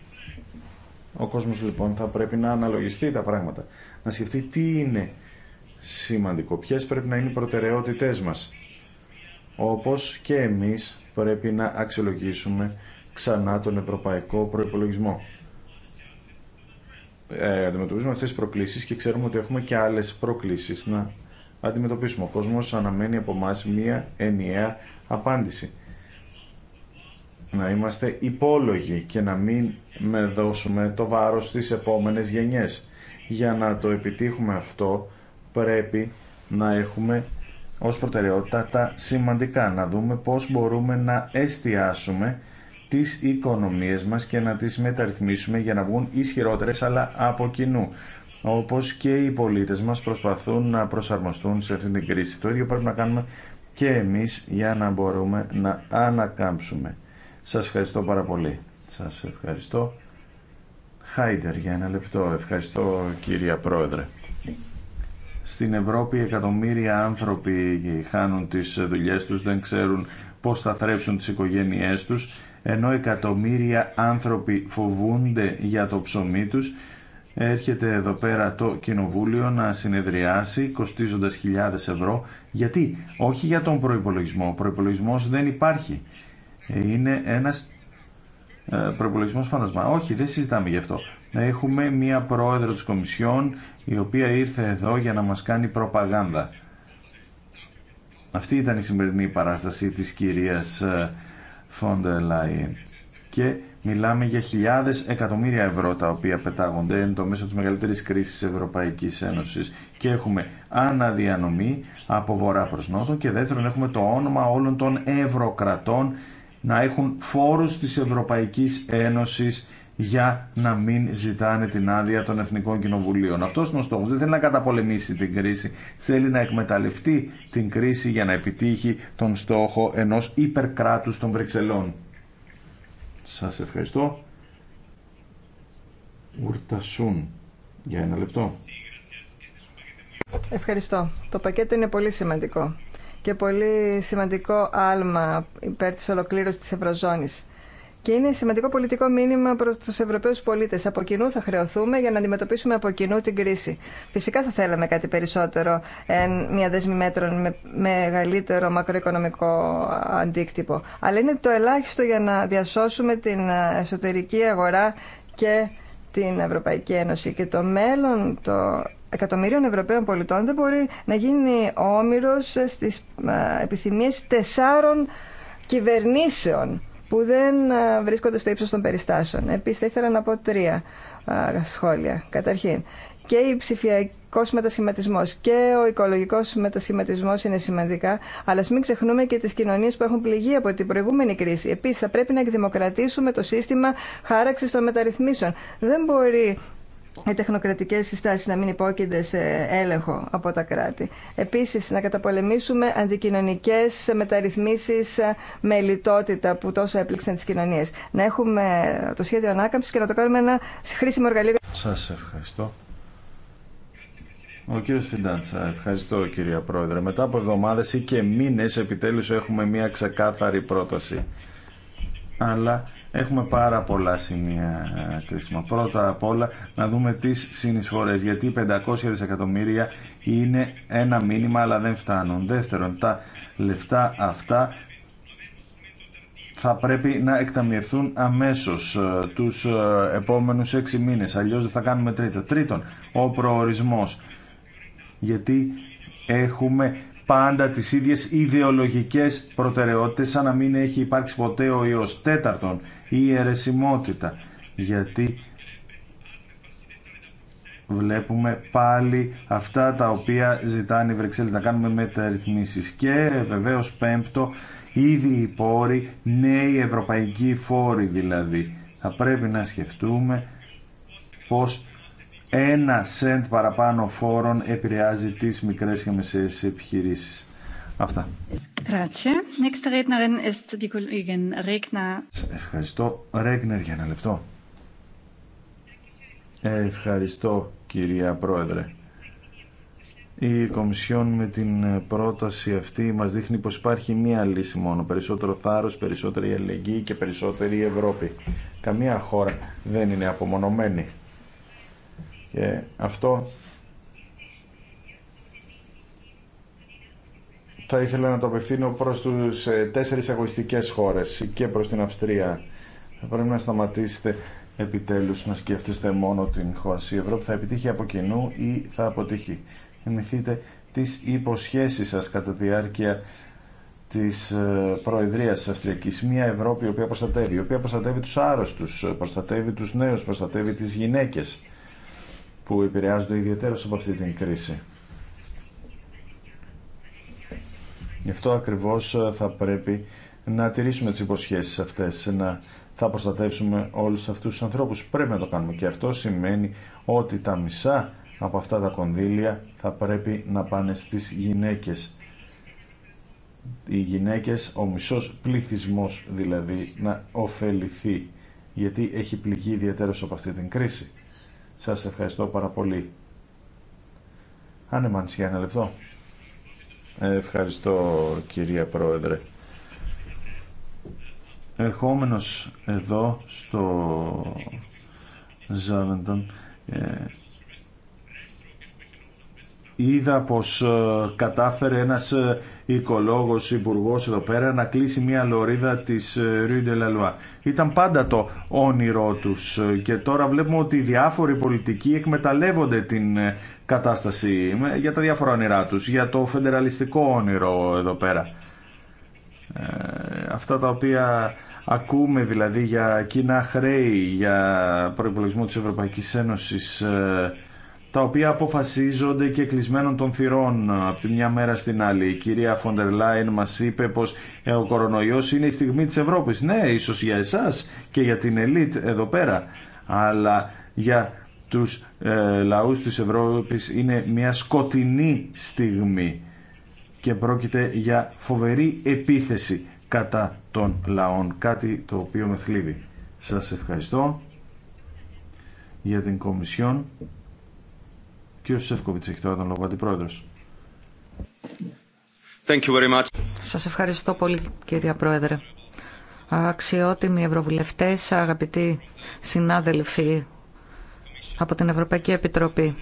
Ο κόσμος λοιπόν θα πρέπει να αναλογιστεί τα πράγματα, να σκεφτεί τι είναι σημαντικό, ποιες πρέπει να είναι οι προτεραιότητές μας. Όπως και εμείς πρέπει να αξιολογήσουμε ξανά τον ευρωπαϊκό προπολογισμό. Ε, αντιμετωπίζουμε αυτές τις προκλήσεις και ξέρουμε ότι έχουμε και άλλες προκλήσεις να αντιμετωπίσουμε. Ο κόσμος αναμένει από εμά μία ενιαία απάντηση. Να είμαστε υπόλογοι και να μην με δώσουμε το βάρος στις επόμενες γενιές. Για να το επιτύχουμε αυτό πρέπει να έχουμε ως προτεραιότητα τα σημαντικά, να δούμε πώς μπορούμε να εστιάσουμε τις οικονομίες μας και να τις μεταρρυθμίσουμε για να βγουν ισχυρότερες αλλά από κοινού. Όπως και οι πολίτες μας προσπαθούν να προσαρμοστούν σε αυτήν την κρίση. Το ίδιο πρέπει να κάνουμε και εμείς για να μπορούμε να ανακάμψουμε. Σας ευχαριστώ πάρα πολύ. Σας ευχαριστώ. Χάιντερ για ένα λεπτό. Ευχαριστώ κύρια Πρόεδρε. Στην Ευρώπη εκατομμύρια άνθρωποι χάνουν τις δουλειές τους, δεν ξέρουν πώς θα θρέψουν τις οικογένειές τους, ενώ εκατομμύρια άνθρωποι φοβούνται για το ψωμί τους. Έρχεται εδώ πέρα το Κοινοβούλιο να συνεδριάσει κοστίζοντας χιλιάδες ευρώ. Γιατί? Όχι για τον προϋπολογισμό. Ο προϋπολογισμός δεν υπάρχει. Είναι ένας ε, προϋπολογισμός φαντασμά. Όχι, δεν συζητάμε γι' αυτό έχουμε μία πρόεδρο της Κομισιόν η οποία ήρθε εδώ για να μας κάνει προπαγάνδα. Αυτή ήταν η σημερινή παράσταση της κυρίας ε, Φοντελαϊν. Και μιλάμε για χιλιάδες εκατομμύρια ευρώ τα οποία πετάγονται εν το μέσο της μεγαλύτερης κρίσης Ευρωπαϊκής Ένωσης. Και έχουμε αναδιανομή από βορρά προς νότο και δεύτερον έχουμε το όνομα όλων των ευρωκρατών να έχουν φόρους της Ευρωπαϊκής Ένωσης για να μην ζητάνε την άδεια των Εθνικών Κοινοβουλίων. Αυτό είναι ο στόχο. Δεν θέλει να καταπολεμήσει την κρίση. Θέλει να εκμεταλλευτεί την κρίση για να επιτύχει τον στόχο ενό υπερκράτου των Βρυξελών. Σα ευχαριστώ. Ουρτασούν. Για ένα λεπτό. Ευχαριστώ. Το πακέτο είναι πολύ σημαντικό και πολύ σημαντικό άλμα υπέρ της ολοκλήρωσης της Ευρωζώνης. Και είναι σημαντικό πολιτικό μήνυμα προ του Ευρωπαίου πολίτε. Από κοινού θα χρεωθούμε για να αντιμετωπίσουμε από κοινού την κρίση. Φυσικά θα θέλαμε κάτι περισσότερο, μια δέσμη μέτρων με μεγαλύτερο μακροοικονομικό αντίκτυπο. Αλλά είναι το ελάχιστο για να διασώσουμε την ε, εσωτερική αγορά και την Ευρωπαϊκή Ένωση. Και το μέλλον των εκατομμύριων Ευρωπαίων πολιτών δεν μπορεί να γίνει όμοιρος στις ε, επιθυμίες τεσσάρων κυβερνήσεων που δεν ε, βρίσκονται στο ύψος των περιστάσεων. Επίσης, θα ήθελα να πω τρία ε, σχόλια. Καταρχήν, και η ψηφιακό μετασχηματισμό και ο οικολογικό μετασχηματισμό είναι σημαντικά, αλλά μην ξεχνούμε και τι κοινωνίε που έχουν πληγεί από την προηγούμενη κρίση. Επίση, θα πρέπει να εκδημοκρατήσουμε το σύστημα χάραξη των μεταρρυθμίσεων. Δεν μπορεί οι τεχνοκρατικές συστάσεις να μην υπόκεινται σε έλεγχο από τα κράτη. Επίσης, να καταπολεμήσουμε αντικοινωνικές μεταρρυθμίσεις με λιτότητα που τόσο έπληξαν τις κοινωνίες. Να έχουμε το σχέδιο ανάκαμψης και να το κάνουμε ένα χρήσιμο εργαλείο. Σας ευχαριστώ. Ο κύριος Φιντάντσα, ευχαριστώ κυρία Πρόεδρε. Μετά από εβδομάδες ή και μήνες επιτέλους έχουμε μια ξεκάθαρη πρόταση. Αλλά Έχουμε πάρα πολλά σημεία ε, κρίσιμα. Πρώτα απ' όλα να δούμε τις συνεισφορές, γιατί 500 δισεκατομμύρια είναι ένα μήνυμα αλλά δεν φτάνουν. Δεύτερον, τα λεφτά αυτά θα πρέπει να εκταμιευθούν αμέσως ε, τους ε, επόμενους έξι μήνες, αλλιώς δεν θα κάνουμε τρίτο. Τρίτον, ο προορισμός, γιατί έχουμε πάντα τις ίδιες ιδεολογικές προτεραιότητες σαν να μην έχει υπάρξει ποτέ ο ιός. Τέταρτον, η αιρεσιμότητα. Γιατί βλέπουμε πάλι αυτά τα οποία ζητάνε οι Βρυξέλλες να κάνουμε μεταρρυθμίσεις. Και βεβαίως πέμπτο, ήδη οι πόροι, νέοι ευρωπαϊκοί φόροι δηλαδή. Θα πρέπει να σκεφτούμε πώς ένα σεντ παραπάνω φόρων επηρεάζει τις μικρές και μεσαίες επιχειρήσεις. Αυτά. Ευχαριστώ. Ρέγνερ για ένα λεπτό. Ευχαριστώ κυρία Πρόεδρε. Η Κομισιόν με την πρόταση αυτή μας δείχνει πως υπάρχει μία λύση μόνο. Περισσότερο θάρρος, περισσότερη αλληλεγγύη και περισσότερη Ευρώπη. Καμία χώρα δεν είναι απομονωμένη. Και αυτό θα ήθελα να το απευθύνω προς τους ε, τέσσερις αγωνιστικές χώρες και προς την Αυστρία. Θα πρέπει να σταματήσετε επιτέλους να σκέφτεστε μόνο την χώρα. Η Ευρώπη θα επιτύχει από κοινού ή θα αποτύχει. Θυμηθείτε τις υποσχέσεις σας κατά τη διάρκεια της ε, Προεδρίας της Αυστριακής. Μια Ευρώπη η οποία προστατεύει, η οποία προστατεύει τους άρρωστους, προστατεύει τους νέους, προστατεύει τις γυναίκες που επηρεάζονται ιδιαίτερα από αυτή την κρίση. Γι' αυτό ακριβώς ε, θα πρέπει να τηρήσουμε τις υποσχέσεις αυτές, να θα προστατεύσουμε όλους αυτούς τους ανθρώπους. Πρέπει να το κάνουμε και αυτό σημαίνει ότι τα μισά από αυτά τα κονδύλια θα πρέπει να πάνε στις γυναίκες. Οι γυναίκες, ο μισός πληθυσμός δηλαδή, να ωφεληθεί γιατί έχει πληγεί ιδιαίτερα από αυτή την κρίση. Σας ευχαριστώ πάρα πολύ. Άνε Μανσία, ένα λεπτό. Ευχαριστώ κυρία Πρόεδρε. Ερχόμενος εδώ στο Ζάβεντον ε, είδα πως ε, κατάφερε ένας ε, οικολόγος υπουργό εδώ πέρα να κλείσει μια λωρίδα της ε, Rue de la Ήταν πάντα το όνειρό τους και τώρα βλέπουμε ότι οι διάφοροι πολιτικοί εκμεταλλεύονται την κατάσταση για τα διάφορα όνειρά τους, για το φεντεραλιστικό όνειρο εδώ πέρα. αυτά τα οποία ακούμε δηλαδή για κοινά χρέη, για προϋπολογισμό της Ευρωπαϊκής Ένωσης, τα οποία αποφασίζονται και κλεισμένων των θυρών ε, από τη μια μέρα στην άλλη. Η κυρία Φοντερ Λάιν μας είπε πως ε, ο κορονοϊός είναι η στιγμή της Ευρώπης. Ναι, ίσως για εσάς και για την ελίτ εδώ πέρα, αλλά για τους ε, λαούς της Ευρώπης είναι μια σκοτεινή στιγμή και πρόκειται για φοβερή επίθεση κατά των λαών, κάτι το οποίο με θλίβει. Σας ευχαριστώ για την Κομισιόν κύριος έχει τώρα τον λόγο Thank Σας ευχαριστώ πολύ κυρία Πρόεδρε. Αξιότιμοι ευρωβουλευτές, αγαπητοί συνάδελφοι από την Ευρωπαϊκή Επιτροπή.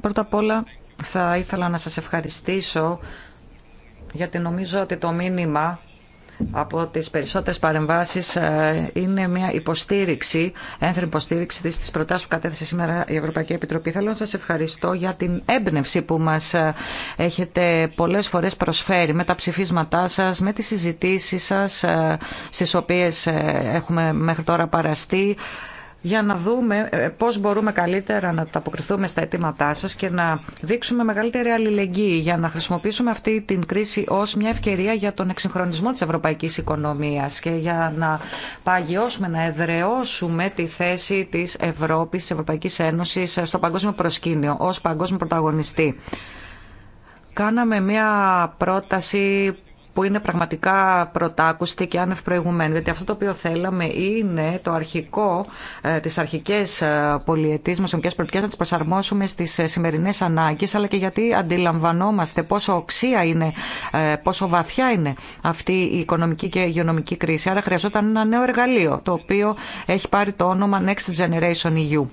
Πρώτα απ' όλα θα ήθελα να σας ευχαριστήσω γιατί νομίζω ότι το μήνυμα από τις περισσότερες παρεμβάσεις ε, είναι μια υποστήριξη, ένθερη υποστήριξη της προτάσεις που κατέθεσε σήμερα η Ευρωπαϊκή Επιτροπή. Θέλω να σας ευχαριστώ για την έμπνευση που μας ε, έχετε πολλές φορές προσφέρει με τα ψηφίσματά σας, με τις συζητήσεις σας ε, στις οποίες έχουμε μέχρι τώρα παραστεί για να δούμε ε, πώς μπορούμε καλύτερα να τα αποκριθούμε στα αιτήματά σας και να δείξουμε μεγαλύτερη αλληλεγγύη για να χρησιμοποιήσουμε αυτή την κρίση ως μια ευκαιρία για τον εξυγχρονισμό της ευρωπαϊκής οικονομίας και για να παγιώσουμε, να εδραιώσουμε τη θέση της Ευρώπης, της Ευρωπαϊκής Ένωσης στο παγκόσμιο προσκήνιο ως παγκόσμιο πρωταγωνιστή. Κάναμε μια πρόταση που είναι πραγματικά πρωτάκουστη και άνευ προηγουμένη. Διότι αυτό το οποίο θέλαμε είναι το αρχικό, ε, τις αρχικές με μουσομικές πολιτικέ, να τι προσαρμόσουμε στι ε, σημερινέ ανάγκε, αλλά και γιατί αντιλαμβανόμαστε πόσο οξία είναι, ε, πόσο βαθιά είναι αυτή η οικονομική και υγειονομική κρίση. Άρα χρειαζόταν ένα νέο εργαλείο, το οποίο έχει πάρει το όνομα Next Generation EU.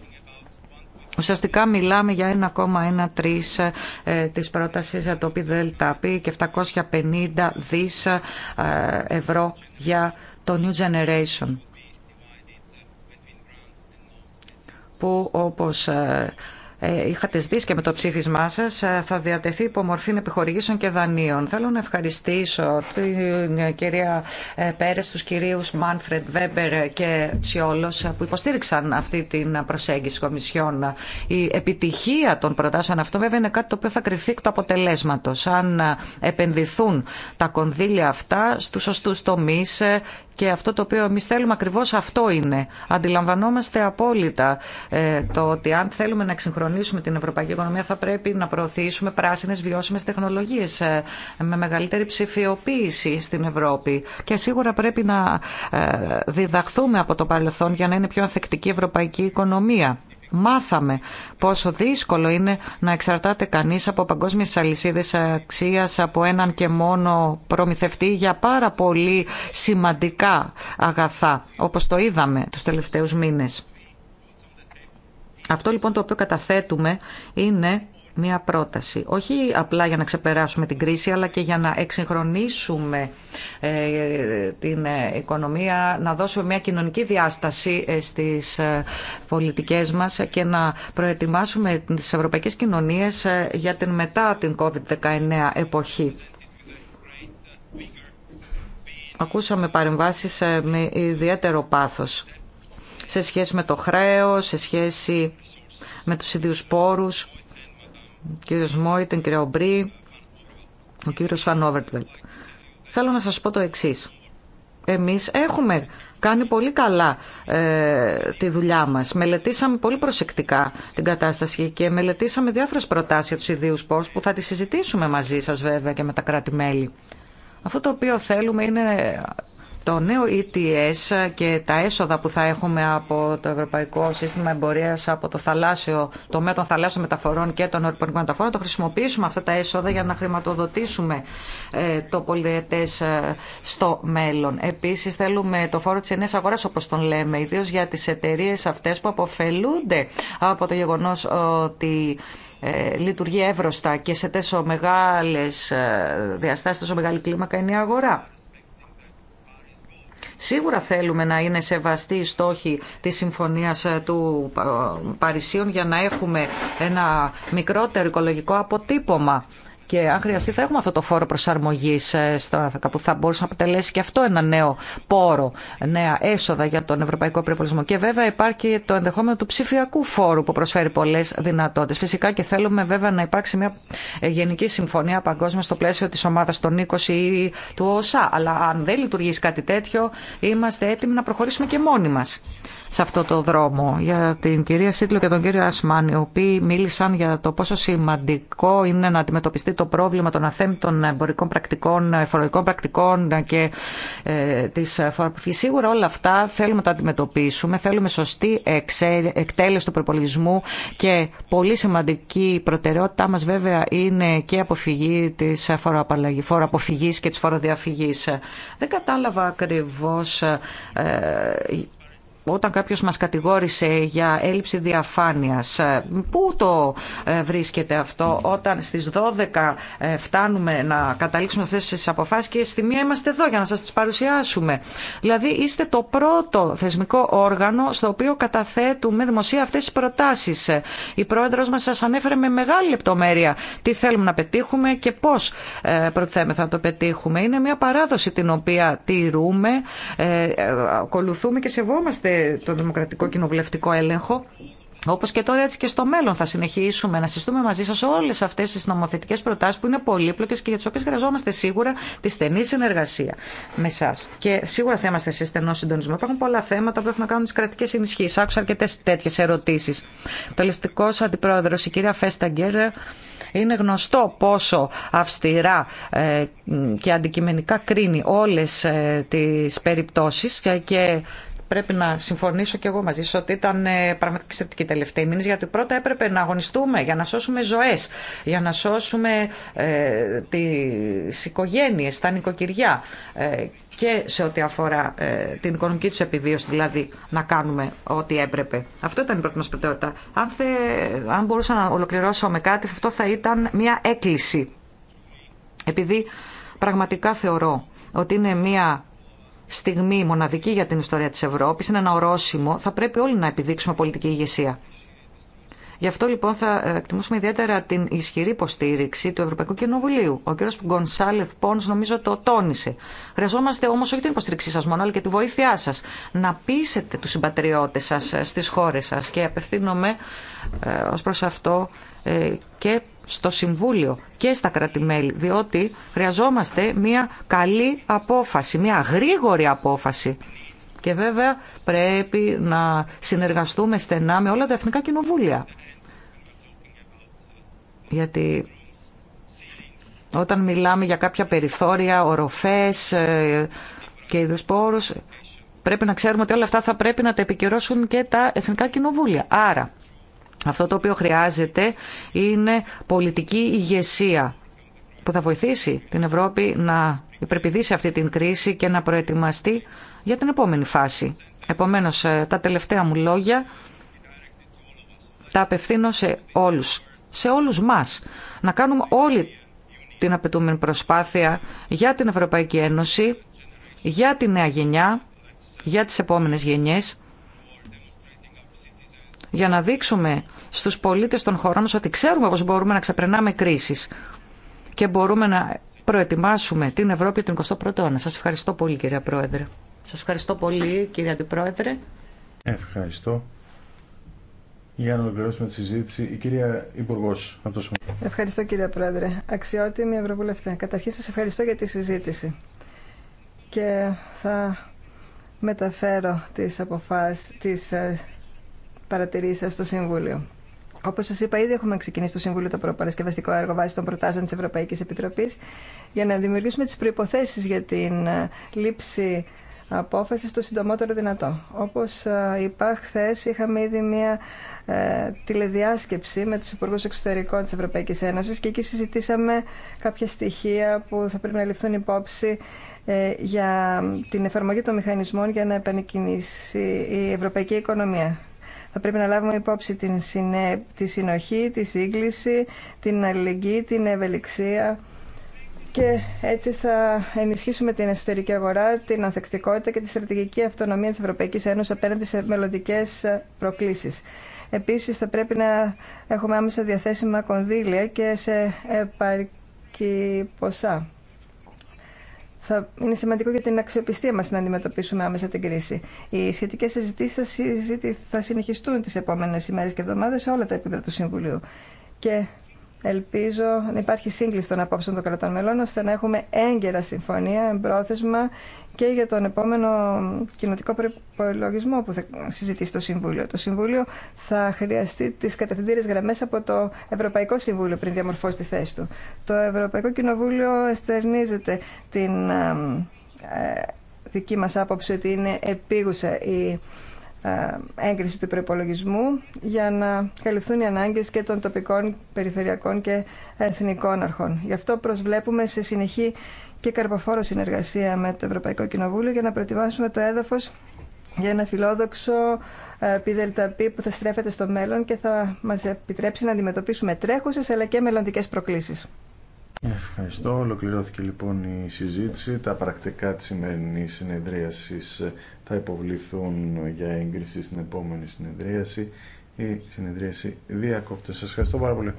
Ουσιαστικά μιλάμε για 1,13 ε, της πρότασης για το ΠΔΕΛΤΑΠΗ και 750 δις ε, ευρώ για το New Generation που όπως ε, ε, είχατε ζητήσει και με το ψήφισμά σα, ε, θα διατεθεί υπό μορφή επιχορηγήσεων και δανείων. Θέλω να ευχαριστήσω την ε, κυρία Πέρες, του κυρίους Μάνφρεντ Βέμπερ και Τσιόλος που υποστήριξαν αυτή την προσέγγιση κομισιών. Η επιτυχία των προτάσεων αυτών βέβαια είναι κάτι το οποίο θα κρυφθεί εκ του αποτελέσματος αν επενδυθούν τα κονδύλια αυτά στου σωστού τομεί. Και αυτό το οποίο εμείς θέλουμε ακριβώς αυτό είναι. Αντιλαμβανόμαστε απόλυτα ε, το ότι αν θέλουμε να εξυγχρονίσουμε την ευρωπαϊκή οικονομία θα πρέπει να προωθήσουμε πράσινες βιώσιμες τεχνολογίες ε, με μεγαλύτερη ψηφιοποίηση στην Ευρώπη. Και σίγουρα πρέπει να ε, διδαχθούμε από το παρελθόν για να είναι πιο ανθεκτική η ευρωπαϊκή οικονομία. Μάθαμε πόσο δύσκολο είναι να εξαρτάται κανείς από παγκόσμιες αλυσίδες αξίας, από έναν και μόνο προμηθευτή για πάρα πολύ σημαντικά αγαθά, όπως το είδαμε τους τελευταίους μήνες. Αυτό λοιπόν το οποίο καταθέτουμε είναι μια πρόταση. Όχι απλά για να ξεπεράσουμε την κρίση, αλλά και για να εξυγχρονίσουμε ε, την ε, οικονομία, να δώσουμε μια κοινωνική διάσταση ε, στις πολιτικές μας και να προετοιμάσουμε τις ευρωπαϊκές κοινωνίες για την μετά την COVID-19 εποχή. Ακούσαμε παρεμβάσεις με ιδιαίτερο πάθος σε σχέση με το χρέος, σε σχέση με τους ίδιους πόρους ο κύριος Μόιτεν, κύριε Ομπρί, ο κύριο Φανόβερτβελ. Θέλω να σα πω το εξή. Εμεί έχουμε κάνει πολύ καλά ε, τη δουλειά μα. Μελετήσαμε πολύ προσεκτικά την κατάσταση και μελετήσαμε διάφορε προτάσει για του ιδίου πόρου που θα τις συζητήσουμε μαζί σα βέβαια και με τα κράτη-μέλη. Αυτό το οποίο θέλουμε είναι το νέο ETS και τα έσοδα που θα έχουμε από το Ευρωπαϊκό Σύστημα Εμπορία, από το θαλάσσιο, τομέα των θαλάσσιων μεταφορών και των ευρωπαϊκών μεταφορών, το χρησιμοποιήσουμε αυτά τα έσοδα για να χρηματοδοτήσουμε ε, το πολιετέ ε, στο μέλλον. Επίση, θέλουμε το φόρο τη ενέα αγορά, όπω τον λέμε, ιδίω για τι εταιρείε αυτέ που αποφελούνται από το γεγονό ότι ε, λειτουργεί εύρωστα και σε τόσο μεγάλες διαστάσει τόσο μεγάλη κλίμακα είναι η αγορά. Σίγουρα θέλουμε να είναι σεβαστοί οι στόχοι της Συμφωνίας ε, του ε, Παρισίων για να έχουμε ένα μικρότερο οικολογικό αποτύπωμα και αν χρειαστεί θα έχουμε αυτό το φόρο προσαρμογής ε, που θα μπορούσε να αποτελέσει και αυτό ένα νέο πόρο, νέα έσοδα για τον ευρωπαϊκό Προϋπολογισμό Και βέβαια υπάρχει το ενδεχόμενο του ψηφιακού φόρου που προσφέρει πολλές δυνατότητες. Φυσικά και θέλουμε βέβαια να υπάρξει μια γενική συμφωνία παγκόσμια στο πλαίσιο της ομάδας των 20 ή του ΟΣΑ. Αλλά αν δεν λειτουργήσει κάτι τέτοιο είμαστε έτοιμοι να προχωρήσουμε και μόνοι μας σε αυτό το δρόμο. Για την κυρία Σίτλο και τον κύριο Ασμάνη, οι οποίοι μίλησαν για το πόσο σημαντικό είναι να αντιμετωπιστεί το πρόβλημα των αθέμπτων εμπορικών πρακτικών, φορολογικών πρακτικών και ε, τη φορολογική. Σίγουρα όλα αυτά θέλουμε να τα αντιμετωπίσουμε. Θέλουμε σωστή εξέ, εκτέλεση του προπολογισμού και πολύ σημαντική προτεραιότητά μα βέβαια είναι και η αποφυγή τη φοροαποφυγή και τη φοροδιαφυγή. Δεν κατάλαβα ακριβώ ε, όταν κάποιος μας κατηγόρησε για έλλειψη διαφάνειας, πού το ε, βρίσκεται αυτό όταν στις 12 ε, φτάνουμε να καταλήξουμε αυτές τις αποφάσεις και στη μία είμαστε εδώ για να σας τις παρουσιάσουμε. Δηλαδή είστε το πρώτο θεσμικό όργανο στο οποίο καταθέτουμε δημοσία αυτές τις προτάσεις. Ε, η πρόεδρος μας σας ανέφερε με μεγάλη λεπτομέρεια τι θέλουμε να πετύχουμε και πώς προτιθέμεθα να το πετύχουμε. Είναι μια παράδοση την οποία τηρούμε, ακολουθούμε και σεβόμαστε τον το δημοκρατικό κοινοβουλευτικό έλεγχο. Όπω και τώρα, έτσι και στο μέλλον θα συνεχίσουμε να συστούμε μαζί σα όλε αυτέ τι νομοθετικέ προτάσει που είναι πολύπλοκε και για τι οποίε χρειαζόμαστε σίγουρα τη στενή συνεργασία με εσά. Και σίγουρα θα είμαστε σε στενό συντονισμό. Υπάρχουν πολλά θέματα που έχουν να κάνουν τι κρατικέ ενισχύσει. Άκουσα αρκετέ τέτοιε ερωτήσει. Το ληστικό αντιπρόεδρο, η κυρία Φέσταγκερ, είναι γνωστό πόσο αυστηρά ε, και αντικειμενικά κρίνει όλε τι περιπτώσει και πρέπει να συμφωνήσω και εγώ μαζί σου ότι ήταν ε, πραγματικά εξαιρετική τελευταία μήνες γιατί πρώτα έπρεπε να αγωνιστούμε για να σώσουμε ζωές, για να σώσουμε ε, τις οικογένειες, τα νοικοκυριά ε, και σε ό,τι αφορά ε, την οικονομική του επιβίωση, δηλαδή να κάνουμε ό,τι έπρεπε. Αυτό ήταν η πρώτη μας προτεραιότητα. Αν, θε, αν μπορούσα να ολοκληρώσω με κάτι, αυτό θα ήταν μια έκκληση. Επειδή πραγματικά θεωρώ ότι είναι μια στιγμή μοναδική για την ιστορία της Ευρώπης, είναι ένα ορόσημο, θα πρέπει όλοι να επιδείξουμε πολιτική ηγεσία. Γι' αυτό λοιπόν θα ε, εκτιμούσουμε ιδιαίτερα την ισχυρή υποστήριξη του Ευρωπαϊκού Κοινοβουλίου. Ο κ. Γκονσάλεφ Πόν νομίζω το τόνισε. Χρειαζόμαστε όμω όχι την υποστήριξή σα μόνο, αλλά και τη βοήθειά σα. Να πείσετε του συμπατριώτε σα ε, στι χώρε σα. Και απευθύνομαι ε, ω προ αυτό και στο Συμβούλιο και στα κρατημέλη, διότι χρειαζόμαστε μια καλή απόφαση, μια γρήγορη απόφαση. Και βέβαια πρέπει να συνεργαστούμε στενά με όλα τα εθνικά κοινοβούλια. Γιατί όταν μιλάμε για κάποια περιθώρια, οροφές ε, και είδους πόρους, πρέπει να ξέρουμε ότι όλα αυτά θα πρέπει να τα επικυρώσουν και τα εθνικά κοινοβούλια. Άρα αυτό το οποίο χρειάζεται είναι πολιτική ηγεσία που θα βοηθήσει την Ευρώπη να υπερπηδήσει αυτή την κρίση και να προετοιμαστεί για την επόμενη φάση. Επομένως, ε, τα τελευταία μου λόγια τα απευθύνω σε όλους, σε όλους μας. Να κάνουμε όλη την απαιτούμενη προσπάθεια για την Ευρωπαϊκή Ένωση, για τη νέα γενιά, για τις επόμενες γενιές για να δείξουμε στους πολίτες των χωρών μας ότι ξέρουμε πώς μπορούμε να ξεπερνάμε κρίσεις και μπορούμε να προετοιμάσουμε την Ευρώπη τον 21ο αιώνα. Σας ευχαριστώ πολύ κυρία Πρόεδρε. Σας ευχαριστώ πολύ κύριε Αντιπρόεδρε. Ευχαριστώ. Για να ολοκληρώσουμε τη συζήτηση, η κυρία Υπουργό Ευχαριστώ κύριε Πρόεδρε. Αξιότιμη Ευρωβουλευτέ. Καταρχήν σα ευχαριστώ για τη συζήτηση. Και θα μεταφέρω τις αποφάσεις, τις ε, παρατηρήσει στο Συμβούλιο. Όπω σα είπα, ήδη έχουμε ξεκινήσει το Συμβούλιο το προπαρασκευαστικό έργο βάσει των προτάσεων τη Ευρωπαϊκή Επιτροπή για να δημιουργήσουμε τι προποθέσει για την ε, λήψη απόφαση το συντομότερο δυνατό. Όπω ε, είπα, χθε είχαμε ήδη μία ε, τηλεδιάσκεψη με του Υπουργού Εξωτερικών τη Ευρωπαϊκή Ένωση και εκεί συζητήσαμε κάποια στοιχεία που θα πρέπει να ληφθούν υπόψη ε, για την εφαρμογή των μηχανισμών για να επανεκκινήσει η ευρωπαϊκή οικονομία. Θα πρέπει να λάβουμε υπόψη την συνέ... τη συνοχή, τη σύγκληση, την αλληλεγγύη, την ευελιξία και έτσι θα ενισχύσουμε την εσωτερική αγορά, την ανθεκτικότητα και τη στρατηγική αυτονομία της Ευρωπαϊκής Ένωσης απέναντι σε μελλοντικέ προκλήσεις. Επίσης θα πρέπει να έχουμε άμεσα διαθέσιμα κονδύλια και σε επαρκή ποσά θα είναι σημαντικό για την αξιοπιστία μας να αντιμετωπίσουμε άμεσα την κρίση. Οι σχετικέ συζητήσει θα συνεχιστούν τις επόμενες ημέρε και εβδομάδε σε όλα τα επίπεδα του Συμβουλίου. Και Ελπίζω να υπάρχει σύγκληση των απόψεων των κρατών μελών, ώστε να έχουμε έγκαιρα συμφωνία, εμπρόθεσμα και για τον επόμενο κοινοτικό προπολογισμό που θα συζητήσει το Συμβούλιο. Το Συμβούλιο θα χρειαστεί τι κατευθυντήριε γραμμέ από το Ευρωπαϊκό Συμβούλιο πριν διαμορφώσει τη θέση του. Το Ευρωπαϊκό Κοινοβούλιο εστερνίζεται την ε, ε, δική μα άποψη ότι είναι επίγουσα η ε, έγκριση του προπολογισμού για να καλυφθούν οι ανάγκες και των τοπικών, περιφερειακών και εθνικών αρχών. Γι' αυτό προσβλέπουμε σε συνεχή και καρποφόρο συνεργασία με το Ευρωπαϊκό Κοινοβούλιο για να προετοιμάσουμε το έδαφος για ένα φιλόδοξο ε, πιδελταπί που θα στρέφεται στο μέλλον και θα μας επιτρέψει να αντιμετωπίσουμε τρέχουσες αλλά και μελλοντικές προκλήσεις. Ευχαριστώ. Ολοκληρώθηκε λοιπόν η συζήτηση. Τα πρακτικά της σημερινή συνεδρίασης ε, θα υποβληθούν για έγκριση στην επόμενη συνεδρίαση. Η συνεδρίαση διακόπτεται. Σας ευχαριστώ πάρα πολύ.